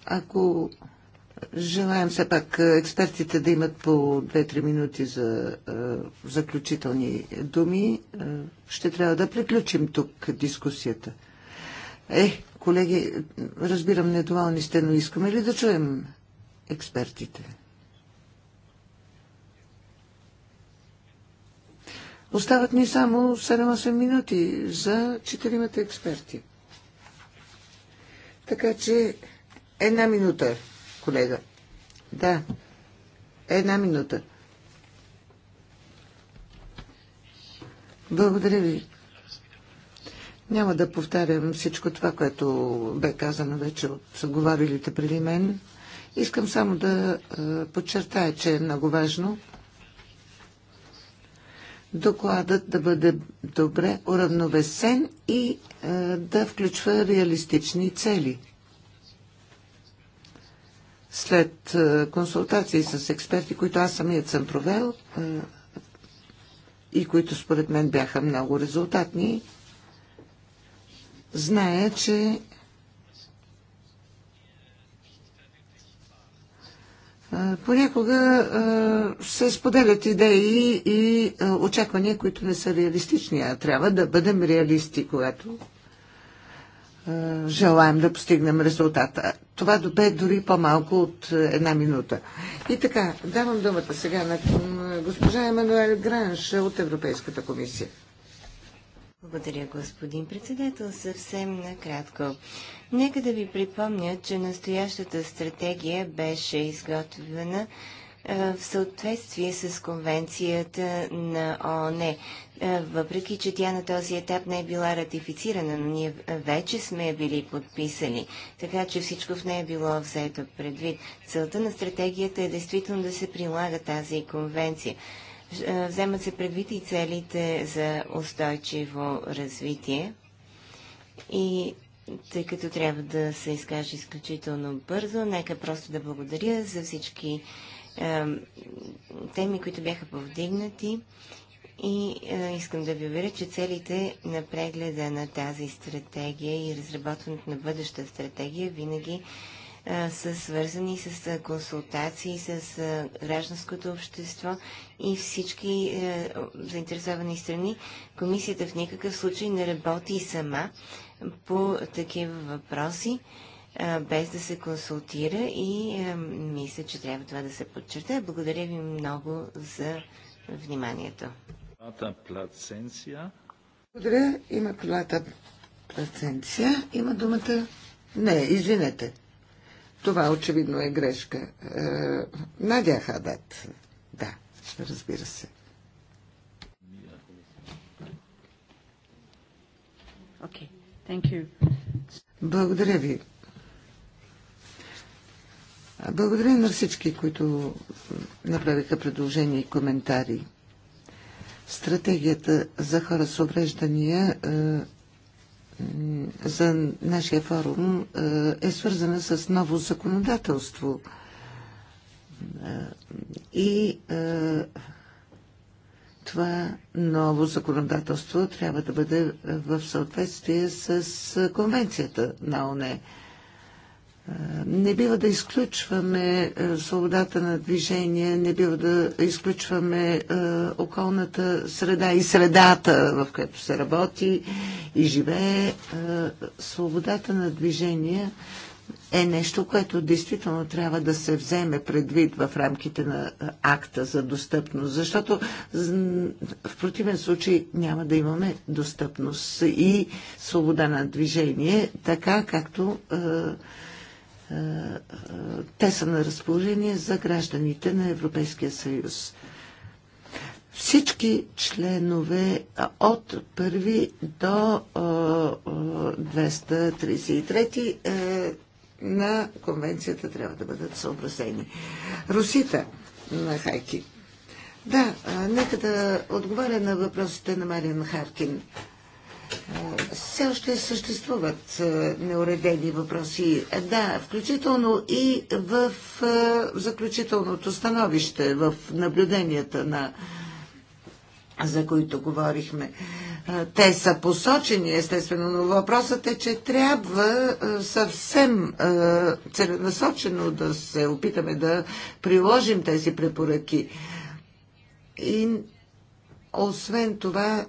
Ако желаем все пак експертите да имат по 2-3 минути за заключителни думи, ще трябва да приключим тук дискусията. Е, колеги, разбирам, недоволни сте, но искаме ли да чуем експертите? Остават ни само 7-8 минути за четиримата експерти. Така че една минута, колега. Да, една минута. Благодаря ви. Няма да повтарям всичко това, което бе казано вече от говорилите преди мен. Искам само да подчертая, че е много важно докладът да бъде добре уравновесен и е, да включва реалистични цели. След е, консултации с експерти, които аз самият съм провел е, и които според мен бяха много резултатни, зная, че Понякога се споделят идеи и очаквания, които не са реалистични, а трябва да бъдем реалисти, когато желаем да постигнем резултата. Това добе дори по-малко от една минута. И така, давам думата сега на госпожа Емануел Гранш от Европейската комисия. Благодаря, господин председател. Съвсем накратко. Нека да ви припомня, че настоящата стратегия беше изготвена в съответствие с конвенцията на ООН. въпреки, че тя на този етап не е била ратифицирана, но ние вече сме я били подписали, така че всичко в нея е било взето предвид. Целта на стратегията е действително да се прилага тази конвенция. Е, вземат се предвид и целите за устойчиво развитие. И тъй като трябва да се изкаже изключително бързо, нека просто да благодаря за всички е, теми, които бяха повдигнати. И е, искам да ви уверя, че целите на прегледа на тази стратегия и разработването на бъдеща стратегия винаги са свързани с консултации с гражданското общество и всички е, заинтересовани страни. Комисията в никакъв случай не работи сама по такива въпроси, без да се консултира и е, мисля, че трябва това да се подчерта. Благодаря ви много за вниманието. Благодаря. Има колата Плаценция. Има думата. Не, извинете. Това очевидно е грешка. Е, Надя Хадат. Да, разбира се. Okay. Thank you. Благодаря ви. Благодаря на всички, които направиха предложения и коментари. Стратегията за хора с увреждания е, за нашия форум е, е свързана с ново законодателство. Е, и е, това ново законодателство трябва да бъде в съответствие с конвенцията на ОНЕ. Не бива да изключваме е, свободата на движение, не бива да изключваме е, околната среда и средата, в която се работи и живее. Е, свободата на движение е нещо, което действително трябва да се вземе предвид в рамките на акта за достъпност, защото в противен случай няма да имаме достъпност и свобода на движение, така както те са на разположение за гражданите на Европейския съюз. Всички членове от 1 до 233 е, на конвенцията трябва да бъдат съобразени. Русита на Хайки. Да, нека да отговаря на въпросите на Мариан Харкин все още съществуват е, неуредени въпроси. Да, включително и в е, заключителното становище, в наблюденията на за които говорихме. Е, те са посочени, естествено, но въпросът е, че трябва съвсем целенасочено да се опитаме да приложим тези препоръки. И освен това,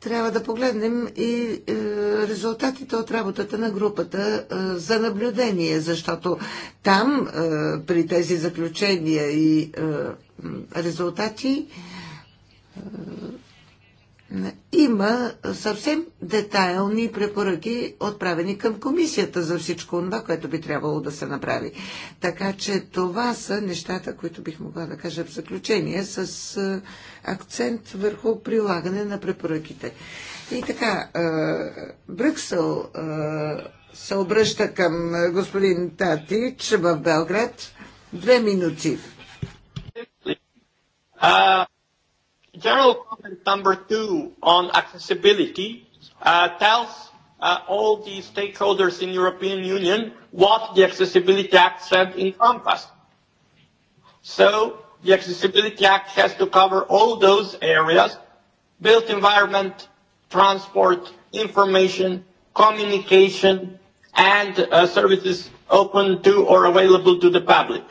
трябва да погледнем и е, резултатите от работата на групата е, за наблюдение, защото там е, при тези заключения и е, резултати е, има съвсем детайлни препоръки, отправени към комисията за всичко това, което би трябвало да се направи. Така че това са нещата, които бих могла да кажа в заключение, с акцент върху прилагане на препоръките. И така, Брюксел се обръща към господин Татич в Белград. Две минути. А general comment number two on accessibility uh, tells uh, all the stakeholders in European Union what the Accessibility Act said encompassed. So the Accessibility Act has to cover all those areas, built environment, transport, information, communication, and uh, services open to or available to the public.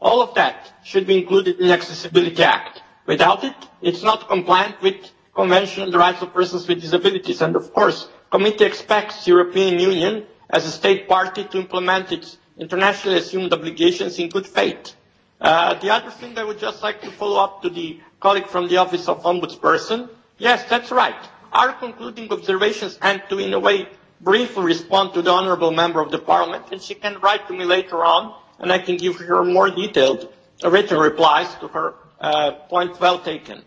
All of that should be included in the Accessibility Act. Without it, it's not compliant with Convention on the Rights of Persons with Disabilities. And of course, Committee expects European Union as a state party to implement its internationally assumed obligations in good faith. Uh, the other thing I would just like to follow up to the colleague from the Office of Ombudsperson. Yes, that's right. Our concluding observations and to, in a way, briefly respond to the Honourable Member of the Parliament, and she can write to me later on, and I can give her more detailed written replies to her point well taken.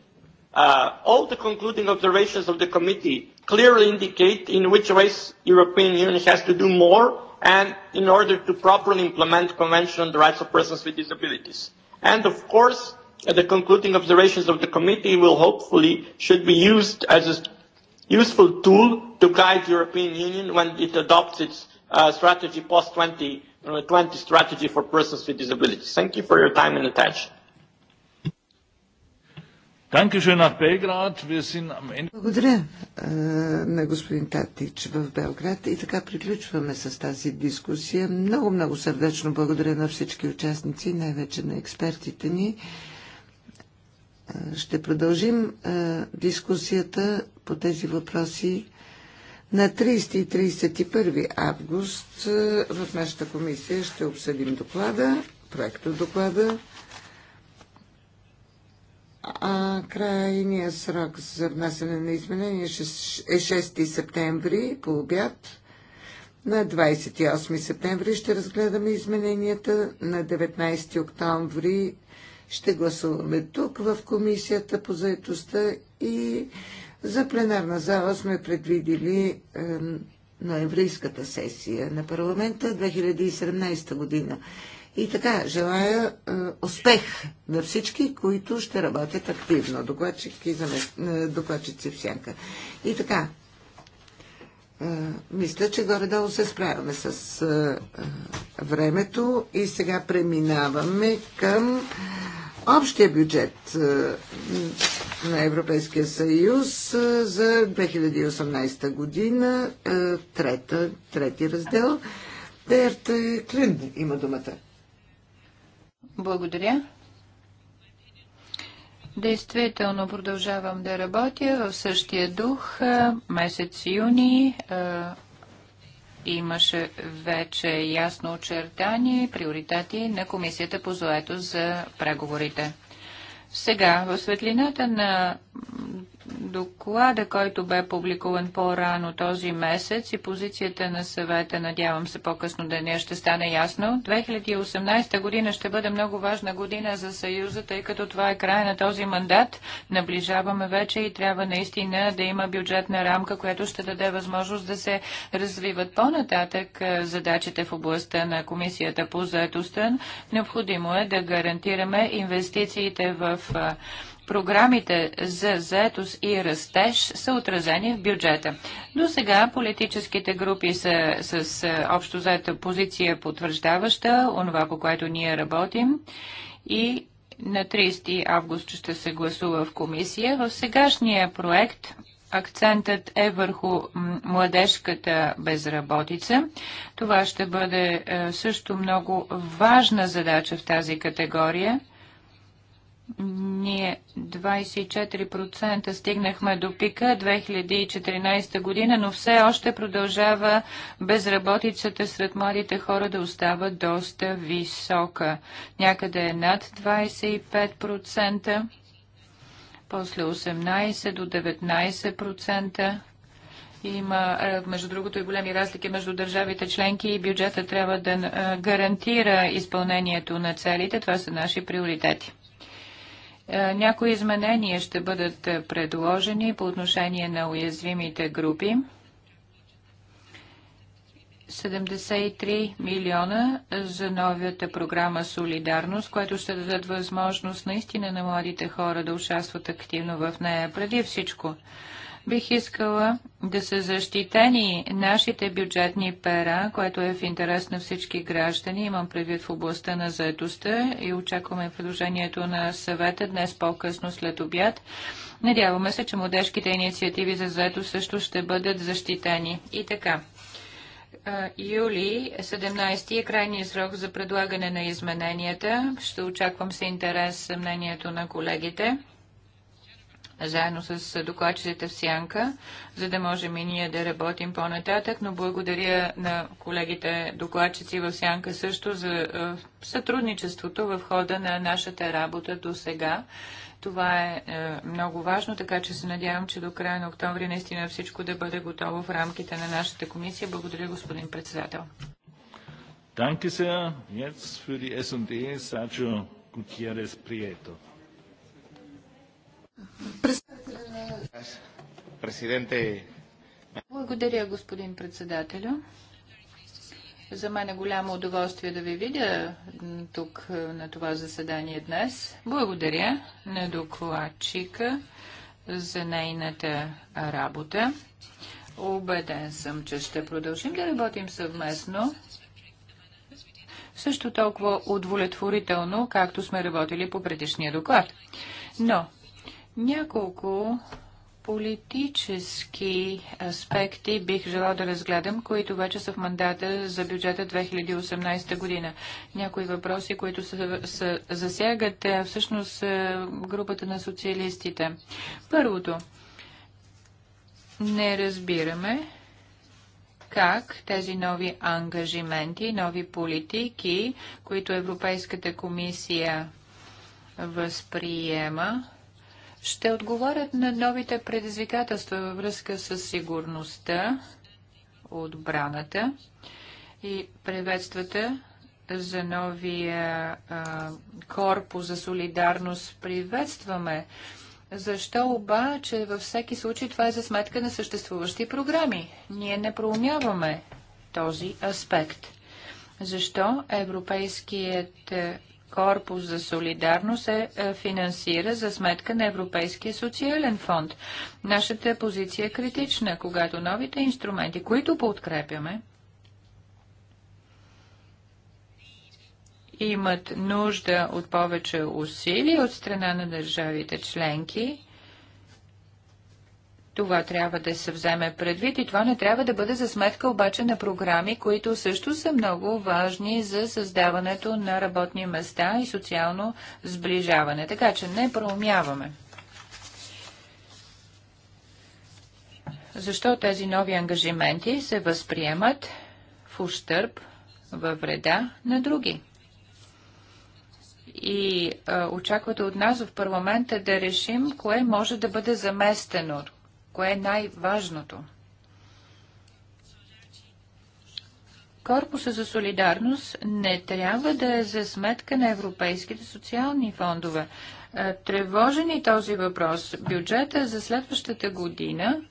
Uh, all the concluding observations of the committee clearly indicate in which ways European Union has to do more and in order to properly implement Convention on the Rights of Persons with Disabilities. And of course, the concluding observations of the committee will hopefully should be used as a useful tool to guide the European Union when it adopts its uh, strategy post-2020 strategy for persons with disabilities. Thank you for your time and attention. Благодаря на господин Татич в Белград и така приключваме с тази дискусия. Много, много сърдечно благодаря на всички участници, най-вече на експертите ни. Ще продължим дискусията по тези въпроси на 30 и 31 август в нашата комисия ще обсъдим доклада, проекто доклада. А крайният срок за внасяне на изменения е 6 септември по обяд. На 28 септември ще разгледаме измененията. На 19 октомври ще гласуваме тук в Комисията по заедостта и за пленарна зала сме предвидили ноемврийската сесия на парламента 2017 година. И така, желая е, успех на всички, които ще работят активно. докладчици е, в сянка. И така, е, мисля, че горе-долу се справяме с е, е времето и сега преминаваме към общия бюджет е, на Европейския съюз за 2018 година, трета, трети раздел. Берт Клин има думата. Благодаря. Действително продължавам да работя в същия дух. Месец юни е, имаше вече ясно очертание приоритети на Комисията по заето за преговорите. Сега, в светлината на доклада, който бе публикуван по-рано този месец и позицията на съвета, надявам се по-късно деня ще стане ясно. 2018 година ще бъде много важна година за Съюза, тъй като това е края на този мандат. Наближаваме вече и трябва наистина да има бюджетна рамка, която ще даде възможност да се развиват по-нататък е, задачите в областта на Комисията по заедостта. Необходимо е да гарантираме инвестициите в е, програмите за заетост и растеж са отразени в бюджета. До сега политическите групи са с общо заета позиция потвърждаваща, онова по което ние работим и на 30 август ще се гласува в комисия. В сегашния проект акцентът е върху младежката безработица. Това ще бъде също много важна задача в тази категория – ние 24% стигнахме до пика 2014 година, но все още продължава безработицата сред младите хора да остава доста висока. Някъде е над 25%, после 18 до 19%. Има, между другото, и големи разлики между държавите членки и бюджета трябва да гарантира изпълнението на целите. Това са наши приоритети. Е, някои изменения ще бъдат е, предложени по отношение на уязвимите групи. 73 милиона за новията програма Солидарност, което ще дадат възможност наистина на младите хора да участват активно в нея. Преди всичко, Бих искала да са защитени нашите бюджетни пера, което е в интерес на всички граждани. Имам предвид в областта на заедостта и очакваме предложението на съвета днес по-късно след обяд. Надяваме се, че младежките инициативи за заедост също ще бъдат защитени. И така юли 17 е крайния срок за предлагане на измененията. Ще очаквам с интерес мнението на колегите заедно с докладчиците в Сянка, за да можем и ние да работим по-нататък, но благодаря на колегите докладчици в Сянка също за е, сътрудничеството в хода на нашата работа до сега. Това е, е много важно, така че се надявам, че до края на октомври наистина всичко да бъде готово в рамките на нашата комисия. Благодаря, господин председател. Danke sehr. Jetzt für die Sergio Gutierrez Prieto. Благодаря, господин председателю. За мен е голямо удоволствие да ви видя тук на това заседание днес. Благодаря на докладчика за нейната работа. Обеден съм, че ще продължим да работим съвместно. Също толкова удовлетворително, както сме работили по предишния доклад. Но няколко политически аспекти бих желал да разгледам, които вече са в мандата за бюджета 2018 година. Някои въпроси, които са, са, засягат всъщност групата на социалистите. Първото. Не разбираме как тези нови ангажименти, нови политики, които Европейската комисия възприема, ще отговарят на новите предизвикателства във връзка с сигурността, отбраната и приветствата за новия а, корпус за солидарност. Приветстваме. Защо обаче във всеки случай това е за сметка на съществуващи програми? Ние не проумяваме този аспект. Защо Европейският корпус за солидарност се е, финансира за сметка на Европейския социален фонд. Нашата позиция е критична, когато новите инструменти, които подкрепяме, имат нужда от повече усилия от страна на държавите членки това трябва да се вземе предвид и това не трябва да бъде за сметка обаче на програми, които също са много важни за създаването на работни места и социално сближаване. Така че не проумяваме. Защо тези нови ангажименти се възприемат в ущърп, във вреда на други? и а, очаквате от нас в парламента да решим кое може да бъде заместено, Кое е най-важното? Корпуса за солидарност не трябва да е за сметка на европейските социални фондове. Е, тревожен и е този въпрос. Бюджета за следващата година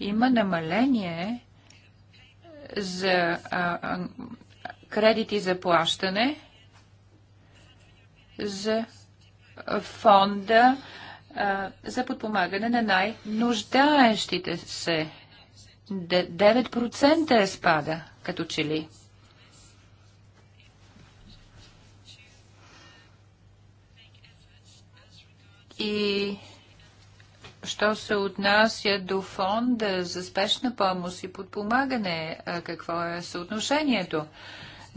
има намаление е, за а, кредити за плащане за фонда за подпомагане на най-нуждаещите се. 9% е спада, като че ли. И що се отнася до фонда за спешна помощ и подпомагане, какво е съотношението?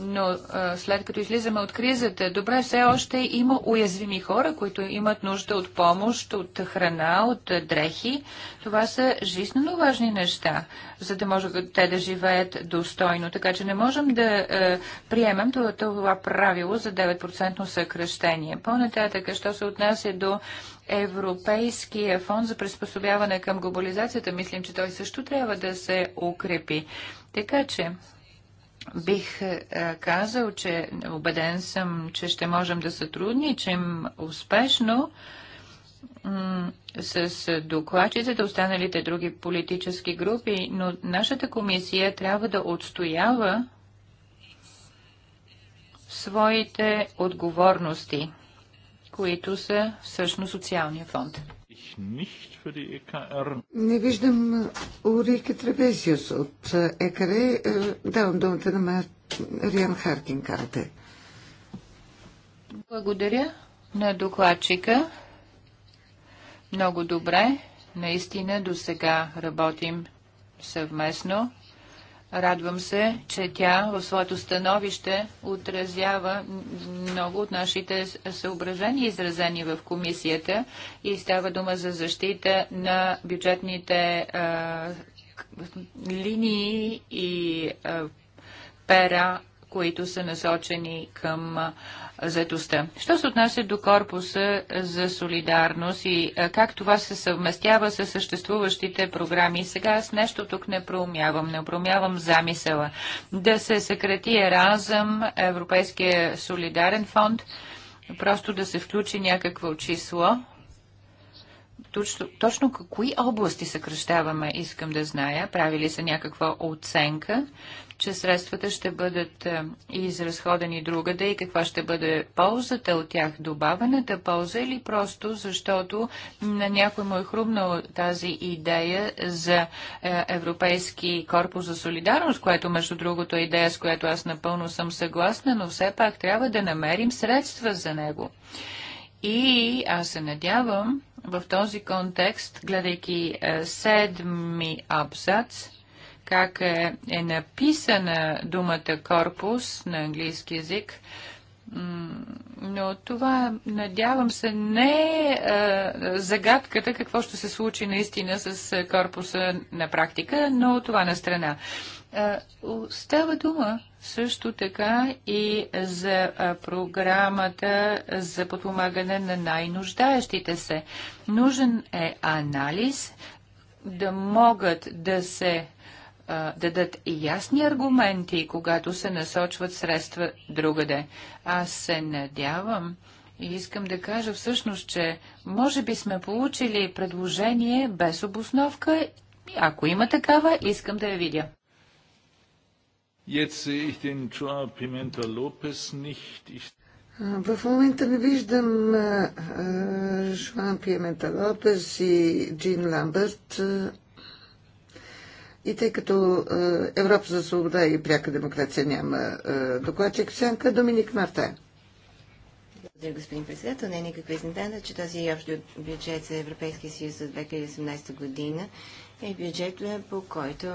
но а, след като излизаме от кризата, добре, все още има уязвими хора, които имат нужда от помощ, от храна, от дрехи. Това са жизненно важни неща, за да може те да живеят достойно. Така че не можем да а, приемем това, това правило за 9% съкръщение. По-нататък, що се отнася до Европейския фонд за приспособяване към глобализацията, мислим, че той също трябва да се укрепи. Така че, Бих е, казал, че убеден съм, че ще можем да сътрудничим успешно с докладчиците, останалите други политически групи, но нашата комисия трябва да отстоява своите отговорности, които са всъщност социалния фонд ich nicht für die EKR. Не виждам Урика Требезиус от ЕКР. Е, давам думата на Мариан Харкин карате. Благодаря на докладчика. Много добре. Наистина до сега работим съвместно. Радвам се, че тя в своето становище отразява много от нашите съображения, изразени в комисията и става дума за защита на бюджетните а, линии и а, пера, които са насочени към заетостта. Що се отнася до корпуса за солидарност и как това се съвместява с съществуващите програми? Сега аз нещо тук не проумявам, не проумявам замисъла. Да се съкрати разъм Европейския солидарен фонд, просто да се включи някакво число. Точно, точно кои области съкръщаваме, искам да зная. Правили са някаква оценка че средствата ще бъдат е, изразходени другаде и каква ще бъде ползата от тях, добавената полза или просто защото на някой му е хрумнал тази идея за е, Европейски корпус за солидарност, което между другото е идея, с която аз напълно съм съгласна, но все пак трябва да намерим средства за него. И аз се надявам в този контекст, гледайки е, седми абзац, как е, е написана думата корпус на английски язик, но това, надявам се, не е, е загадката какво ще се случи наистина с е, корпуса на практика, но това на страна. Е, става дума също така и за програмата за подпомагане на най-нуждаещите се. Нужен е анализ да могат да се дадат ясни аргументи, когато се насочват средства другаде. Аз се надявам и искам да кажа всъщност, че може би сме получили предложение без обосновка. Ако има такава, искам да я видя. В момента не виждам Жуан Пимента Лопес и Джин Ламбърт. И тъй като е, Европа за свобода и пряка демокрация няма е, докладчик в сянка, Доминик Марта. Благодаря, господин председател. Не е никаква изненада, че този общ бюджет за Европейския съюз за 2018 година е бюджет, е, по който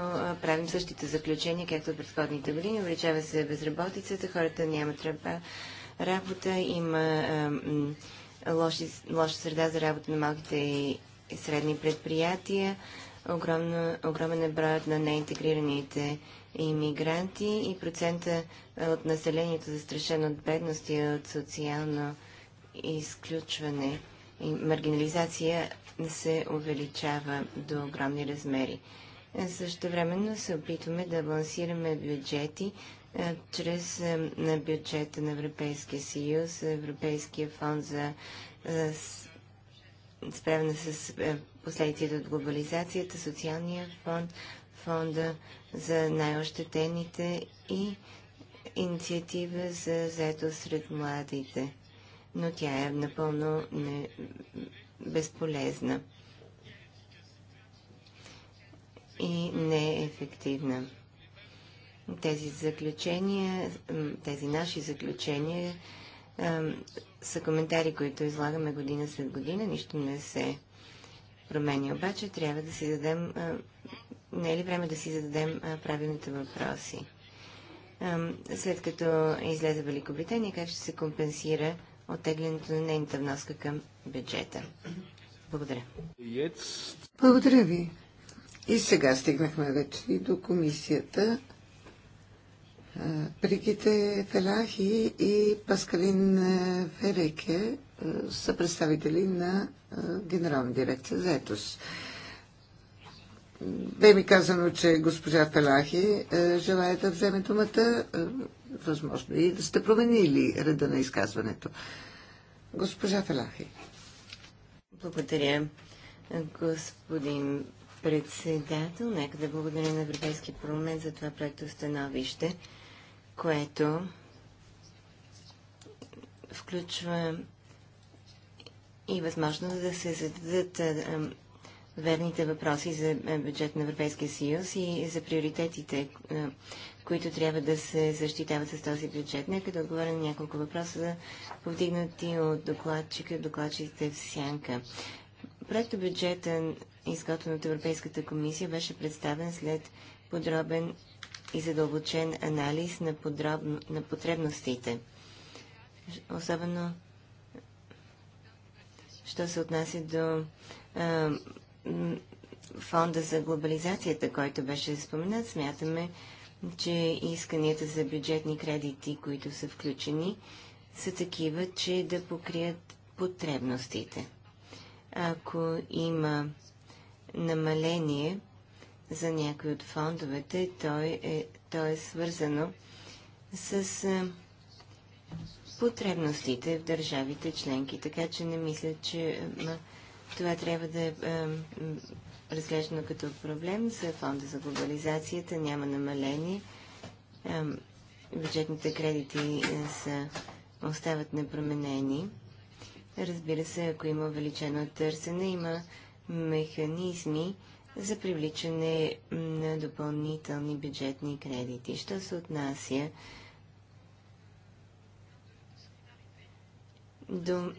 правим същите заключения, както от предходните години. Увеличава се безработицата, хората нямат работа, има лоша среда за работа на малките и средни предприятия огромна, огромен е броят на неинтегрираните иммигранти и процента е, от населението застрашено от бедност и от социално изключване и маргинализация се увеличава до огромни размери. Е, Също времено се опитваме да балансираме бюджети е, чрез на бюджета на Европейския съюз, Европейския фонд за Справена с е, последиците от глобализацията, социалния фонд, фонда за най-ощетените и инициатива за заето сред младите. Но тя е напълно не... безполезна и неефективна. Тези заключения, тези наши заключения са коментари, които излагаме година след година. Нищо не се променя. Обаче трябва да си зададем, не е ли време да си зададем правилните въпроси? след като излезе Великобритания, как ще се компенсира оттеглянето на нейната вноска към бюджета? Благодаря. Благодаря ви. И сега стигнахме вече и до комисията. Бригите Фелахи и Паскалин е, Фереке е, са представители на е, Генерална дирекция за етос. Бе ми казано, че госпожа Фелахи желая да вземе думата. Възможно и да сте променили реда на изказването. Госпожа Фелахи. Благодаря, господин председател. Нека да благодаря на Европейския парламент за това проекто становище което включва и възможност да се зададат е, е, верните въпроси за е, бюджет на Европейския съюз и за приоритетите, които трябва да се защитават с този бюджет. Нека да отговоря на няколко въпроса, повдигнати от докладчика докладчиците в Сянка. Проектът бюджета, изготвен от Европейската комисия, беше представен след подробен и задълбочен анализ на, подробно, на потребностите. Особено, що се отнася до а, фонда за глобализацията, който беше споменат, смятаме, че исканията за бюджетни кредити, които са включени, са такива, че да покрият потребностите. Ако има намаление за някои от фондовете, той е, то е свързано с е, потребностите в държавите членки. Така че не мисля, че е, това трябва да е е разглеждано като проблем за фонда за глобализацията. Няма намаление. Е, бюджетните кредити е, са, остават непроменени. Разбира се, ако има увеличено търсене, има механизми, за привличане на допълнителни бюджетни кредити. Що се отнася до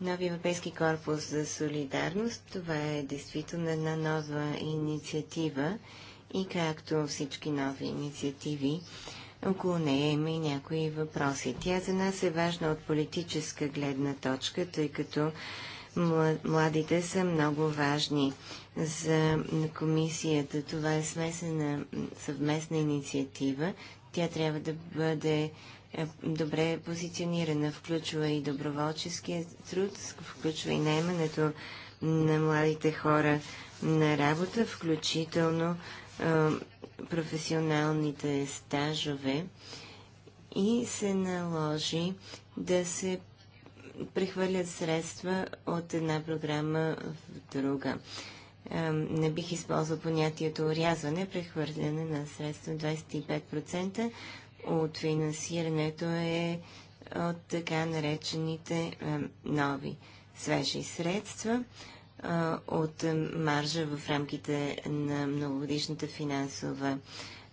нови Европейски корпус за солидарност, това е действително една нова инициатива и както всички нови инициативи, около нея има и някои въпроси. Тя за нас е важна от политическа гледна точка, тъй като младите са много важни за комисията. Това е смесена съвместна инициатива. Тя трябва да бъде е, добре позиционирана, включва и доброволческия труд, включва и наймането на младите хора на работа, включително е, професионалните стажове и се наложи да се прехвърлят средства от една програма в друга не бих използвал понятието рязване, прехвърляне на средства 25% от финансирането е от така наречените нови свежи средства от маржа в рамките на многогодишната финансова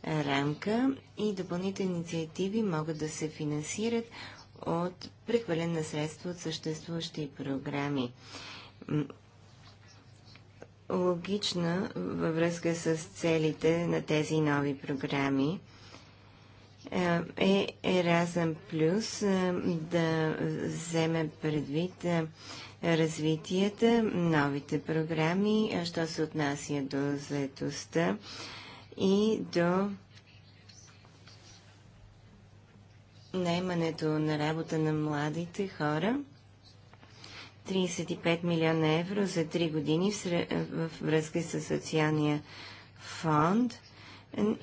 рамка и допълнителни инициативи могат да се финансират от прехвърляне на средства от съществуващи програми логична във връзка с целите на тези нови програми е, е Еразъм Плюс е, да вземе предвид е, развитията, новите програми, що се отнася до заедостта и до наймането на работа на младите хора – 35 милиона евро за 3 години в, връзка с социалния фонд.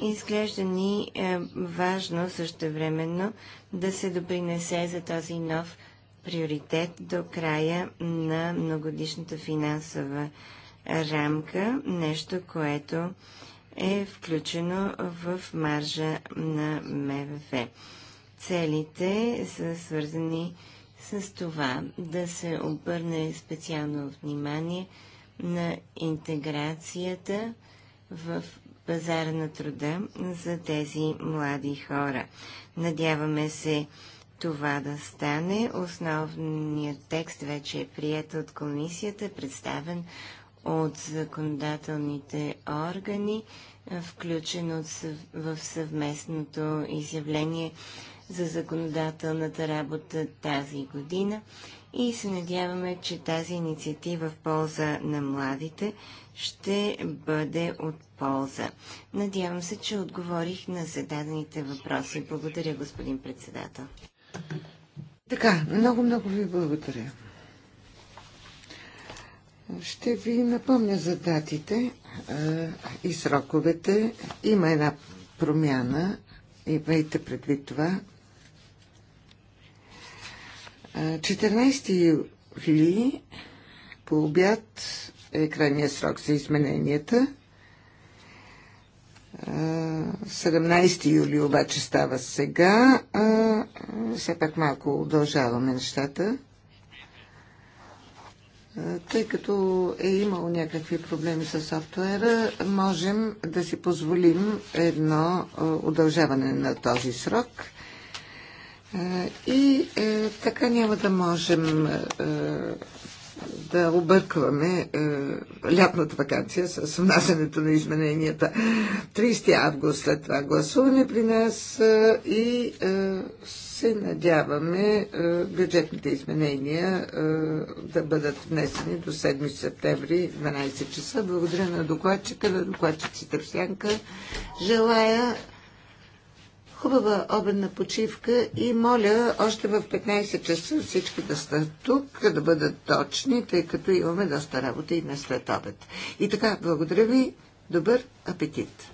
Изглежда ни е важно същевременно да се допринесе за този нов приоритет до края на многодишната финансова рамка, нещо, което е включено в маржа на МВФ. Целите са свързани с с това да се обърне специално внимание на интеграцията в пазара на труда за тези млади хора. Надяваме се това да стане. Основният текст вече е прият от комисията, представен от законодателните органи, включен от, в съвместното изявление за законодателната работа тази година и се надяваме, че тази инициатива в полза на младите ще бъде от полза. Надявам се, че отговорих на зададените въпроси. Благодаря, господин председател. Така, много-много ви благодаря. Ще ви напомня за датите и сроковете. Има една промяна. Имайте предвид това. 14 юли по обяд е крайния срок за измененията. 17 юли обаче става сега. Все пак малко удължаваме нещата, тъй като е имало някакви проблеми с софтуера, можем да си позволим едно удължаване на този срок – и е, така няма да можем е, да объркваме е, лятната вакансия с внасянето на измененията. 30 август след това гласуване при нас е, и е, се надяваме е, бюджетните изменения е, да бъдат внесени до 7 септември 12 часа. Благодаря на докладчика, на докладчиците в Сянка. Желая Хубава обедна почивка и моля още в 15 часа всички да са тук, да бъдат точни, тъй като имаме доста работа и на след обед. И така, благодаря ви, добър апетит!